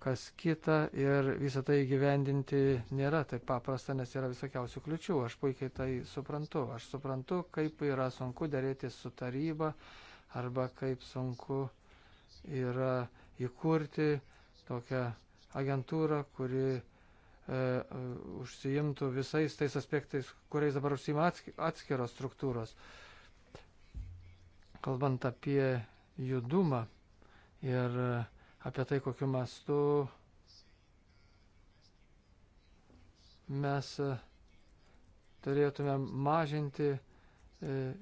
kas kita ir visą tai gyvendinti nėra taip paprasta, nes yra visokiausių kliučių. Aš puikiai tai suprantu. Aš suprantu, kaip yra sunku dėrėti su taryba arba kaip sunku yra įkurti tokią agentūrą, kuri E, užsijimtų visais tais aspektais, kuriais dabar užsima atskiros struktūros. Kalbant apie judumą ir e, apie tai, kokiu mastu mes e, turėtume mažinti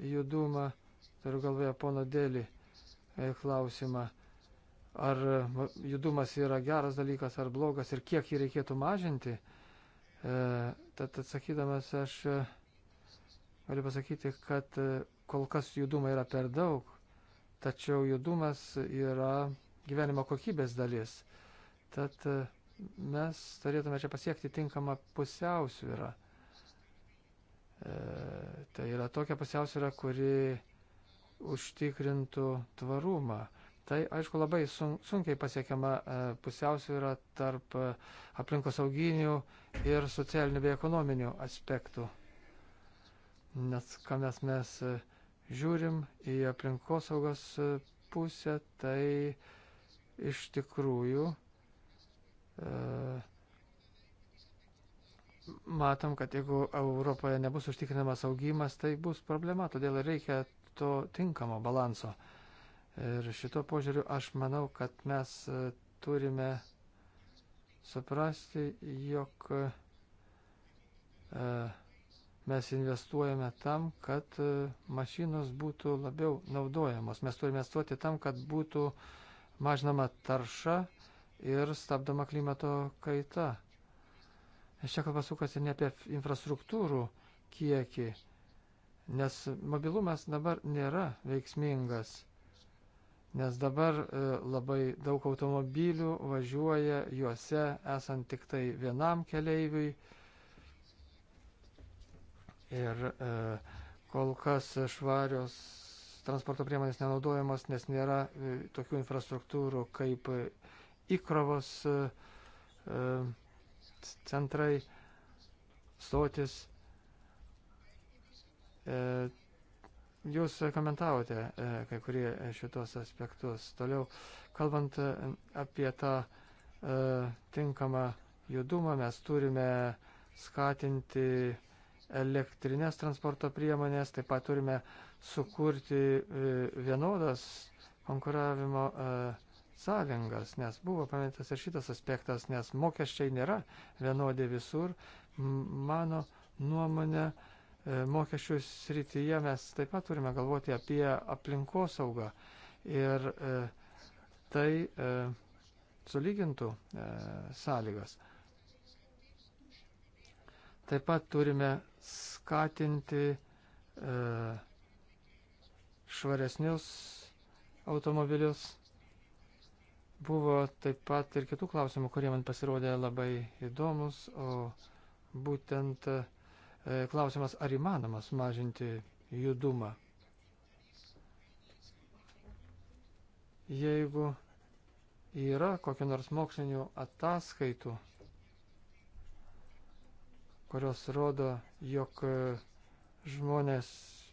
judumą, turiu galvoje pono dėlį klausimą ar e, judumas yra geras dalykas ar blogas ir kiek jį reikėtų mažinti. E, tad atsakydamas aš e, galiu pasakyti, kad kol kas judumą yra per daug, tačiau judumas yra gyvenimo kokybės dalis. Tad mes turėtume čia pasiekti tinkamą pusiausvyrą. E, tai yra tokia pusiausvyrą, kuri užtikrintų tvarumą. Tai, aišku, labai sun, sunkiai pasiekiama e, pusiausvyrą tarp e, aplinkosauginių ir socialinių bei ekonominių aspektų. Nes ką mes, mes e, žiūrim į aplinkosaugos pusę, tai iš tikrųjų e, matom, kad jeigu Europoje nebus užtikrinamas augimas, tai bus problema, todėl reikia to tinkamo balanso. E, Ir šito požiūriu aš manau, kad mes e, turime suprasti, jog e, mes investuojame tam, kad e, mašinos būtų labiau naudojamos. Mes turime investuoti tam, kad būtų mažinama tarša ir stabdoma klimato kaita. Aš čia kalba sukasi ne apie infrastruktūrų kiekį, nes mobilumas dabar nėra veiksmingas. Nes dabar e, labai daug automobilių važiuoja juose esant tik tai vienam keleiviui. Ir e, kol kas švarios transporto priemonės nenaudojamos, nes nėra e, tokių infrastruktūrų kaip įkrovos centrai, stotis. Jūs komentavote e, kai kurie šitos aspektus. Toliau, kalbant e, apie tą e, tinkamą judumą, mes turime skatinti elektrinės transporto priemonės, taip pat turime sukurti vienodas konkuravimo sąlygas, nes buvo pamintas ir šitas aspektas, nes mokesčiai nėra vienodi visur. Mano nuomonė, E, mokesčių srityje mes taip pat turime galvoti apie aplinkosaugą ir e, tai e, sulygintų sąlygas. Taip pat turime skatinti švaresnius automobilius. Buvo taip pat ir kitų klausimų, kurie man pasirodė labai įdomus, o būtent uh, E, klausimas, ar įmanoma sumažinti judumą. Jeigu yra kokiu nors mokslinių ataskaitų, kurios rodo, jog e, žmonės,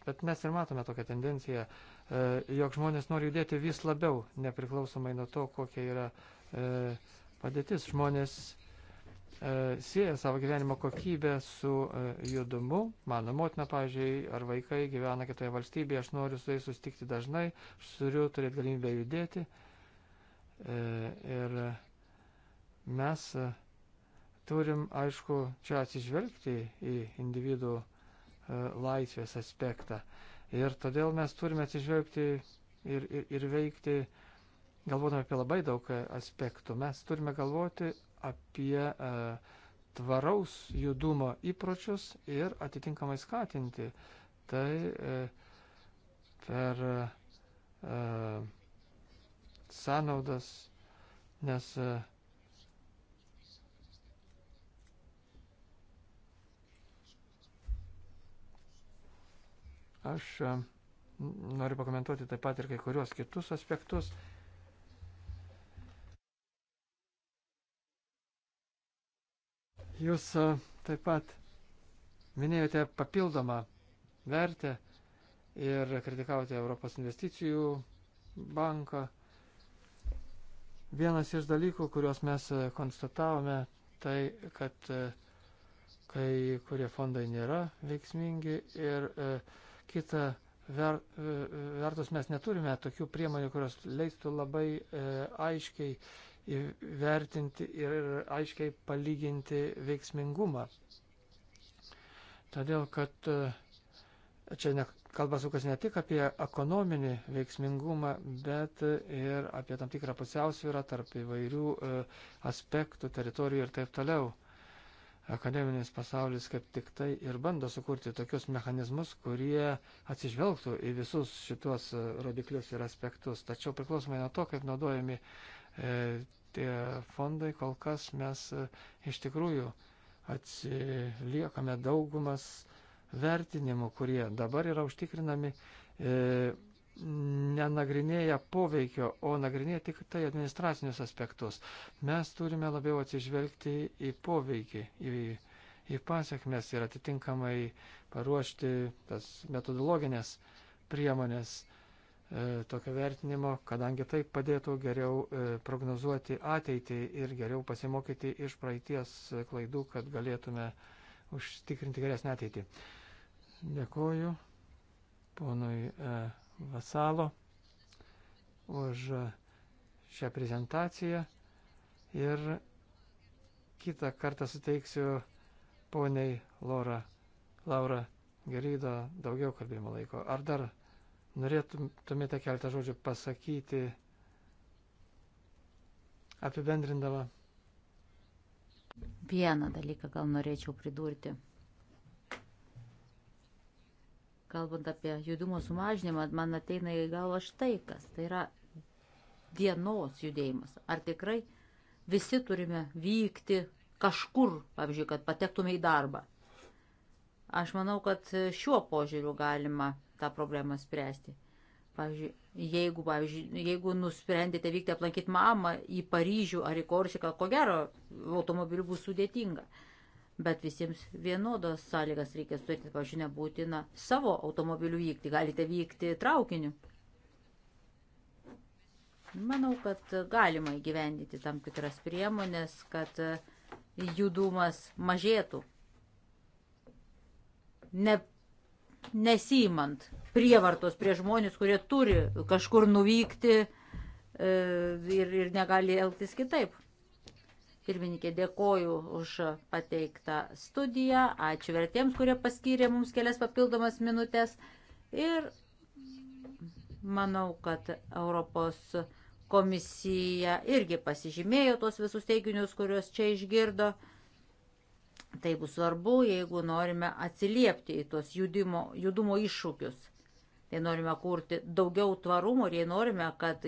bet mes ir matome tokią tendenciją, e, jog žmonės nori judėti vis labiau, nepriklausomai nuo to, kokia yra padėtis. Žmonės E, sieja savo gyvenimo kokybę su e, judumu. Mano motina, pavyzdžiui, ar vaikai gyvena kitoje valstybėje, aš noriu su jais sustikti dažnai, aš turiu turėti galimybę judėti. E, ir mes turim, aišku, čia atsižvelgti į individų laisvės aspektą. Ir todėl mes turime atsižvelgti ir, ir, ir veikti, galvodami apie labai daug aspektų, mes turime galvoti apie e, tvaraus judumo įpročius ir atitinkamai skatinti. Tai e, per e, sąnaudas, nes Aš noriu pakomentuoti taip pat ir kai kuriuos kitus aspektus. Jūs e, taip pat minėjote papildomą vertę ir kritikavote Europos investicijų banką. Vienas iš dalykų, kuriuos mes e, konstatavome, tai, kad e, kai kurie fondai nėra veiksmingi ir e, kita ver, e, vertus mes neturime tokių priemonių, kurios leistų labai e, aiškiai įvertinti ir aiškiai palyginti veiksmingumą. Todėl, kad e, čia ne, kalba sukas ne tik apie ekonominį veiksmingumą, bet ir apie tam tikrą pusiausvyrą tarp įvairių e, aspektų, teritorijų ir taip toliau. Akademinis pasaulis kaip tik tai ir bando sukurti tokius mechanizmus, kurie atsižvelgtų į visus šitos e, rodiklius ir aspektus. Tačiau priklausomai nuo to, kaip naudojami uh, E, tie fondai, kol kas mes e, iš tikrųjų atsiliekame daugumas vertinimų, kurie dabar yra užtikrinami e, nenagrinėja poveikio, o nagrinėja tik tai administracinius aspektus. Mes turime labiau atsižvelgti į poveikį, į, į pasiekmes ir atitinkamai paruošti tas metodologinės priemonės. E, E, tokio vertinimo, kadangi tai padėtų geriau e, prognozuoti ateitį ir geriau pasimokyti iš praeities klaidų, kad galėtume užtikrinti geresnę ateitį. Dėkuoju ponui e, Vasalo už šią prezentaciją ir kitą kartą suteiksiu poniai Laura, Laura Gerydo daugiau kalbėjimo laiko. Ar dar norėtumėte keltą žodžių pasakyti apibendrindama? Vieną dalyką gal norėčiau pridurti. Kalbant apie judumo sumažinimą, man ateina į galvą štai kas. Tai yra dienos judėjimas. Ar tikrai visi turime vykti kažkur, pavyzdžiui, kad patektume į darbą. Aš manau, kad šiuo požiūriu galima tą problemą spręsti. Pavyzdžiui, jeigu, pavyzdžiui, jeigu nusprendėte vykti aplankyti mamą į Paryžių ar į Korsiką, ko gero, automobiliu bus sudėtinga. Bet visiems vienodos sąlygas reikia turėti, pavyzdžiui, nebūtina savo automobiliu vykti, galite vykti traukiniu. Manau, kad galima įgyvendyti tam tikras priemonės, kad judumas mažėtų. Ne nesijimant prievartos prie žmonės, kurie turi kažkur nuvykti e, ir, ir negali elgtis kitaip. Pirmininkė, dėkoju už pateiktą studiją, ačiū vertėms, kurie paskyrė mums kelias papildomas minutės ir manau, kad Europos komisija irgi pasižymėjo tuos visus teiginius, kuriuos čia išgirdo. Tai bus svarbu, jeigu norime atsiliepti į tuos judimo, judumo iššūkius. Tai norime kurti daugiau tvarumo ir jei norime, kad